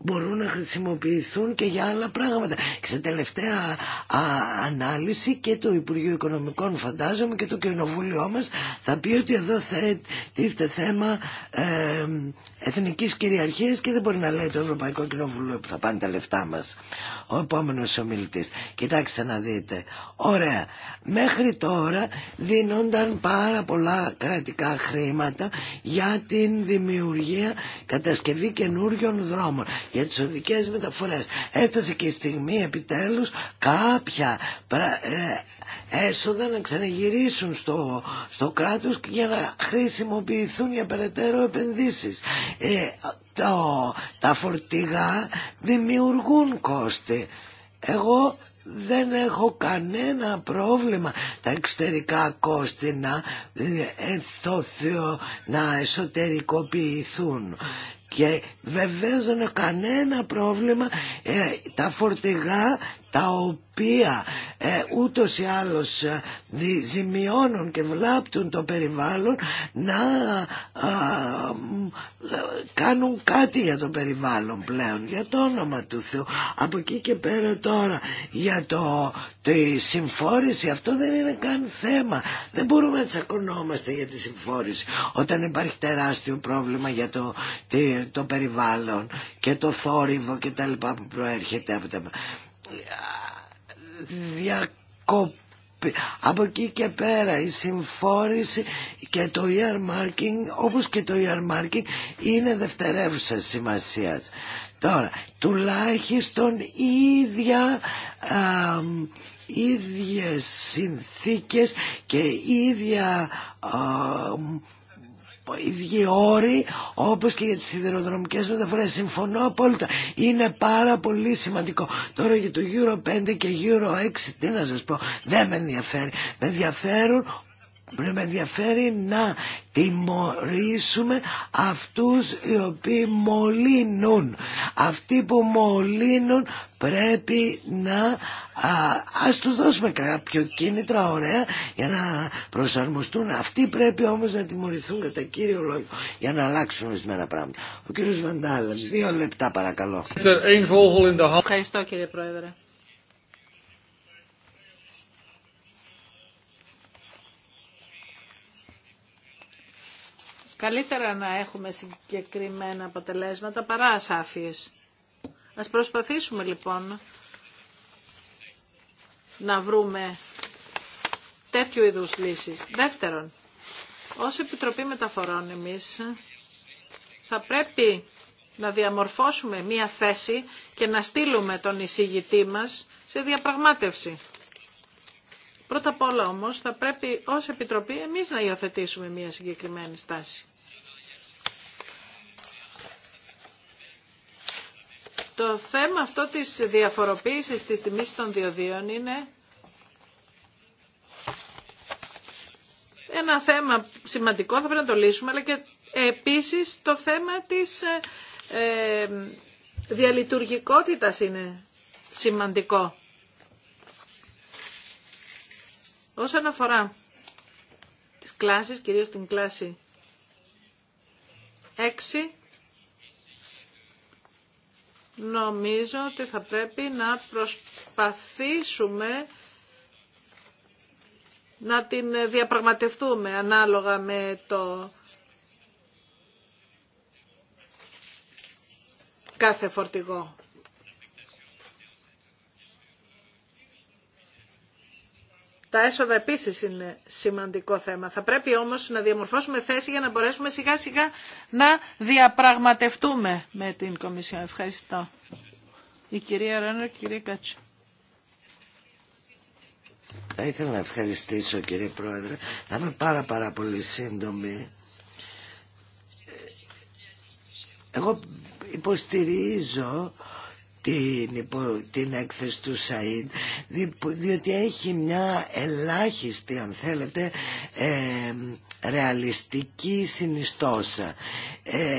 S3: μπορούν να χρησιμοποιηθούν και για άλλα πράγματα. Και σε τελευταία ανάλυση και το Υπουργείο Οικονομικών φαντάζομαι και το κοινοβούλιο μας θα πει ότι εδώ τίθεται θέμα ε, εθνικής κυριαρχίας και δεν μπορεί να λέει το Ευρωπαϊκό Κοινοβούλιο που θα πάνε τα λεφτά μας. Ο επόμενος ομιλητής. Κοιτάξτε να δείτε. Ωραία. Μέχρι τώρα δίνονταν πάρα πολλά κρατικά χρήματα για την δημιουργία κατασκευή καινούριων δρόμων για τις οδικές μεταφορές. Έφτασε και η στιγμή επιτέλους κάποια ε, έσοδα να ξαναγυρίσουν στο, στο κράτος για να χρησιμοποιηθούν για περαιτέρω επενδύσεις. Ε, το, τα φορτηγά δημιουργούν κόστη. Εγώ δεν έχω κανένα πρόβλημα τα εξωτερικά κόστη να, ε, να εσωτερικοποιηθούν και βεβαίως δεν είναι κανένα πρόβλημα ε, τα φορτηγά τα οποία ε, ούτως ή άλλως ε, ζημιώνουν και βλάπτουν το περιβάλλον να κάνουν κάτι για το περιβάλλον πλέον για το όνομα του Θεού από εκεί και πέρα τώρα για το, τη συμφόρηση αυτό δεν είναι καν θέμα δεν μπορούμε να τσακωνόμαστε για τη συμφόρηση όταν υπάρχει τεράστιο πρόβλημα για το, το περιβάλλον και το θόρυβο και τα λοιπά που προέρχεται από τα διακοπή. Από εκεί και πέρα η συμφόρηση και το earmarking όπως και το earmarking είναι δευτερεύουσα σημασίας. Τώρα, τουλάχιστον ίδια, α, ίδιες συνθήκες και ίδια ίδιοι όροι όπως και για τις σιδηροδρομικές μεταφορές. Συμφωνώ απόλυτα. Είναι πάρα πολύ σημαντικό. Τώρα για το Euro 5 και Euro 6 τι να σας πω. Δεν με ενδιαφέρει. Με ενδιαφέρουν με ενδιαφέρει να τιμωρήσουμε αυτούς οι οποίοι μολύνουν. Αυτοί που μολύνουν πρέπει να α, ας τους δώσουμε κάποιο κίνητρα ωραία για να προσαρμοστούν. Αυτοί πρέπει όμως να τιμωρηθούν κατά κύριο λόγο για να αλλάξουν ορισμένα πράγματα. Ο κύριος Βαντάλ, δύο λεπτά παρακαλώ.
S4: Ευχαριστώ κύριε Πρόεδρε. Καλύτερα να έχουμε συγκεκριμένα αποτελέσματα παρά ασάφειες. Ας προσπαθήσουμε λοιπόν να βρούμε τέτοιου είδους λύσεις. Δεύτερον, ως Επιτροπή Μεταφορών εμείς θα πρέπει να διαμορφώσουμε μία θέση και να στείλουμε τον εισηγητή μας σε διαπραγμάτευση. Πρώτα απ' όλα όμως θα πρέπει ως Επιτροπή εμείς να υιοθετήσουμε μια συγκεκριμένη στάση. Το θέμα αυτό της διαφοροποίησης της τιμής των διοδίων είναι ένα θέμα σημαντικό, θα πρέπει να το λύσουμε, αλλά και επίσης το θέμα της ε, ε διαλειτουργικότητας είναι σημαντικό. Όσον αφορά τις κλάσεις, κυρίως την κλάση 6, νομίζω ότι θα πρέπει να προσπαθήσουμε να την διαπραγματευτούμε ανάλογα με το κάθε φορτηγό. Τα έσοδα επίση είναι σημαντικό θέμα. Θα πρέπει όμως να διαμορφώσουμε θέση για να μπορέσουμε σιγά σιγά να διαπραγματευτούμε με την Κομισιόν. Ευχαριστώ. Η κυρία Ρένερ, η κυρία Κάτσου.
S3: Θα ήθελα να ευχαριστήσω κύριε Πρόεδρε. Θα είμαι πάρα πάρα πολύ σύντομη. Εγώ υποστηρίζω την, έκθεση του ΣΑΙΔ διότι έχει μια ελάχιστη αν θέλετε ρεαλιστική συνιστόσα ε,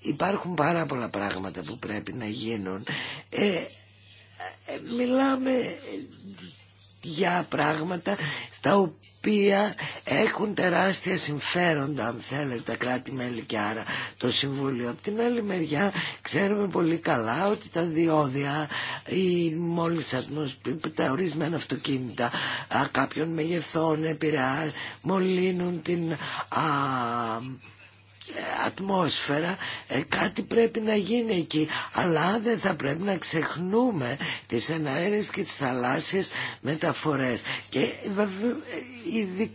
S3: υπάρχουν πάρα πολλά πράγματα που πρέπει να γίνουν ε, ε, μιλάμε για πράγματα στα οποία έχουν τεράστια συμφέροντα αν θέλετε τα κράτη-μέλη και άρα το Συμβούλιο. Από την άλλη μεριά ξέρουμε πολύ καλά ότι τα διόδια ή μόλις τα ορισμένα αυτοκίνητα α, κάποιων μεγεθών επηρεάζουν, μολύνουν την α, ατμόσφαιρα ε, κάτι πρέπει να γίνει εκεί αλλά δεν θα πρέπει να ξεχνούμε τις εναέρες και τις θαλάσσιες μεταφορές και ε,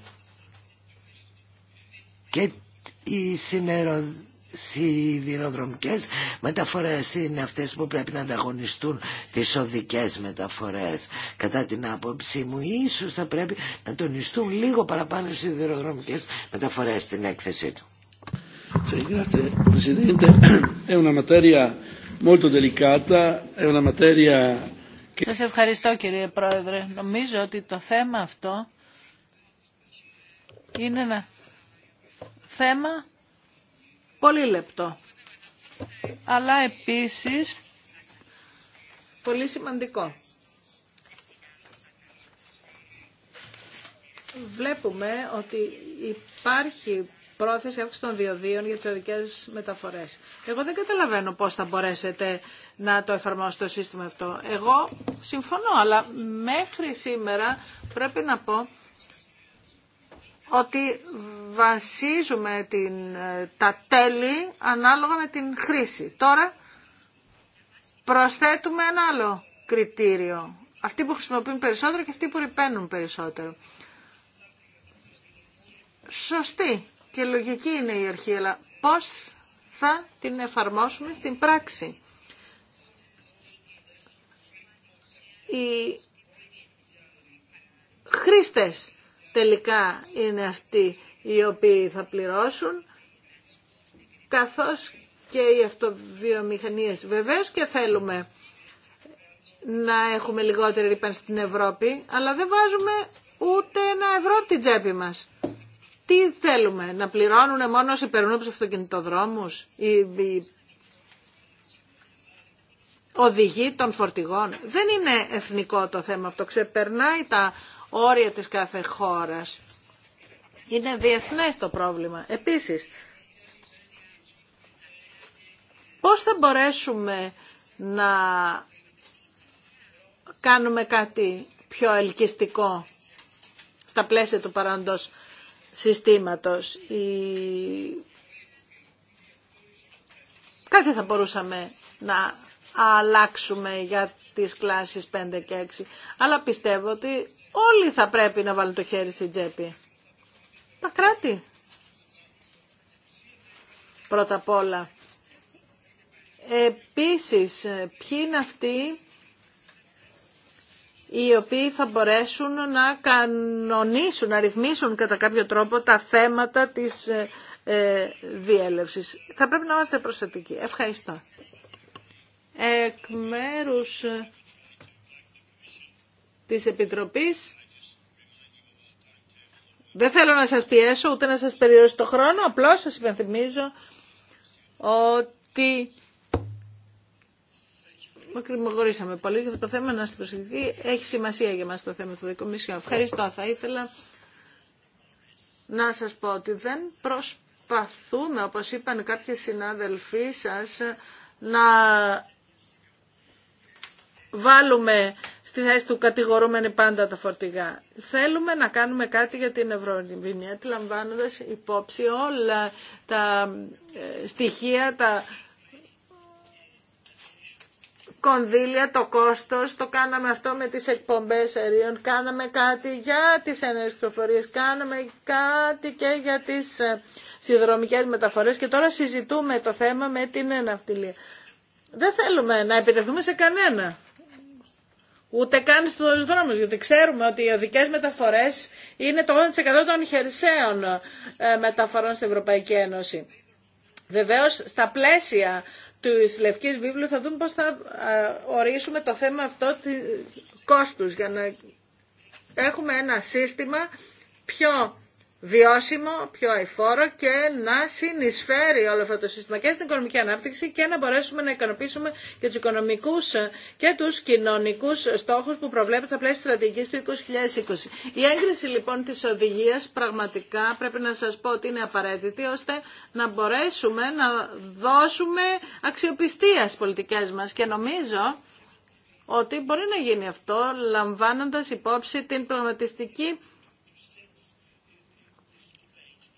S3: και οι συνερο... σιδηροδρομικές μεταφορές είναι αυτές που πρέπει να ανταγωνιστούν τις οδικές μεταφορές κατά την άποψή μου ίσως θα πρέπει να τονιστούν λίγο παραπάνω σιδηροδρομικές μεταφορές στην έκθεσή του
S1: Grazie
S4: Σας ευχαριστώ κύριε Πρόεδρε. Νομίζω ότι το θέμα αυτό είναι ένα θέμα πολύ λεπτό. Αλλά επίσης πολύ σημαντικό. Βλέπουμε ότι υπάρχει πρόθεση αύξηση των διοδίων για τις οδικές μεταφορές. Εγώ δεν καταλαβαίνω πώς θα μπορέσετε να το εφαρμόσετε το σύστημα αυτό. Εγώ συμφωνώ, αλλά μέχρι σήμερα πρέπει να πω ότι βασίζουμε την, τα τέλη ανάλογα με την χρήση. Τώρα προσθέτουμε ένα άλλο κριτήριο. Αυτοί που χρησιμοποιούν περισσότερο και αυτοί που ρηπαίνουν περισσότερο. Σωστή και λογική είναι η αρχή, αλλά πώς θα την εφαρμόσουμε στην πράξη. Οι χρήστες τελικά είναι αυτοί οι οποίοι θα πληρώσουν, καθώς και οι αυτοβιομηχανίες. Βεβαίως και θέλουμε να έχουμε λιγότερη ρήπανση στην Ευρώπη, αλλά δεν βάζουμε ούτε ένα ευρώ από την τσέπη μας τι θέλουμε, να πληρώνουν μόνο όσοι περνούν από αυτοκινητοδρόμους, οι, οδηγοί των φορτηγών. Δεν είναι εθνικό το θέμα αυτό, ξεπερνάει τα όρια της κάθε χώρας. Είναι διεθνές το πρόβλημα. Επίσης, πώς θα μπορέσουμε να κάνουμε κάτι πιο ελκυστικό στα πλαίσια του παραντός συστήματος. Κάτι θα μπορούσαμε να αλλάξουμε για τις κλάσεις 5 και 6. Αλλά πιστεύω ότι όλοι θα πρέπει να βάλουν το χέρι στην τσέπη. Τα κράτη. Πρώτα απ' όλα. Επίσης, ποιοι είναι αυτοί οι οποίοι θα μπορέσουν να κανονίσουν, να ρυθμίσουν κατά κάποιο τρόπο τα θέματα της ε, ε διέλευσης. Θα πρέπει να είμαστε προσεκτικοί. Ευχαριστώ. Εκ μέρους ε, της Επιτροπής, δεν θέλω να σας πιέσω ούτε να σας περιορίσω το χρόνο, απλώς σας υπενθυμίζω ότι Μακρυμογορήσαμε πολύ για αυτό το θέμα να στη προσεκτικοί. έχει σημασία για μας το θέμα του Δικομισιού. Ευχαριστώ. Θα ήθελα να σας πω ότι δεν προσπαθούμε, όπως είπαν κάποιοι συνάδελφοί σας, να βάλουμε στη θέση του κατηγορούμενοι πάντα τα φορτηγά. Θέλουμε να κάνουμε κάτι για την Ευρωβουλία, λαμβάνοντας υπόψη όλα τα ε, στοιχεία, τα κονδύλια, το κόστος, το κάναμε αυτό με τις εκπομπές αερίων, κάναμε κάτι για τις ενεργοφορίες, κάναμε κάτι και για τις ε, συνδρομικές μεταφορές και τώρα συζητούμε το θέμα με την εναυτιλία. Δεν θέλουμε να επιτεθούμε σε κανένα. Ούτε καν στους δρόμους, γιατί ξέρουμε ότι οι οδικές μεταφορές είναι το 80% των χερσαίων ε, μεταφορών στην Ευρωπαϊκή Ένωση. Βεβαίως, στα πλαίσια του Λευκής Βίβλου θα δούμε πώς θα ορίσουμε το θέμα αυτό του κόστους για να έχουμε ένα σύστημα πιο βιώσιμο, πιο αηφόρο και να συνεισφέρει όλο αυτό το σύστημα και στην οικονομική ανάπτυξη και να μπορέσουμε να ικανοποιήσουμε και τους οικονομικούς και τους κοινωνικούς στόχους που προβλέπεται στα πλαίσια στρατηγικής του 2020. Η έγκριση λοιπόν της οδηγίας πραγματικά πρέπει να σας πω ότι είναι απαραίτητη ώστε να μπορέσουμε να δώσουμε αξιοπιστία στις πολιτικές μας και νομίζω ότι μπορεί να γίνει αυτό λαμβάνοντας υπόψη την πραγματιστική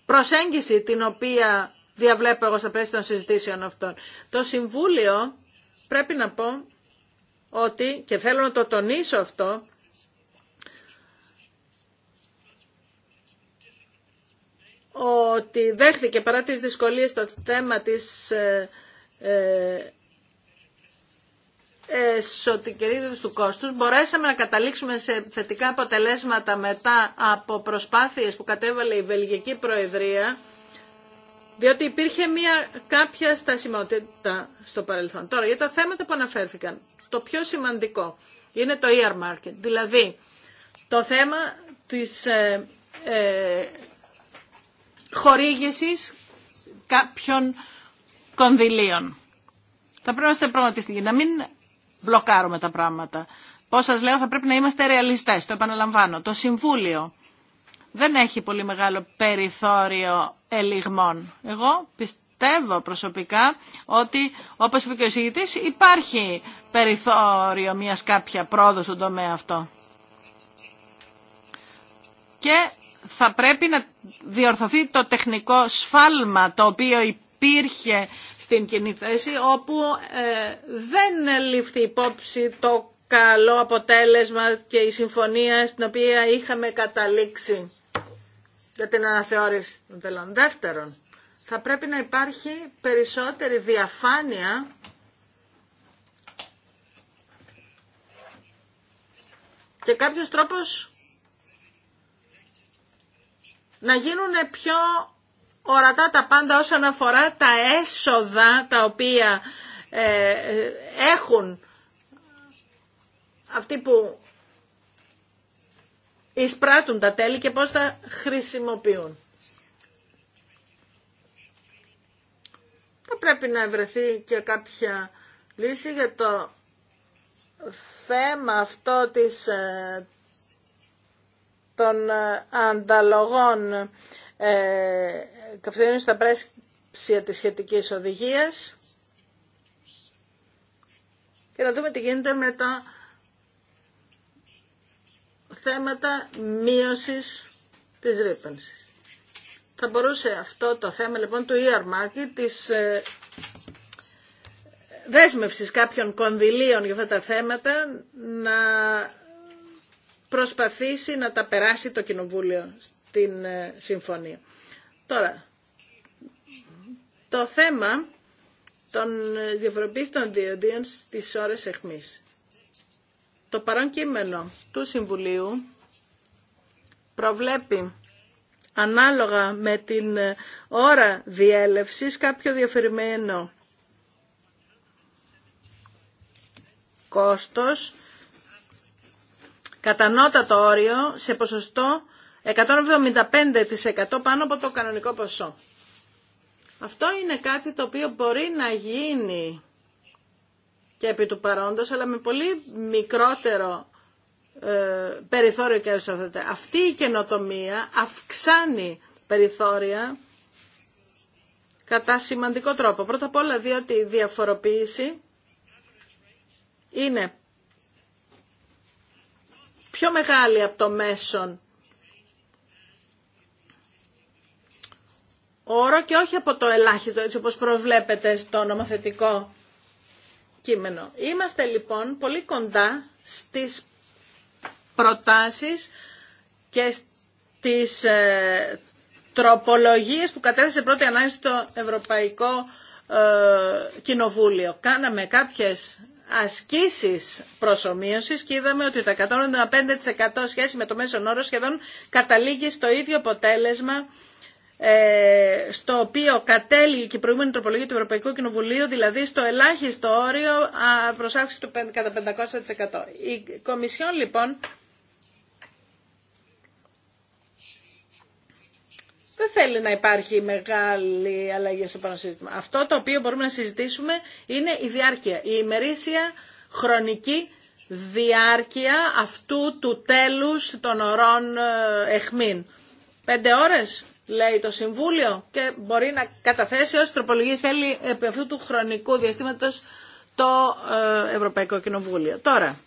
S4: προσέγγιση την οποία διαβλέπω εγώ στα πλαίσια των συζητήσεων αυτών. Το Συμβούλιο πρέπει να πω ότι, και θέλω να το τονίσω αυτό, ότι δέχθηκε παρά τις δυσκολίες το θέμα της ε, ε, εσωτικερίδες του κόστους. Μπορέσαμε να καταλήξουμε σε θετικά αποτελέσματα μετά από προσπάθειες που κατέβαλε η Βελγική Προεδρία, διότι υπήρχε μια κάποια στασιμότητα στο παρελθόν. Τώρα, για τα θέματα που αναφέρθηκαν, το πιο σημαντικό είναι το earmarking, δηλαδή το θέμα της ε, ε, χορήγησης κάποιων κονδυλίων. Θα πρέπει να είστε πραγματιστικοί, να μην μπλοκάρουμε τα πράγματα. Πώς σας λέω θα πρέπει να είμαστε ρεαλιστέ. το επαναλαμβάνω. Το Συμβούλιο δεν έχει πολύ μεγάλο περιθώριο ελιγμών. Εγώ πιστεύω προσωπικά ότι όπως είπε και ο συγητή, υπάρχει περιθώριο μιας κάποια πρόοδο στον τομέα αυτό. Και θα πρέπει να διορθωθεί το τεχνικό σφάλμα το οποίο υπήρχε στην κοινή θέση όπου ε, δεν ληφθεί υπόψη το καλό αποτέλεσμα και η συμφωνία στην οποία είχαμε καταλήξει για την αναθεώρηση των τελών. Δεύτερον, θα πρέπει να υπάρχει περισσότερη διαφάνεια και κάποιος τρόπος να γίνουν πιο ορατά τα πάντα όσον αφορά τα έσοδα τα οποία ε, έχουν αυτοί που εισπράττουν τα τέλη και πώς τα χρησιμοποιούν. Θα πρέπει να βρεθεί και κάποια λύση για το θέμα αυτό της, ε, των ε, ανταλογών Καυτερίνωση στα πράσινα της σχετικής οδηγίας και να δούμε τι γίνεται με τα θέματα μείωσης της ρήπανσης. Θα μπορούσε αυτό το θέμα λοιπόν του Market, της ε, δέσμευσης κάποιων κονδυλίων για αυτά τα θέματα να προσπαθήσει να τα περάσει το Κοινοβούλιο στην ε, συμφωνία. Τώρα, το θέμα των διαφοροποίησης των διοντίων στις ώρες εχμής. Το παρόν κείμενο του Συμβουλίου προβλέπει ανάλογα με την ώρα διέλευσης κάποιο διαφορεμένο κόστος κατά το όριο σε ποσοστό 175% πάνω από το κανονικό ποσό. Αυτό είναι κάτι το οποίο μπορεί να γίνει και επί του παρόντος, αλλά με πολύ μικρότερο ε, περιθώριο αυτή. Αυτή η καινοτομία αυξάνει περιθώρια κατά σημαντικό τρόπο. Πρώτα απ' όλα διότι η διαφοροποίηση είναι πιο μεγάλη από το μέσον όρο και όχι από το ελάχιστο, έτσι όπως προβλέπετε στο νομοθετικό κείμενο. Είμαστε λοιπόν πολύ κοντά στις προτάσεις και στις ε, τροπολογίες που κατέθεσε πρώτη ανάγκη στο Ευρωπαϊκό ε, Κοινοβούλιο. Κάναμε κάποιες ασκήσεις προσωμείωσης και είδαμε ότι το 195% σχέση με το μέσον όρο σχεδόν καταλήγει στο ίδιο αποτέλεσμα ε, στο οποίο κατέληγε και η προηγούμενη τροπολογία του Ευρωπαϊκού Κοινοβουλίου, δηλαδή στο ελάχιστο όριο αύξηση του κατά 500%. Η Κομισιόν λοιπόν δεν θέλει να υπάρχει μεγάλη αλλαγή στο πάνω Αυτό το οποίο μπορούμε να συζητήσουμε είναι η διάρκεια, η ημερήσια χρονική διάρκεια αυτού του τέλους των ωρών ε, εχμήν. Πέντε ώρες, λέει το Συμβούλιο και μπορεί να καταθέσει ως τροπολογίες θέλει επί αυτού του χρονικού διαστήματος το ε, Ευρωπαϊκό Κοινοβούλιο. Τώρα,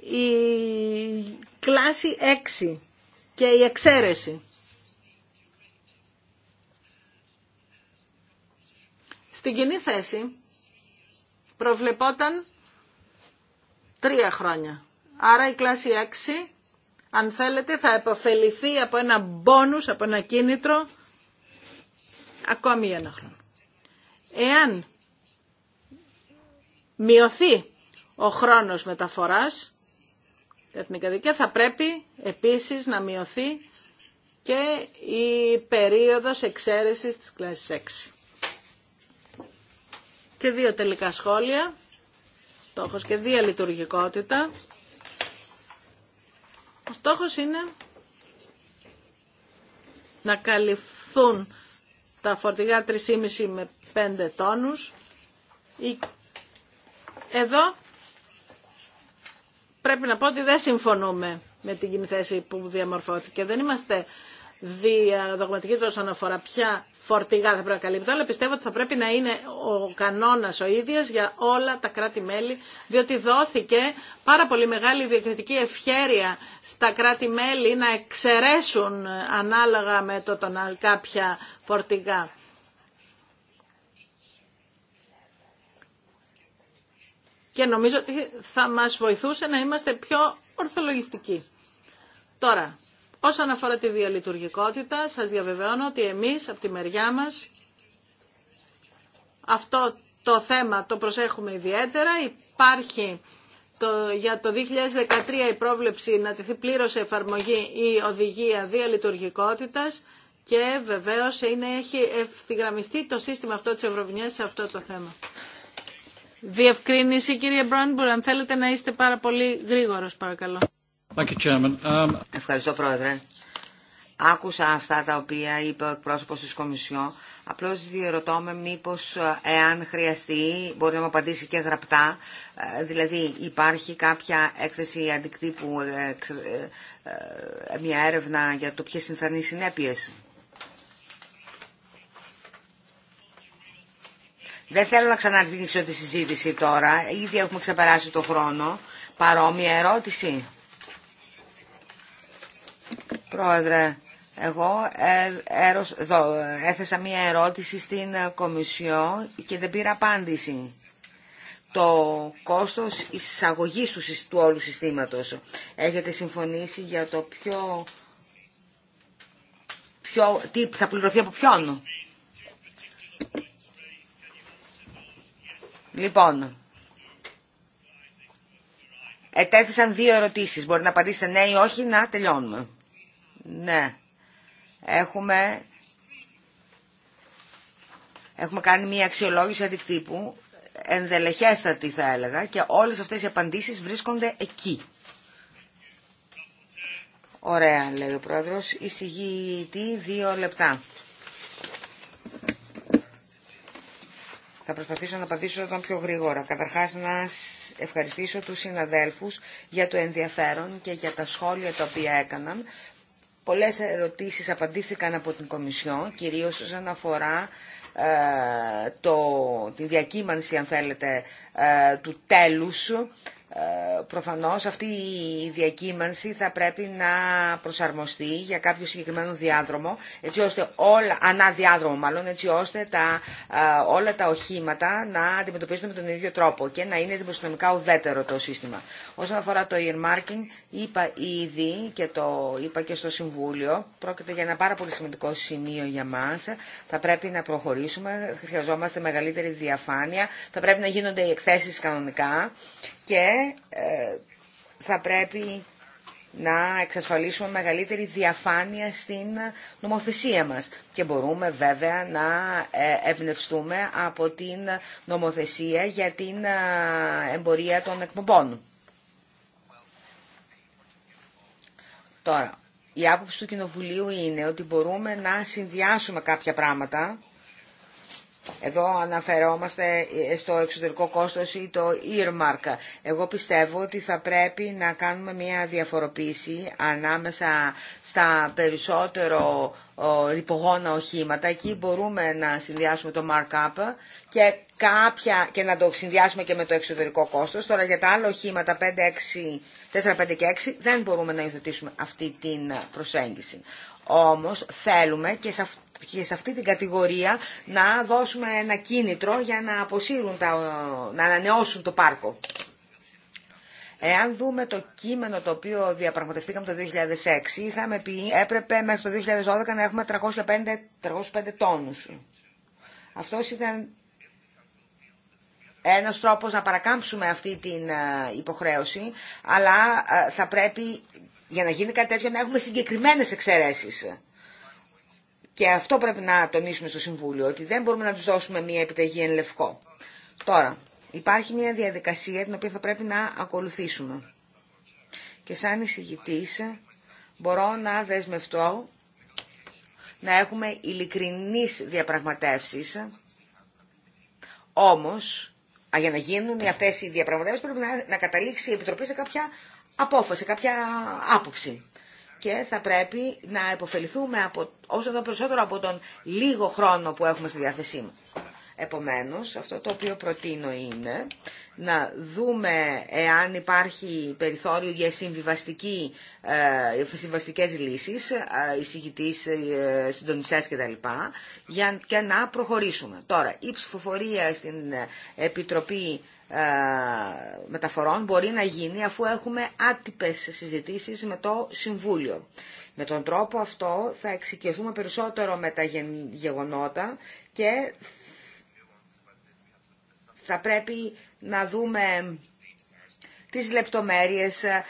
S4: η κλάση 6 και η εξαίρεση. Στην κοινή θέση προβλεπόταν τρία χρόνια. Άρα η κλάση 6 αν θέλετε, θα επωφεληθεί από ένα μπόνους, από ένα κίνητρο, ακόμη ένα χρόνο. Εάν μειωθεί ο χρόνος μεταφοράς, τα θα πρέπει επίσης να μειωθεί και η περίοδος εξαίρεσης της κλάσης 6. Και δύο τελικά σχόλια, στόχος και δύο λειτουργικότητα. Ο στόχος είναι να καλυφθούν τα φορτηγά 3,5 με 5 τόνους. Εδώ πρέπει να πω ότι δεν συμφωνούμε με την κοινή θέση που διαμορφώθηκε. Δεν είμαστε διαδογματικοί τόσο αφορά ποια φορτηγά θα πρέπει να καλύπτουν, αλλά πιστεύω ότι θα πρέπει να είναι ο κανόνας ο ίδιος για όλα τα κράτη-μέλη, διότι δόθηκε πάρα πολύ μεγάλη διακριτική ευχέρεια στα κράτη-μέλη να εξαιρέσουν ανάλογα με το τον κάποια φορτηγά. Και νομίζω ότι θα μας βοηθούσε να είμαστε πιο ορθολογιστικοί. Τώρα, Όσον αφορά τη διαλειτουργικότητα, σας διαβεβαιώνω ότι εμείς από τη μεριά μας αυτό το θέμα το προσέχουμε ιδιαίτερα. Υπάρχει το, για το 2013 η πρόβλεψη να τεθεί πλήρως σε εφαρμογή η οδηγία διαλειτουργικότητας και βεβαίως είναι, έχει ευθυγραμμιστεί το σύστημα αυτό της Ευρωβουλίας σε αυτό το θέμα. Διευκρίνηση κύριε Μπρόνμπουρ, αν θέλετε να είστε πάρα πολύ γρήγορος παρακαλώ.
S1: Um,
S2: Ευχαριστώ, Πρόεδρε. Άκουσα αυτά τα οποία είπε ο εκπρόσωπος της Κομισιόν. Απλώς διερωτώ με μήπως ε, εάν χρειαστεί μπορεί να μου απαντήσει και γραπτά. Ε, δηλαδή υπάρχει κάποια έκθεση αντικτύπου, ε, μια έρευνα για το ποιες είναι οι συνέπειες. Δεν θέλω να ξαναδείξω τη συζήτηση τώρα. Ήδη έχουμε ξεπεράσει το χρόνο. Παρόμοια ερώτηση. Πρόεδρε, εγώ ε, έθεσα μία ερώτηση στην Κομισιό και δεν πήρα απάντηση. Το κόστος εισαγωγής του, του όλου συστήματος. Έχετε συμφωνήσει για το ποιο... ποιο τι θα πληρωθεί από ποιον. Λοιπόν, ετέθησαν δύο ερωτήσεις. Μπορεί να απαντήσετε ναι ή όχι, να τελειώνουμε. Ναι. Έχουμε, έχουμε κάνει μια αξιολόγηση αντικτύπου, ενδελεχέστατη θα έλεγα, και όλες αυτές οι απαντήσεις βρίσκονται εκεί. Ωραία, λέει ο πρόεδρος. Εισηγητή, δύο λεπτά. Θα προσπαθήσω να απαντήσω τον πιο γρήγορα. Καταρχάς να ευχαριστήσω τους συναδέλφους για το ενδιαφέρον και για τα σχόλια τα οποία έκαναν. Πολλές ερωτήσεις απαντήθηκαν από την Κομισιόν, κυρίως όσον αφορά ε, το, τη διακύμανση, αν θέλετε, ε, του τέλους ε, προφανώς αυτή η διακύμανση θα πρέπει να προσαρμοστεί για κάποιο συγκεκριμένο διάδρομο, έτσι ώστε όλα, ανά διάδρομο μάλλον, έτσι ώστε τα, ε, όλα τα οχήματα να αντιμετωπίζονται με τον ίδιο τρόπο και να είναι δημοσιονομικά ουδέτερο το σύστημα. Όσον αφορά το earmarking, είπα ήδη και το είπα και στο Συμβούλιο, πρόκειται για ένα πάρα πολύ σημαντικό σημείο για μας. Θα πρέπει να προχωρήσουμε, χρειαζόμαστε μεγαλύτερη διαφάνεια, θα πρέπει να γίνονται οι εκθέσει κανονικά και ε, θα πρέπει να εξασφαλίσουμε μεγαλύτερη διαφάνεια στην νομοθεσία μας. Και μπορούμε βέβαια να ε, εμπνευστούμε από την νομοθεσία για την ε, εμπορία των εκπομπών. Τώρα, η άποψη του Κοινοβουλίου είναι ότι μπορούμε να συνδυάσουμε κάποια πράγματα εδώ αναφερόμαστε ε, στο εξωτερικό κόστος ή το earmark. Εγώ πιστεύω ότι θα πρέπει να κάνουμε μια διαφοροποίηση ανάμεσα στα περισσότερο λιπογόνα οχήματα. Εκεί μπορούμε να συνδυάσουμε το markup και, κάποια, και να το συνδυάσουμε και με το εξωτερικό κόστος. Τώρα για τα άλλα οχήματα 5, 6, 4, 5 και 6 δεν μπορούμε να υιοθετήσουμε αυτή την προσέγγιση. Όμως θέλουμε και σε αυτό και σε αυτή την κατηγορία να δώσουμε ένα κίνητρο για να αποσύρουν, τα, να ανανεώσουν το πάρκο. Εάν δούμε το κείμενο το οποίο διαπραγματευτήκαμε το 2006, είχαμε πει έπρεπε μέχρι το 2012 να έχουμε 305, 305 τόνους. Αυτός ήταν ένας τρόπος να παρακάμψουμε αυτή την ε, υποχρέωση, αλλά ε, θα πρέπει για να γίνει κάτι τέτοιο να έχουμε συγκεκριμένες εξαιρέσεις. Και αυτό πρέπει να τονίσουμε στο Συμβούλιο, ότι δεν μπορούμε να τους δώσουμε μια επιταγή εν λευκό. Τώρα, υπάρχει μια διαδικασία την οποία θα πρέπει να ακολουθήσουμε. Και σαν εισηγητή μπορώ να δεσμευτώ να έχουμε ειλικρινείς διαπραγματεύσεις, όμως για να γίνουν αυτές οι διαπραγματεύσεις πρέπει να, να καταλήξει η Επιτροπή σε κάποια απόφαση, κάποια άποψη και θα πρέπει να επωφεληθούμε από, όσο το περισσότερο από τον λίγο χρόνο που έχουμε στη διάθεσή μας. Επομένως, αυτό το οποίο προτείνω είναι να δούμε εάν υπάρχει περιθώριο για συμβιβαστική, ε, συμβαστικές λύσεις, ε, εισηγητής, ε, κτλ. Για, και να προχωρήσουμε. Τώρα, η ψηφοφορία στην Επιτροπή ε, μεταφορών μπορεί να γίνει αφού έχουμε άτυπες συζητήσεις με το Συμβούλιο. Με τον τρόπο αυτό θα εξοικειωθούμε περισσότερο με τα γεγονότα και θα πρέπει να δούμε τις λεπτομέρειες, ε,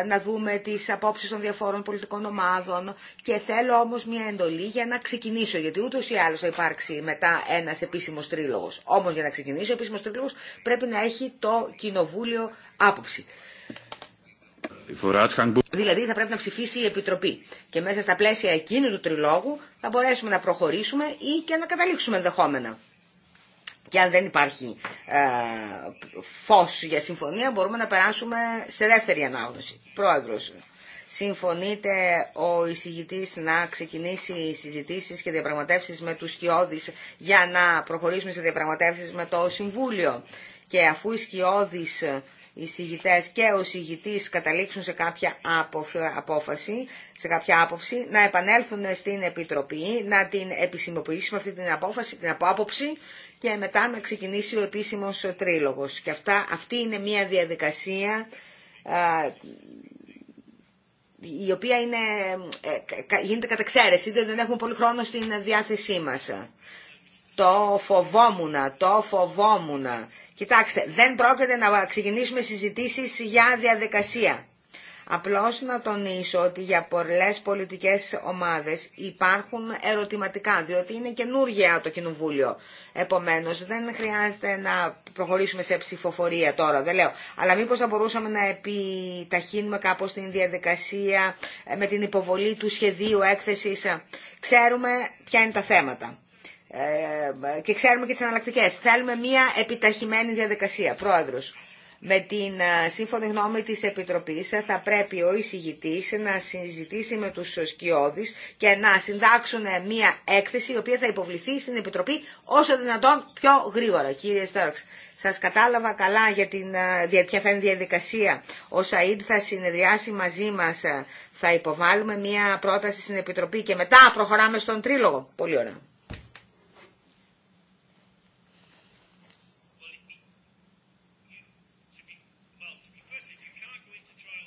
S2: ε, να δούμε τις απόψεις των διαφόρων πολιτικών ομάδων και θέλω όμως μια εντολή για να ξεκινήσω, γιατί ούτως ή άλλως θα υπάρξει μετά ένας επίσημος τρίλογος. Όμως για να ξεκινήσω ο επίσημος τρίλογος πρέπει να έχει το κοινοβούλιο άποψη. Δηλαδή θα πρέπει να ψηφίσει η Επιτροπή και μέσα στα πλαίσια εκείνου του τριλόγου θα μπορέσουμε να προχωρήσουμε ή και να καταλήξουμε ενδεχόμενα. Και αν δεν υπάρχει ε, φως για συμφωνία μπορούμε να περάσουμε σε δεύτερη ανάγνωση. Πρόεδρος, συμφωνείτε ο εισηγητής να ξεκινήσει συζητήσεις και διαπραγματεύσεις με τους σκιώδεις για να προχωρήσουμε σε διαπραγματεύσεις με το Συμβούλιο. Και αφού οι σκιώδεις εισηγητέ και ο εισηγητή καταλήξουν σε κάποια απόφαση, σε κάποια άποψη, να επανέλθουν στην Επιτροπή, να την επισημοποιήσουμε αυτή την, απόφαση, την και μετά να ξεκινήσει ο επίσημος τρίλογος. Και αυτά, αυτή είναι μια διαδικασία η οποία είναι, ε, γίνεται κατά εξαίρεση, διότι δεν έχουμε πολύ χρόνο στην διάθεσή μας. Το φοβόμουνα, το φοβόμουνα. Κοιτάξτε, δεν πρόκειται να ξεκινήσουμε συζητήσεις για διαδικασία. Απλώς να τονίσω ότι για πολλές πολιτικές ομάδες υπάρχουν ερωτηματικά, διότι είναι καινούργια το Κοινοβούλιο. Επομένως δεν χρειάζεται να προχωρήσουμε σε ψηφοφορία τώρα, δεν λέω. Αλλά μήπως θα μπορούσαμε να επιταχύνουμε κάπως την διαδικασία ε, με την υποβολή του σχεδίου έκθεσης. Ξέρουμε ποια είναι τα θέματα ε, ε, και ξέρουμε και τις αναλλακτικές. Θέλουμε μια επιταχυμένη διαδικασία. Πρόεδρος. Με την ε, σύμφωνη γνώμη της Επιτροπής ε, θα πρέπει ο εισηγητής ε, να συζητήσει με τους σκιώδεις και να συντάξουν μια έκθεση η οποία θα υποβληθεί στην Επιτροπή όσο δυνατόν πιο γρήγορα. Κύριε Στέρξ, σας κατάλαβα καλά για την, ποια θα είναι διαδικασία. Ο Σαΐντ θα συνεδριάσει μαζί μας, θα υποβάλουμε μια πρόταση στην Επιτροπή και μετά προχωράμε στον Τρίλογο. Πολύ ωραία.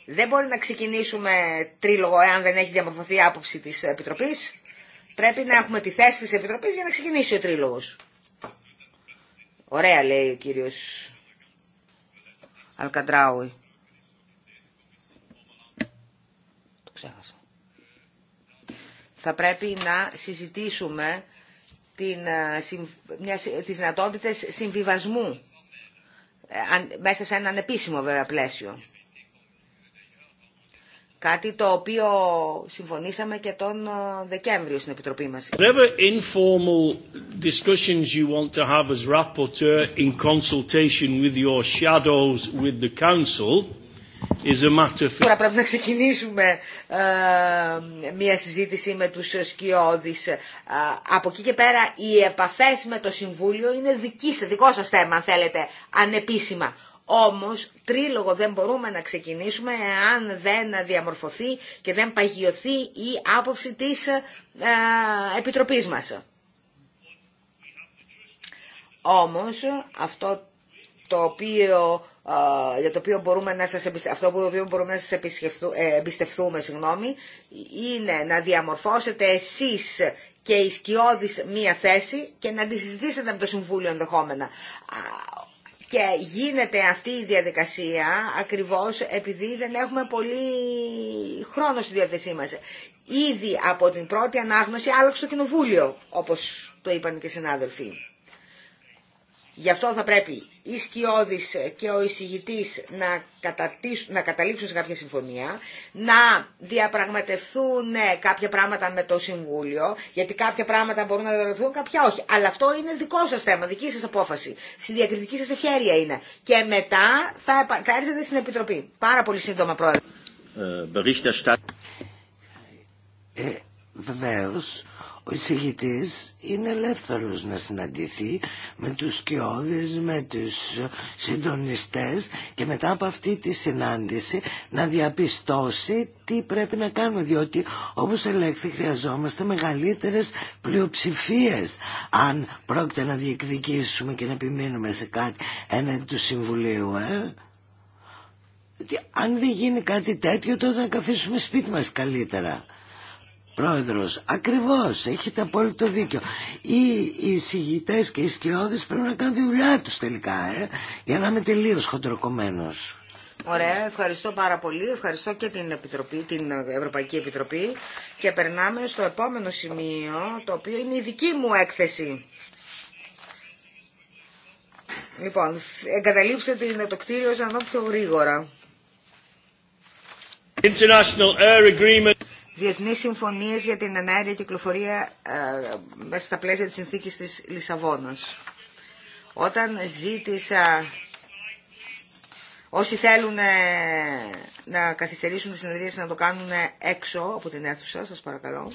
S2: Δεν μπορεί να ξεκινήσουμε τρίλογο εάν δεν έχει διαμορφωθεί άποψη της Επιτροπής. Πρέπει να έχουμε τη θέση της Επιτροπής για να ξεκινήσει ο τρίλογος. Ωραία λέει ο κύριος Αλκαντράουι. Το ξέχασα. Θα πρέπει να συζητήσουμε την, ε, μια, τις συμβιβασμού ε, μέσα σε έναν επίσημο βέβαια πλαίσιο. Κάτι το οποίο συμφωνήσαμε και τον ε, Δεκέμβριο στην Επιτροπή μας.
S1: Whatever informal discussions you want to have as rapporteur in consultation with your shadows with the council
S2: Τώρα πρέπει να ξεκινήσουμε ε, μια συζήτηση με τους σκιώδεις. Ε, από εκεί και πέρα οι επαφές με το Συμβούλιο είναι δική δικό σας θέμα αν θέλετε, ανεπίσημα. Όμως τρίλογο δεν μπορούμε να ξεκινήσουμε αν δεν διαμορφωθεί και δεν παγιωθεί η άποψη της ε, Επιτροπής μας. Όμως αυτό το οποίο, ε, για το οποίο μπορούμε να σας, αυτό που μπορούμε να σας ε, εμπιστευτούμε συγγνώμη, είναι να διαμορφώσετε εσείς και οι σκιώδεις μία θέση και να τη συζητήσετε με το Συμβούλιο ενδεχόμενα. Και γίνεται αυτή η διαδικασία ακριβώς επειδή δεν έχουμε πολύ χρόνο στη διάθεσή μας. Ήδη από την πρώτη ανάγνωση άλλαξε το κοινοβούλιο, όπως το είπαν και οι συνάδελφοι. Γι' αυτό θα πρέπει οι σκιώδεις και ο εισηγητής να, να καταλήξουν σε κάποια συμφωνία, να διαπραγματευτούν ε, κάποια πράγματα με το Συμβούλιο, γιατί κάποια πράγματα μπορούν να διαπραγματευτούν, κάποια όχι. Αλλά αυτό είναι δικό σας θέμα, δική σας απόφαση. Στη διακριτική σας ευχαίρεια είναι. Και μετά θα, θα έρθετε στην Επιτροπή. Πάρα πολύ σύντομα, Πρόεδρε.
S1: Ε,
S3: ε, ο εισηγητής είναι ελεύθερος να συναντηθεί με τους σκιώδες, με τους συντονιστές και μετά από αυτή τη συνάντηση να διαπιστώσει τι πρέπει να κάνουμε διότι όπως ελέγχθη χρειαζόμαστε μεγαλύτερες πλειοψηφίες αν πρόκειται να διεκδικήσουμε και να επιμείνουμε σε κάτι έναντι του Συμβουλίου. Ε? αν δεν γίνει κάτι τέτοιο τότε να καθίσουμε σπίτι μας καλύτερα. Πρόεδρος, ακριβώς, έχετε απόλυτο δίκιο. Οι, οι και οι σκιώδεις πρέπει να κάνουν δουλειά τους τελικά, ε, για να είμαι τελείως χοντροκομμένος.
S2: Ωραία, ευχαριστώ πάρα πολύ. Ευχαριστώ και την, Επιτροπή, την Ευρωπαϊκή Επιτροπή. Και περνάμε στο επόμενο σημείο, το οποίο είναι η δική μου έκθεση. Λοιπόν, εγκαταλείψτε το κτίριο σαν γρήγορα.
S1: International Air Agreement
S2: διεθνείς συμφωνίες για την ενέργεια κυκλοφορία ε, μέσα στα πλαίσια της συνθήκης της Λισαβόνας. Όταν ζήτησα όσοι θέλουν ε, να καθυστερήσουν τη συνεδρίες να το κάνουν έξω από την αίθουσα, σας παρακαλώ.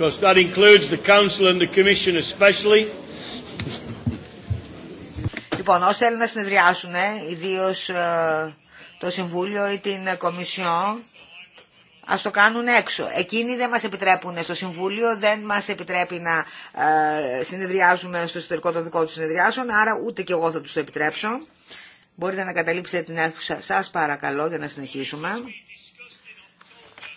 S1: of includes the Council and the Commission especially. Λοιπόν, όσοι θέλουν να συνεδριάσουν, ε,
S2: ιδίω ε, το Συμβούλιο ή την Κομισιό, α το κάνουν έξω. Εκείνοι δεν μας επιτρέπουν στο Συμβούλιο, δεν μας επιτρέπει να ε, συνεδριάζουμε στο εσωτερικό των δικών του συνεδριάσεων, άρα ούτε και εγώ θα του το επιτρέψω. Μπορείτε να καταλήψετε την αίθουσα σας παρακαλώ για να συνεχίσουμε.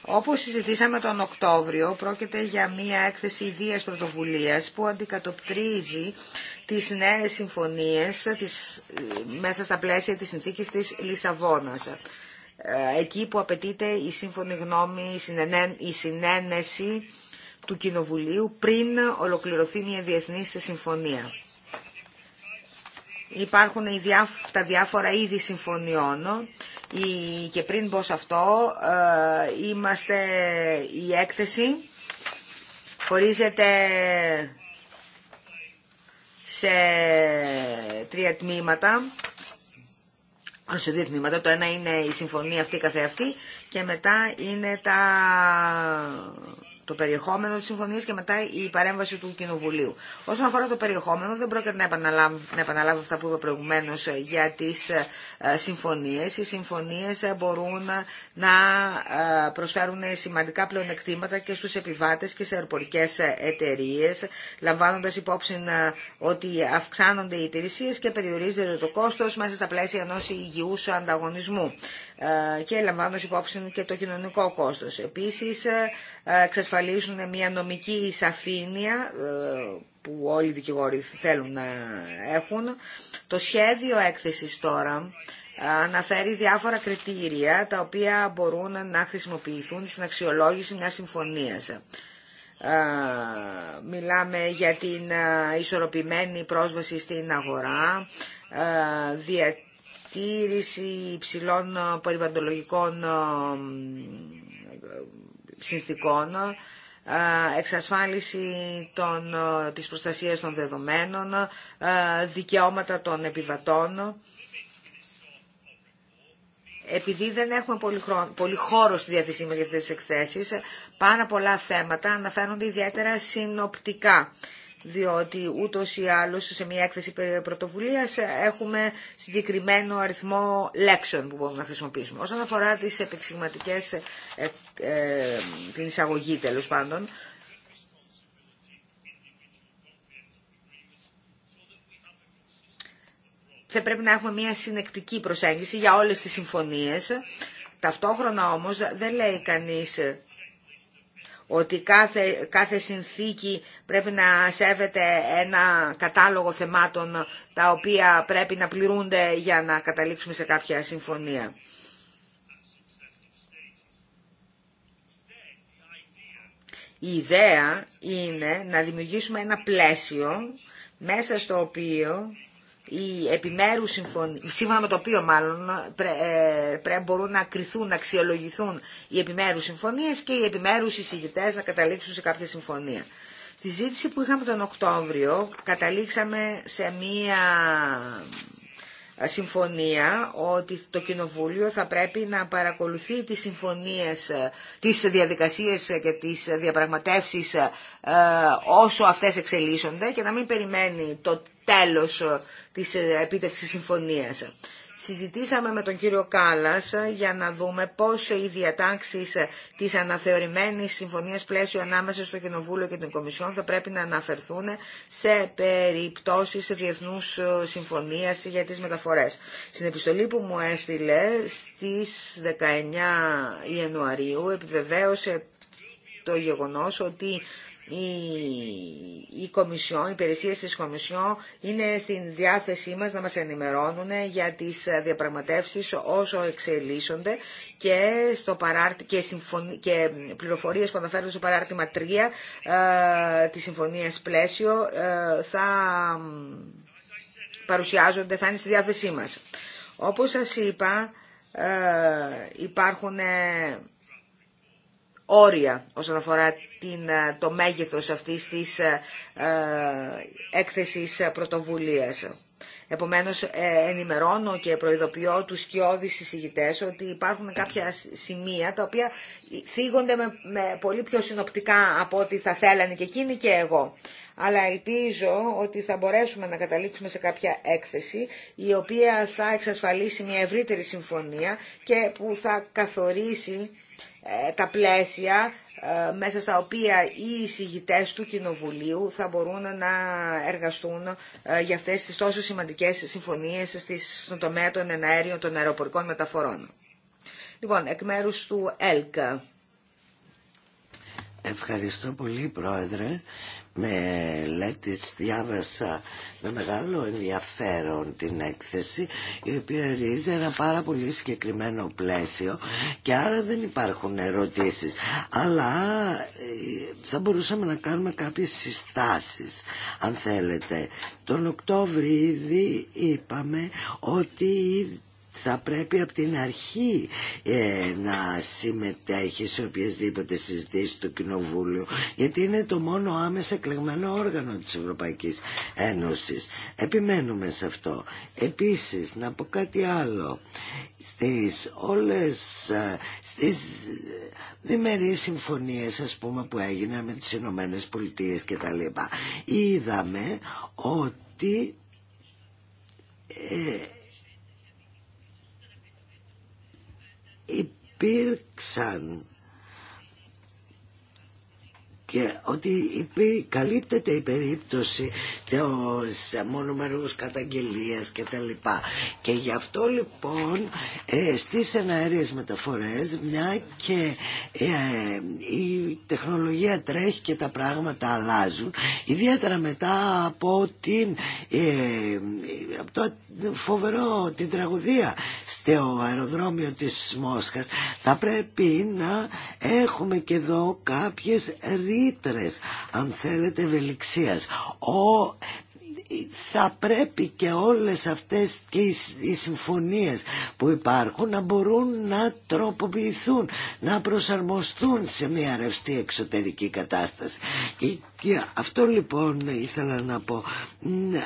S2: Όπως συζητήσαμε τον Οκτώβριο, πρόκειται για μια έκθεση ιδίας πρωτοβουλίας που αντικατοπτρίζει τις νέες συμφωνίες τις, μέσα στα πλαίσια της συνθήκης της Λισαβόνας. Ε, εκεί που απαιτείται η σύμφωνη γνώμη, η συνένεση του Κοινοβουλίου πριν ολοκληρωθεί μια διεθνής συμφωνία. Υπάρχουν τα διάφορα είδη συμφωνιών και πριν πω αυτό, ε, είμαστε η έκθεση χωρίζεται σε τρία τμήματα σε δύο τμήματα. Το ένα είναι η συμφωνία αυτή καθεαυτή και μετά είναι τα το περιεχόμενο της συμφωνίας και μετά η παρέμβαση του Κοινοβουλίου. Όσον αφορά το περιεχόμενο δεν πρόκειται να επαναλάβω, αυτά που είπα προηγουμένω ε, για τις ε, ε, συμφωνίες. Οι συμφωνίες μπορούν να προσφέρουν σημαντικά πλεονεκτήματα και στους επιβάτες και σε αεροπορικές εταιρείε, λαμβάνοντας υπόψη ότι αυξάνονται οι υπηρεσίε και περιορίζεται το κόστος μέσα στα πλαίσια ενός υγιούς ανταγωνισμού και λαμβάνοντας υπόψη και το κοινωνικό κόστος. Επίσης, ε, εξασφαλίζουν μια νομική σαφήνεια ε, που όλοι οι δικηγόροι θέλουν να έχουν. Το σχέδιο έκθεσης τώρα ε, αναφέρει διάφορα κριτήρια τα οποία μπορούν να χρησιμοποιηθούν στην αξιολόγηση μιας συμφωνίας. Μιλάμε για την ισορροπημένη πρόσβαση στην αγορά, τήρηση υψηλών ε, περιβαλλοντολογικών ε, ε, συνθήκων, εξασφάλιση των, της προστασίας των δεδομένων, δικαιώματα των επιβατών. Επειδή δεν έχουμε πολύ, χρόνο, χώρο στη διάθεσή μας για αυτές τις εκθέσεις, πάρα πολλά θέματα αναφέρονται ιδιαίτερα συνοπτικά διότι ούτως ή άλλως σε μια έκθεση πρωτοβουλίας έχουμε συγκεκριμένο αριθμό λέξεων που μπορούμε να χρησιμοποιήσουμε. Όσον αφορά τις επεξηγηματικές, ε, ε, την εισαγωγή τέλος πάντων, θα πρέπει να έχουμε μια συνεκτική προσέγγιση για όλες τις συμφωνίες. Ταυτόχρονα όμως δεν λέει κανείς ότι κάθε, συνθήκη πρέπει να σέβεται ένα κατάλογο θεμάτων τα οποία πρέπει να πληρούνται για να καταλήξουμε σε κάποια συμφωνία. Η ιδέα είναι να δημιουργήσουμε ένα πλαίσιο μέσα στο οποίο η επιμέρους συμφωνίες, σύμφωνα με το οποίο μάλλον ε, πρέπει μπορούν να κριθούν, να αξιολογηθούν οι επιμέρους συμφωνίες και οι επιμέρους εισηγητές να καταλήξουν σε κάποια συμφωνία. Τη ζήτηση που είχαμε τον Οκτώβριο καταλήξαμε σε μία ε, συμφωνία ότι το Κοινοβούλιο θα πρέπει να παρακολουθεί τις συμφωνίες, ε, τις διαδικασίες και τις διαπραγματεύσεις όσο αυτές εξελίσσονται και να μην περιμένει το τέλος της ε, επίτευξης συμφωνίας. Συζητήσαμε με τον κύριο Κάλλας ε, για να δούμε πώς οι διατάξεις ε, της αναθεωρημένης συμφωνίας πλαίσιο ανάμεσα στο Κοινοβούλιο και την Κομισιόν θα πρέπει να αναφερθούν σε περιπτώσεις διεθνούς συμφωνίας για τις μεταφορές. Στην επιστολή που μου έστειλε στις 19 Ιανουαρίου επιβεβαίωσε το γεγονός ότι η, η Κομισιόν, οι υπηρεσίες της Κομισιόν είναι στην διάθεσή μας να μας ενημερώνουν για τις διαπραγματεύσεις όσο εξελίσσονται και, στο παράρτη, και, και πληροφορίες που αναφέρονται στο παράρτημα 3 τη ε, της Συμφωνίας Πλαίσιο ε, θα παρουσιάζονται, θα είναι στη διάθεσή μας. Όπως σας είπα, ε, υπάρχουν ε, όρια όσον αφορά την, ε, το μέγεθος αυτής της ε, ε, έκθεσης πρωτοβουλίας. Επομένως ενημερώνω και προειδοποιώ τους σκιώδεις συζητητές ότι υπάρχουν κάποια σημεία τα οποία θίγονται με, πολύ πιο συνοπτικά από ό,τι θα θέλανε και εκείνοι και εγώ. Αλλά ελπίζω ότι θα μπορέσουμε να καταλήξουμε σε κάποια έκθεση η οποία θα εξασφαλίσει μια ευρύτερη συμφωνία και που θα καθορίσει ε, τα πλαίσια ε, μέσα στα οποία οι εισηγητές του Κοινοβουλίου θα μπορούν να εργαστούν ε, για αυτές τις τόσο σημαντικές συμφωνίες στον τομέα των εναέριων των αεροπορικών μεταφορών. Λοιπόν, εκ μέρους του ΕΛΚΑ.
S3: Ευχαριστώ πολύ Πρόεδρε μελέτης διάβασα με μεγάλο ενδιαφέρον την έκθεση η οποία ρίζει ένα πάρα πολύ συγκεκριμένο πλαίσιο και άρα δεν υπάρχουν ερωτήσεις αλλά ε, θα μπορούσαμε να κάνουμε κάποιες συστάσεις αν θέλετε τον Οκτώβριο ήδη είπαμε ότι θα πρέπει από την αρχή ε, να συμμετέχει σε οποιασδήποτε συζητήσει του Κοινοβούλιο γιατί είναι το μόνο άμεσα εκλεγμένο όργανο της Ευρωπαϊκής Ένωσης. Επιμένουμε σε αυτό. Επίσης, να πω κάτι άλλο. Στις όλες... Ε, στις, διμερείς συμφωνίες ας πούμε που έγιναν με τις Ηνωμένε Πολιτείε και τα λοιπά είδαμε ότι ε, υπήρξαν και ότι υπή, καλύπτεται η περίπτωση σε μονομερούς καταγγελίες και τα λοιπά. Και γι' αυτό λοιπόν ε, στις εναέριες μεταφορές μια και ε, η τεχνολογία τρέχει και τα πράγματα αλλάζουν ιδιαίτερα μετά από, την, ε, από το φοβερό την τραγουδία στο αεροδρόμιο της Μόσχας θα πρέπει να έχουμε και εδώ κάποιες ρήτρες αν θέλετε ευελιξίας ο, θα πρέπει και όλες αυτές και οι συμφωνίες που υπάρχουν να μπορούν να τροποποιηθούν, να προσαρμοστούν σε μια ρευστή εξωτερική κατάσταση. Και, αυτό λοιπόν ήθελα να πω.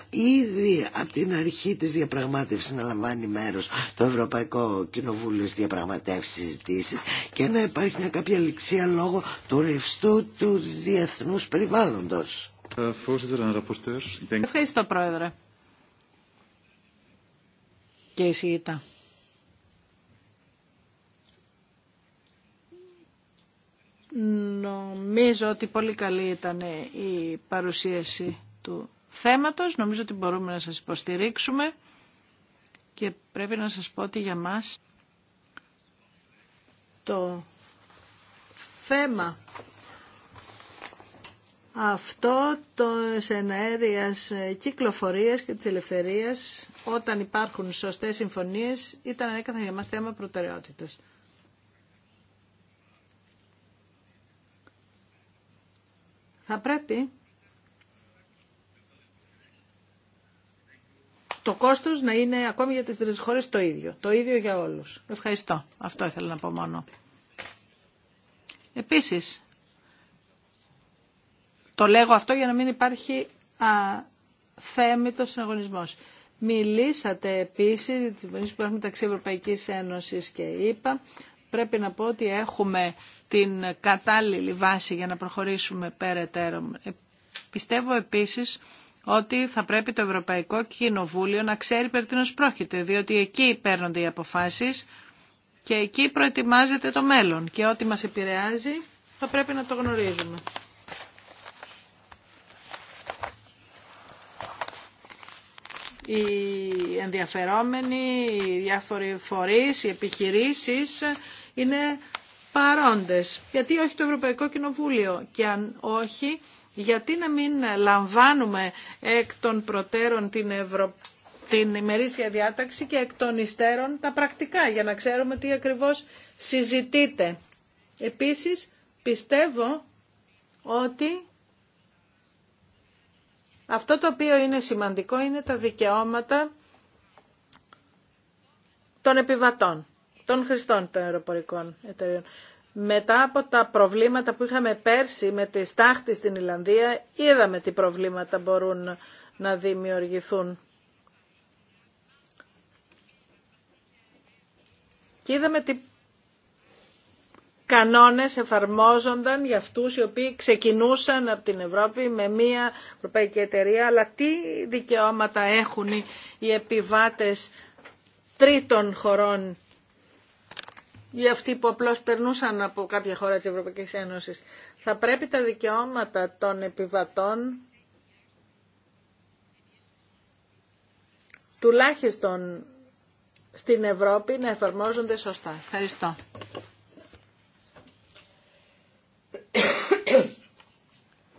S3: Ήδη από την αρχή της διαπραγμάτευσης να λαμβάνει μέρος το Ευρωπαϊκό Κοινοβούλιο στις διαπραγματεύσεις συζητήσεις και να υπάρχει μια κάποια ληξία λόγω του ρευστού του διεθνούς περιβάλλοντος.
S4: Ευχαριστώ, Πρόεδρε. Και εσύ, Νομίζω ότι πολύ καλή ήταν η παρουσίαση του θέματος. Νομίζω ότι μπορούμε να σας υποστηρίξουμε και πρέπει να σας πω ότι για μας το θέμα αυτό το σενάριας ε, κυκλοφορίας και της ελευθερίας όταν υπάρχουν σωστές συμφωνίες ήταν ένα για μας θέμα προτεραιότητας. Θα πρέπει το κόστος να είναι ακόμη για τις τρεις χώρες το ίδιο. Το ίδιο για όλους. Ευχαριστώ. Αυτό ήθελα να πω μόνο. Επίσης, το λέγω αυτό για να μην υπάρχει αθέμητος συναγωνισμό. Μιλήσατε επίση για τι συμφωνίες που έχουμε μεταξύ Ευρωπαϊκή Ένωσης και ΕΕ. Πρέπει να πω ότι έχουμε την κατάλληλη βάση για να προχωρήσουμε περαιτέρω. Ε, πιστεύω επίσης ότι θα πρέπει το Ευρωπαϊκό Κοινοβούλιο να ξέρει περί τίνος πρόκειται, διότι εκεί παίρνονται οι αποφάσει και εκεί προετοιμάζεται το μέλλον και ό,τι μα επηρεάζει θα πρέπει να το γνωρίζουμε. οι ενδιαφερόμενοι, οι διάφοροι φορείς, οι επιχειρήσεις είναι παρόντες. Γιατί όχι το Ευρωπαϊκό Κοινοβούλιο και αν όχι γιατί να μην λαμβάνουμε εκ των προτέρων την, την ημερήσια διάταξη και εκ των υστέρων τα πρακτικά για να ξέρουμε τι ακριβώς συζητείτε. Επίσης πιστεύω ότι αυτό το οποίο είναι σημαντικό είναι τα δικαιώματα των επιβατών, των χρηστών των αεροπορικών εταιρείων. Μετά από τα προβλήματα που είχαμε πέρσι με τη στάχτη στην Ιλανδία, είδαμε τι προβλήματα μπορούν να δημιουργηθούν. Και είδαμε τι κανόνες εφαρμόζονταν για αυτούς οι οποίοι ξεκινούσαν από την Ευρώπη με μία ευρωπαϊκή εταιρεία, αλλά τι δικαιώματα έχουν οι επιβάτες τρίτων χωρών ή αυτοί που απλώς περνούσαν από κάποια χώρα της Ευρωπαϊκής Ένωσης. Θα πρέπει τα δικαιώματα των επιβατών τουλάχιστον στην Ευρώπη να εφαρμόζονται σωστά. Ευχαριστώ.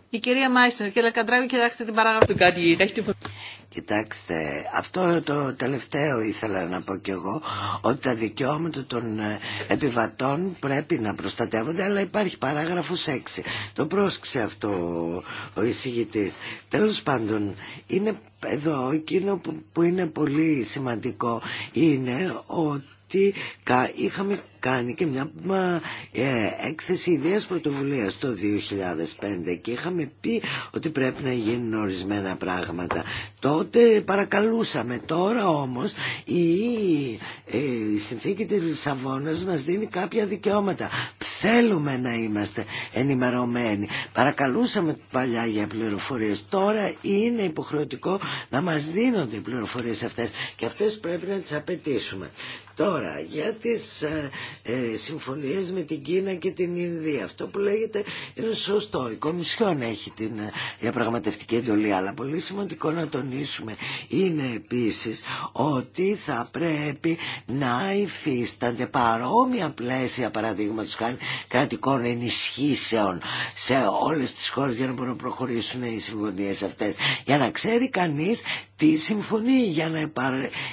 S4: Η κυρία Μάισνερ, κύριε Λακαντράγκη, κοιτάξτε την παράγραφο.
S3: Κοιτάξτε, αυτό το τελευταίο ήθελα να πω κι εγώ, ότι τα δικαιώματα των ε, επιβατών πρέπει να προστατεύονται, αλλά υπάρχει παράγραφος 6. Το πρόσκησε αυτό ο εισηγητής. Τέλος πάντων, είναι εδώ εκείνο που είναι πολύ σημαντικό είναι ότι είχαμε κάνει και μια ε, έκθεση ιδέας πρωτοβουλίας το 2005 και είχαμε πει ότι πρέπει να γίνουν ορισμένα πράγματα. Τότε παρακαλούσαμε. Τώρα όμως η, ε, συνθήκη της Λισαβόνας μας δίνει κάποια δικαιώματα. Θέλουμε να είμαστε ενημερωμένοι. Παρακαλούσαμε παλιά για πληροφορίες. Τώρα είναι υποχρεωτικό να μας δίνονται οι πληροφορίες αυτές και αυτές πρέπει να τις απαιτήσουμε. Τώρα, για τις ε, ε, συμφωνίες με την Κίνα και την Ινδία. Αυτό που λέγεται είναι σωστό. Η Κομισιόν έχει την ε, διαπραγματευτική εντολή, αλλά πολύ σημαντικό να τονίσουμε είναι επίσης ότι θα πρέπει να υφίστανται παρόμοια πλαίσια παραδείγματος χάρη κρατικών ενισχύσεων σε όλες τις χώρες για να μπορούν να προχωρήσουν οι συμφωνίες αυτές. Για να ξέρει κανείς τη συμφωνία για να,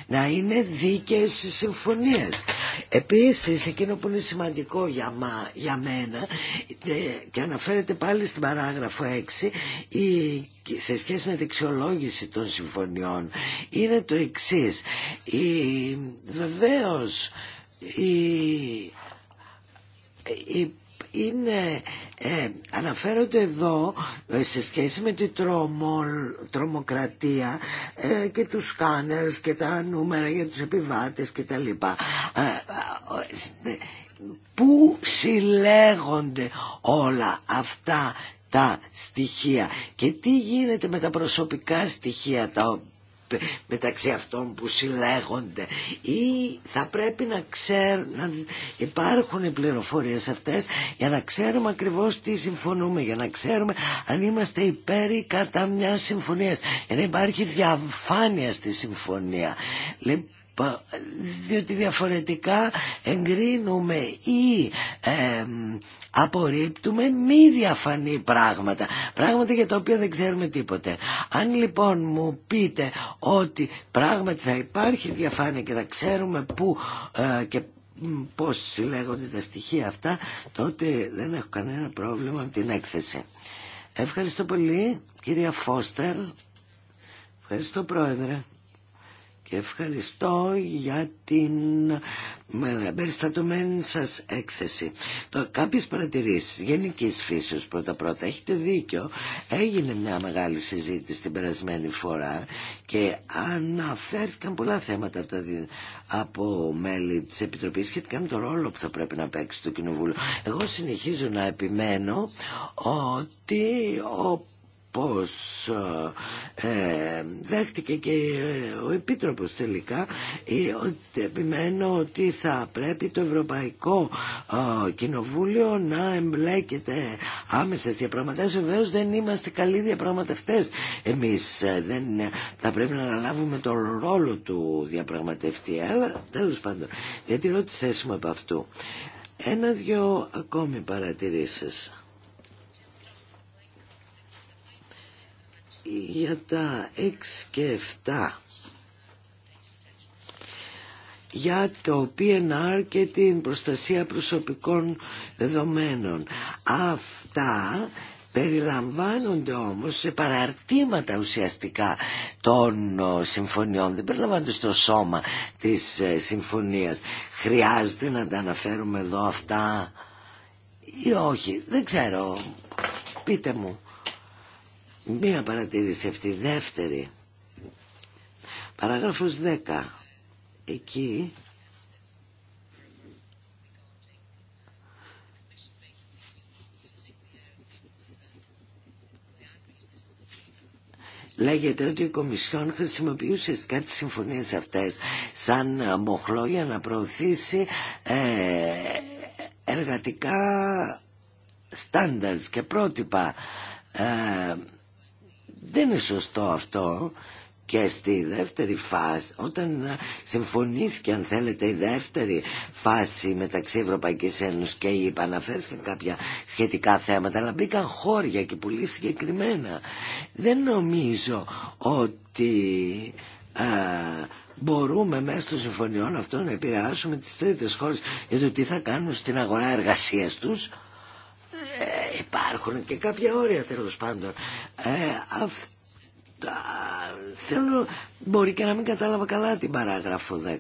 S3: να είναι δίκαιες οι συμφωνίες. Επίσης, εκείνο που είναι σημαντικό για, μα, μένα και αναφέρεται πάλι στην παράγραφο 6 η, σε σχέση με την αξιολόγηση των συμφωνιών είναι το εξής. Η, βεβαίως είναι, ε, αναφέρονται εδώ ε, σε σχέση με την τρομο, τρομοκρατία ε, και τους σκάνερς και τα νούμερα για τους επιβάτες και τα λοιπά ε, πού συλλέγονται όλα αυτά τα στοιχεία και τι γίνεται με τα προσωπικά στοιχεία τα μεταξύ αυτών που συλλέγονται ή θα πρέπει να ξέρουν να υπάρχουν οι πληροφορίες αυτές για να ξέρουμε ακριβώς τι συμφωνούμε για να ξέρουμε αν είμαστε υπέρ ή κατά μια συμφωνίας για να υπάρχει διαφάνεια στη συμφωνία διότι διαφορετικά εγκρίνουμε ή απορρίπτουμε μη διαφανή πράγματα πράγματα για τα οποία δεν ξέρουμε τίποτε αν λοιπόν μου πείτε ότι πράγματι θα υπάρχει διαφάνεια και θα ξέρουμε που ε, και πώς συλλέγονται τα στοιχεία αυτά τότε δεν έχω κανένα πρόβλημα με την έκθεση ευχαριστώ πολύ κυρία Φώστερ ευχαριστώ πρόεδρε και ευχαριστώ για την ε, περιστατωμένη σας έκθεση. Το, κάποιες παρατηρήσεις γενικής φύσεως πρώτα-πρώτα. Έχετε δίκιο. Έγινε μια μεγάλη συζήτηση την περασμένη φορά και αναφέρθηκαν πολλά θέματα από, από μέλη της Επιτροπής σχετικά με τον ρόλο που θα πρέπει να παίξει το Κοινοβούλιο. Εγώ συνεχίζω να επιμένω ότι ο πως ε, δέχτηκε και ε, ο Επίτροπος τελικά ε, ότι επιμένω ότι θα πρέπει το Ευρωπαϊκό Κοινοβούλιο να εμπλέκεται άμεσα στις διαπραγματεύσεις βεβαίως δεν είμαστε καλοί διαπραγματευτές εμείς ε, δεν, θα πρέπει να αναλάβουμε τον ρόλο του διαπραγματευτή αλλά τέλος πάντων διατηρώ τη θέση μου από αυτού ένα-δυο ακόμη παρατηρήσεις για τα 6 και 7 για το PNR και την προστασία προσωπικών δεδομένων. Αυτά περιλαμβάνονται όμως σε παραρτήματα ουσιαστικά των ε, συμφωνιών. Δεν περιλαμβάνονται στο σώμα της ε, συμφωνίας. Χρειάζεται να τα αναφέρουμε εδώ αυτά ή όχι. Δεν ξέρω. Πείτε μου. Μία παρατήρηση αυτή, δεύτερη. Παράγραφος 10. Εκεί Λέγεται ότι η Κομισιόν χρησιμοποιεί ουσιαστικά τις συμφωνίες αυτές σαν μοχλό για να προωθήσει ε, εργατικά στάνταρς και πρότυπα. Ε, δεν είναι σωστό αυτό και στη δεύτερη φάση, όταν συμφωνήθηκε αν θέλετε η δεύτερη φάση μεταξύ Ευρωπαϊκής Ένωσης και να ΕΕ, αναφέρθηκαν κάποια σχετικά θέματα αλλά μπήκαν χώρια και πολύ συγκεκριμένα. Δεν νομίζω ότι ε, μπορούμε μέσα των συμφωνιών αυτών να επηρεάσουμε τις τρίτες χώρες για το τι θα κάνουν στην αγορά εργασίας τους ε, υπάρχουν και κάποια όρια τέλο πάντων. Ε, αυτά, θέλω, μπορεί και να μην κατάλαβα καλά την παράγραφο 10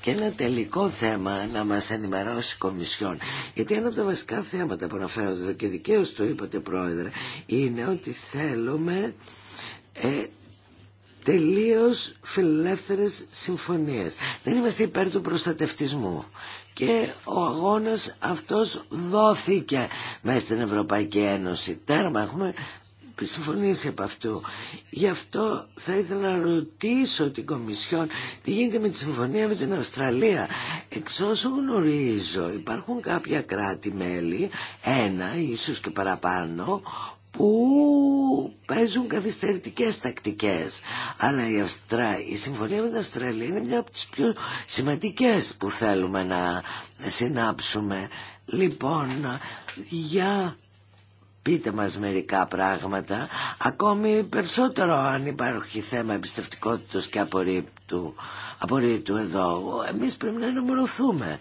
S3: και ένα τελικό θέμα να μας ενημερώσει η Κομισιόν γιατί ένα από τα βασικά θέματα που αναφέρονται εδώ και δικαίω το είπατε πρόεδρε είναι ότι θέλουμε ε, τελείως φιλελεύθερες συμφωνίες δεν είμαστε υπέρ του προστατευτισμού και ο αγώνας αυτός δόθηκε μέσα στην Ευρωπαϊκή Ένωση. Τέρμα έχουμε συμφωνήσει από αυτού. Γι' αυτό θα ήθελα να ρωτήσω την Κομισιόν τι γίνεται με τη συμφωνία με την Αυστραλία. Εξ οσου γνωριζω γνωρίζω υπάρχουν κάποια κράτη-μέλη, ένα ίσως και παραπάνω, που παίζουν καθυστερητικές τακτικές. Αλλά η, Αυστρά, η συμφωνία με την Αυστραλία είναι μια από τις πιο σημαντικές που θέλουμε να συνάψουμε. Λοιπόν, για πείτε μας μερικά πράγματα, ακόμη περισσότερο αν υπάρχει θέμα εμπιστευτικότητας και απορρίπτου, απορρίπτου εδώ. Εμείς πρέπει να ενημερωθούμε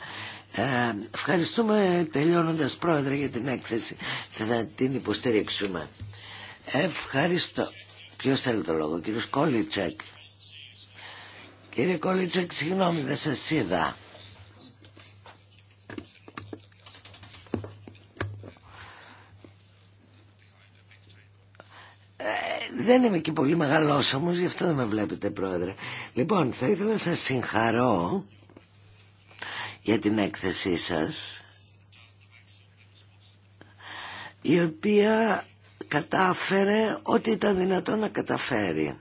S3: ε, ευχαριστούμε τελειώνοντας πρόεδρε για την έκθεση. Θα την υποστηρίξουμε. Ευχαριστώ. Ποιος θέλει το λόγο, κύριος Κόλιτσεκ. Κύριε Κόλιτσεκ, συγγνώμη, δεν σας είδα. Ε, δεν είμαι και πολύ μεγάλος όμως, γι' αυτό δεν με βλέπετε πρόεδρε. Λοιπόν, θα ήθελα να σας συγχαρώ για την έκθεσή σας η οποία κατάφερε ό,τι ήταν δυνατό να καταφέρει.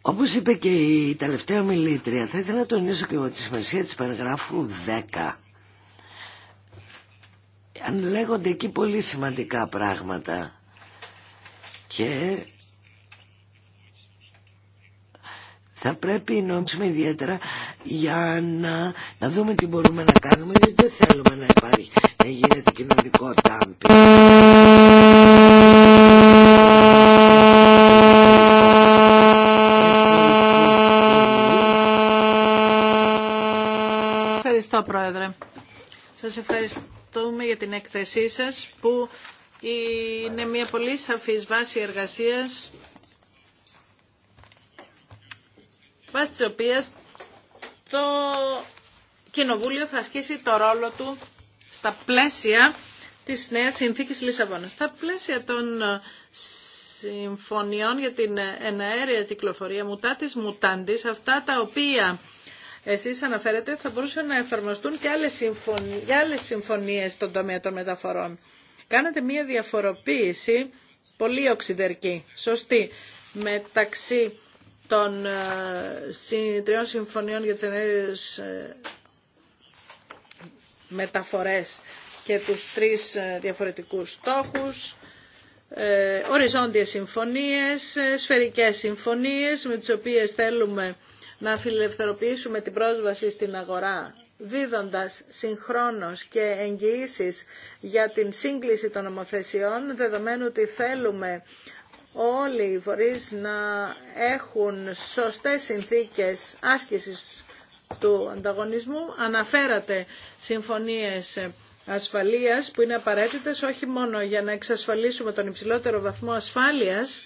S3: Όπως είπε και η τελευταία μιλήτρια, θα ήθελα να τονίσω και εγώ τη σημασία της παραγράφου 10. Αν λέγονται εκεί πολύ σημαντικά πράγματα και Θα πρέπει να νόμισουμε ιδιαίτερα για να, να δούμε τι μπορούμε να κάνουμε, γιατί δεν θέλουμε να υπάρχει, να γίνεται κοινωνικό τάμπι.
S4: Ευχαριστώ Πρόεδρε. Σας ευχαριστούμε για την έκθεσή σας που είναι μια πολύ σαφής βάση εργασίας βάσει της οποίας το Κοινοβούλιο θα ασκήσει το ρόλο του στα πλαίσια της νέας συνθήκης Λισαβόνα. Στα πλαίσια των ε, συμφωνιών για την ε, εναέρεια κυκλοφορία μουτά της μουτάντης, αυτά τα οποία εσείς αναφέρετε θα μπορούσαν να εφαρμοστούν και άλλες, συμφωνίες, και άλλες συμφωνίες στον τομέα των μεταφορών. Κάνατε μία διαφοροποίηση πολύ οξυδερκή, σωστή, μεταξύ των ε, τριών συμφωνιών για τις ενέργειες ε, μεταφορές και τους τρεις ε, διαφορετικούς στόχους, οριζόντιες συμφωνίες, σφαιρικές συμφωνίες με τις οποίες θέλουμε να φιλελευθερωποιήσουμε την πρόσβαση στην αγορά δίδοντας συγχρόνως και εγγυήσει για την σύγκληση των νομοθεσιών, δεδομένου ότι θέλουμε όλοι οι φορείς να έχουν σωστές συνθήκες άσκησης του ανταγωνισμού. Αναφέρατε συμφωνίες ασφαλείας που είναι απαραίτητες όχι μόνο για να εξασφαλίσουμε τον υψηλότερο βαθμό ασφάλειας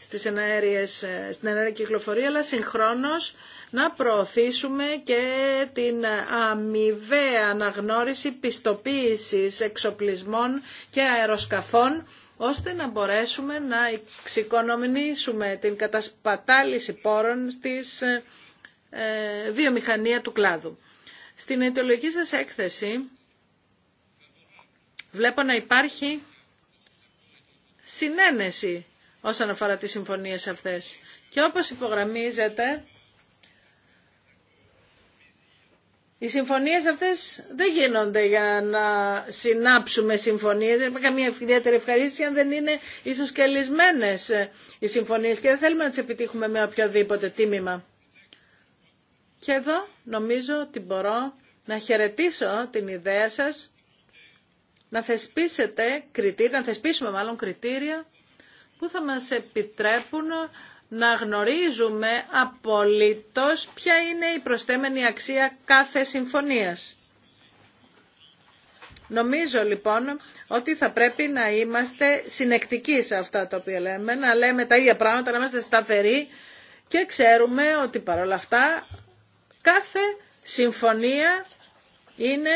S4: στις εναέριες, στην εναέρια κυκλοφορία, αλλά συγχρόνως να προωθήσουμε και την αμοιβαία αναγνώριση πιστοποίησης εξοπλισμών και αεροσκαφών ώστε να μπορέσουμε να εξοικονομήσουμε την κατασπατάληση πόρων στις ε, ε, βιομηχανία του κλάδου. Στην αιτιολογική σας έκθεση βλέπω να υπάρχει συνένεση όσον αφορά τις συμφωνίες αυτές. Και όπως υπογραμμίζεται, Οι συμφωνίες αυτές δεν γίνονται για να συνάψουμε συμφωνίες. Δεν υπάρχει καμία ιδιαίτερη ευχαρίστηση αν δεν είναι ίσως κελισμένες ε, οι συμφωνίες και δεν θέλουμε να τις επιτύχουμε με οποιοδήποτε τίμημα. Και εδώ νομίζω ότι μπορώ να χαιρετήσω την ιδέα σας να θεσπίσετε κριτήρια, να θεσπίσουμε μάλλον κριτήρια που θα μας επιτρέπουν να γνωρίζουμε απολύτως ποια είναι η προστέμενη αξία κάθε συμφωνίας. Νομίζω λοιπόν ότι θα πρέπει να είμαστε συνεκτικοί σε αυτά τα οποία λέμε, να λέμε τα ίδια πράγματα, να είμαστε σταθεροί και ξέρουμε ότι παρόλα αυτά κάθε συμφωνία είναι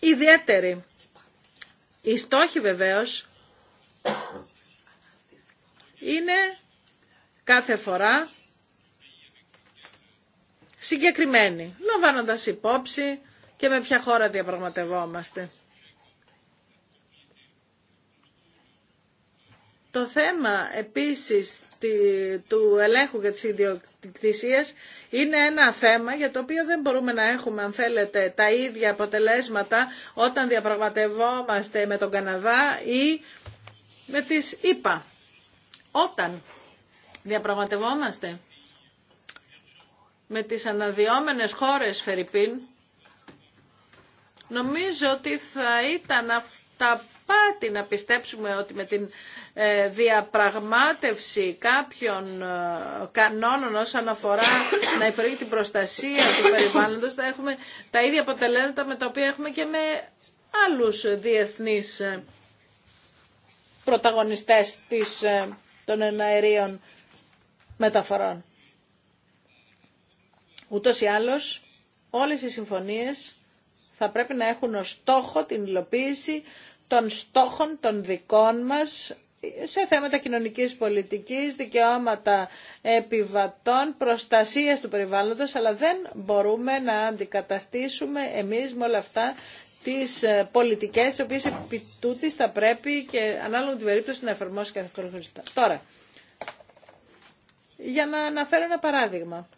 S4: ιδιαίτερη. Οι στόχοι βεβαίως είναι κάθε φορά συγκεκριμένη, λαμβάνοντας υπόψη και με ποια χώρα διαπραγματευόμαστε. Το θέμα επίσης του ελέγχου και της ιδιοκτησίας είναι ένα θέμα για το οποίο δεν μπορούμε να έχουμε αν θέλετε τα ίδια αποτελέσματα όταν διαπραγματευόμαστε με τον Καναδά ή με τις ΗΠΑ όταν διαπραγματευόμαστε με τις αναδυόμενες χώρες Φερρυπίν, νομίζω ότι θα ήταν αυτά πάτη να πιστέψουμε ότι με την ε, διαπραγμάτευση κάποιων ε, κανόνων όσον αφορά να υφερεί την προστασία του περιβάλλοντος θα έχουμε τα ίδια αποτελέσματα με τα οποία έχουμε και με άλλους διεθνείς ε, πρωταγωνιστές της των εναερίων μεταφορών. Ούτως ή άλλως, όλες οι συμφωνίες θα πρέπει να έχουν ως στόχο την υλοποίηση των στόχων των δικών μας σε θέματα κοινωνικής πολιτικής, δικαιώματα επιβατών, προστασίας του περιβάλλοντος, αλλά δεν μπορούμε να αντικαταστήσουμε εμείς με όλα αυτά τις ε, πολιτικές, οι οποίες επί τούτης θα πρέπει και ανάλογα την περίπτωση να εφαρμόσει κάθε Τώρα, για να αναφέρω ένα παράδειγμα,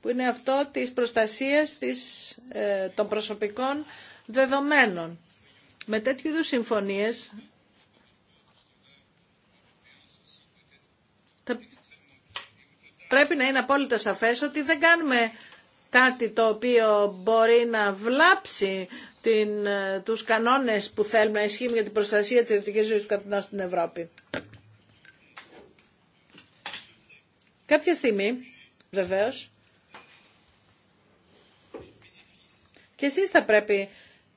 S4: που είναι αυτό της προστασίας της, ε, των προσωπικών δεδομένων. Με τέτοιου είδους συμφωνίες πρέπει να είναι απόλυτα σαφές ότι δεν κάνουμε κάτι το οποίο μπορεί να βλάψει την, ε, τους κανόνες που θέλουμε να ισχύουν για την προστασία της ελληνικής ζωής του κατανάλου στην Ευρώπη. Κάποια στιγμή, βεβαίως, και εσείς θα πρέπει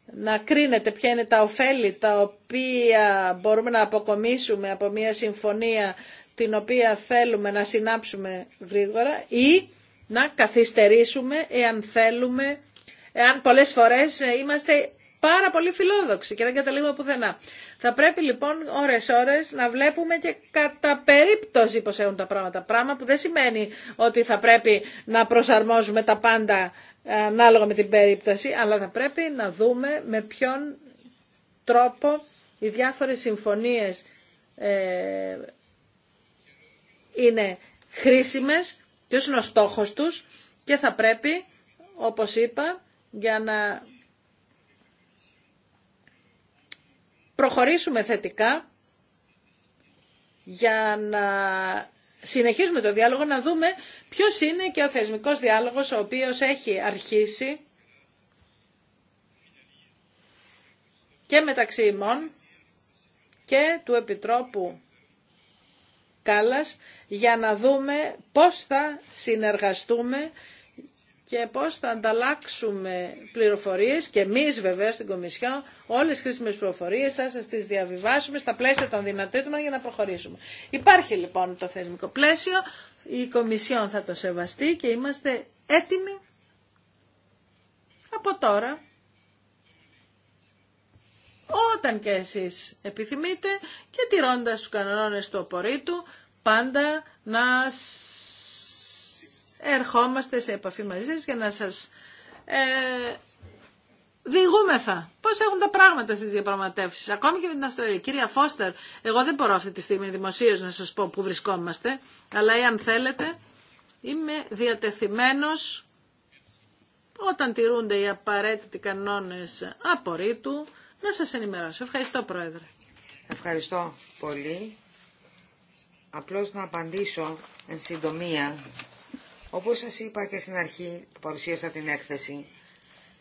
S4: να κρίνετε ποια είναι τα ωφέλη τα οποία μπορούμε να αποκομίσουμε από μια συμφωνία την οποία θέλουμε να συνάψουμε γρήγορα ή να καθυστερήσουμε εάν θέλουμε, εάν πολλές φορές είμαστε πάρα πολύ φιλόδοξοι και δεν καταλήγουμε πουθενά. Θα πρέπει λοιπόν ώρες-ώρες να βλέπουμε και κατά περίπτωση πως έχουν τα πράγματα. Πράγμα που δεν σημαίνει ότι θα πρέπει να προσαρμόζουμε τα πάντα ανάλογα με την περίπτωση, αλλά θα πρέπει να δούμε με ποιον τρόπο οι διάφορες συμφωνίες ε, είναι χρήσιμες ποιος είναι ο στόχος τους και θα πρέπει, όπως είπα, για να προχωρήσουμε θετικά για να συνεχίσουμε το διάλογο, να δούμε ποιος είναι και ο θεσμικός διάλογος ο οποίος έχει αρχίσει και μεταξύ ημών και του Επιτρόπου για να δούμε πώς θα συνεργαστούμε και πώς θα ανταλλάξουμε πληροφορίες και εμείς βεβαίως στην Κομισιό όλες τις χρήσιμες πληροφορίες θα σας τις διαβιβάσουμε στα πλαίσια των δυνατήτων για να προχωρήσουμε. Υπάρχει λοιπόν το θεσμικό πλαίσιο, η Κομισιόν θα το σεβαστεί και είμαστε έτοιμοι από τώρα όταν και εσείς επιθυμείτε και τηρώντας τους κανόνες του απορρίτου πάντα να ερχόμαστε σε επαφή μαζί σας για να σας ε, διηγούμεθα πώς έχουν τα πράγματα στις διαπραγματεύσεις. Ακόμη και με την Αυστραλία. Κυρία Φώστερ, εγώ δεν μπορώ αυτή τη στιγμή δημοσίω να σας πω που βρισκόμαστε, αλλά εάν θέλετε είμαι διατεθειμένος όταν τηρούνται οι απαραίτητοι κανόνες απορρίτου να σας ενημερώσω. Ευχαριστώ Πρόεδρε.
S2: Ευχαριστώ πολύ. Απλώς να απαντήσω εν συντομία. Όπως σας είπα και στην αρχή που παρουσίασα την έκθεση,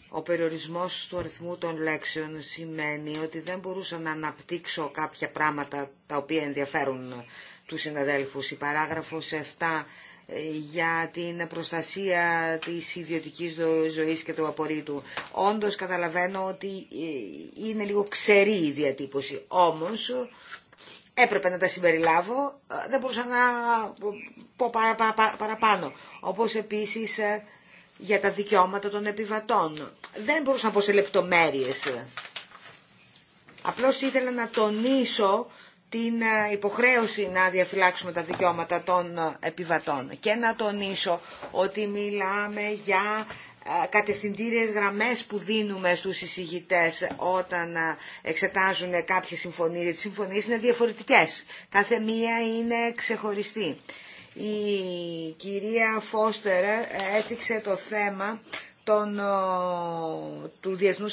S2: ο περιορισμός του αριθμού των λέξεων σημαίνει ότι δεν μπορούσα να αναπτύξω κάποια πράγματα τα οποία ενδιαφέρουν τους συναδέλφους. Η παράγραφος 7 για την προστασία της ιδιωτικής ζωής και του απορρίτου. Όντως καταλαβαίνω ότι ε, είναι λίγο ξερή η διατύπωση, όμως έπρεπε να τα συμπεριλάβω, ε, δεν μπορούσα να πω παραπάνω. Όπως επίσης ε, για τα δικαιώματα των επιβατών. Δεν μπορούσα να πω σε λεπτομέρειες. Απλώς ήθελα να τονίσω την ε, υποχρέωση να διαφυλάξουμε τα δικαιώματα των ε, επιβατών. Και να τονίσω ότι μιλάμε για ε, κατευθυντήριες γραμμές που δίνουμε στους εισηγητές όταν εξετάζουν κάποιες συμφωνίες. Οι συμφωνίες είναι διαφορετικές. Κάθε μία είναι ξεχωριστή. Η κυρία Φώστερ έθιξε το θέμα των, του διεθνούς,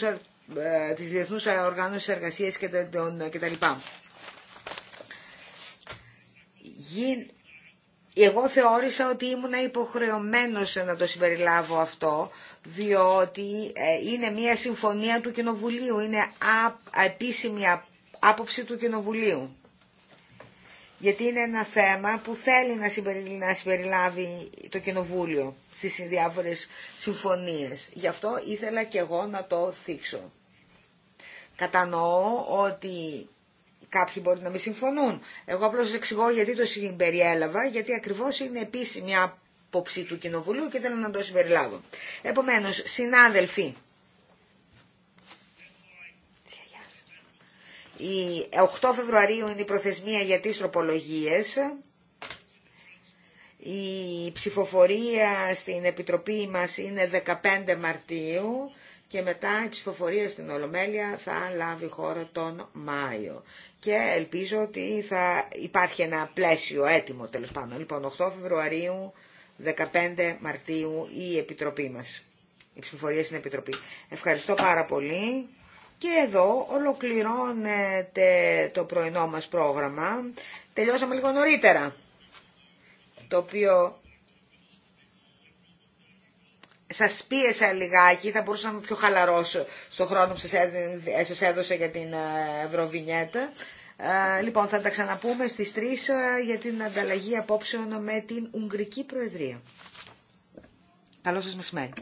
S2: της Διεθνούς Οργάνωσης Εργασίας και, τα, και γι... Εγώ θεώρησα ότι ήμουν υποχρεωμένος να το συμπεριλάβω αυτό, διότι ε, είναι μια συμφωνία του Κοινοβουλίου, είναι επίσημη άποψη του Κοινοβουλίου. Γιατί είναι ένα θέμα που θέλει να συμπεριλάβει το Κοινοβούλιο στις διάφορες συμφωνίες. Γι' αυτό ήθελα και εγώ να το θίξω. Κατανοώ ότι Κάποιοι μπορεί να μην συμφωνούν. Εγώ απλώς σας εξηγώ γιατί το συμπεριέλαβα, γιατί ακριβώς είναι επίσημη άποψη του Κοινοβουλίου και θέλω να το συμπεριλάβω. Επομένως, συνάδελφοι, η 8 Φεβρουαρίου είναι η προθεσμία για τις τροπολογίες. Η ψηφοφορία στην Επιτροπή μας είναι 15 Μαρτίου και μετά η ψηφοφορία στην Ολομέλεια θα λάβει χώρο τον Μάιο και ελπίζω ότι θα υπάρχει ένα πλαίσιο έτοιμο τέλος πάντων. Λοιπόν, 8 Φεβρουαρίου, 15 Μαρτίου η Επιτροπή μας, η ψηφοφορία στην Επιτροπή. Ευχαριστώ πάρα πολύ και εδώ ολοκληρώνεται το πρωινό μας πρόγραμμα. Τελειώσαμε λίγο νωρίτερα, το οποίο σας πίεσα λιγάκι, θα μπορούσα να είμαι πιο χαλαρό στο χρόνο που σα ε, έδωσα για την ε, Ευρωβινιέτα. Ε, λοιπόν, θα τα ξαναπούμε στις 3 για την ανταλλαγή απόψεων με την Ουγγρική Προεδρία. Καλό σας μεσημέρι.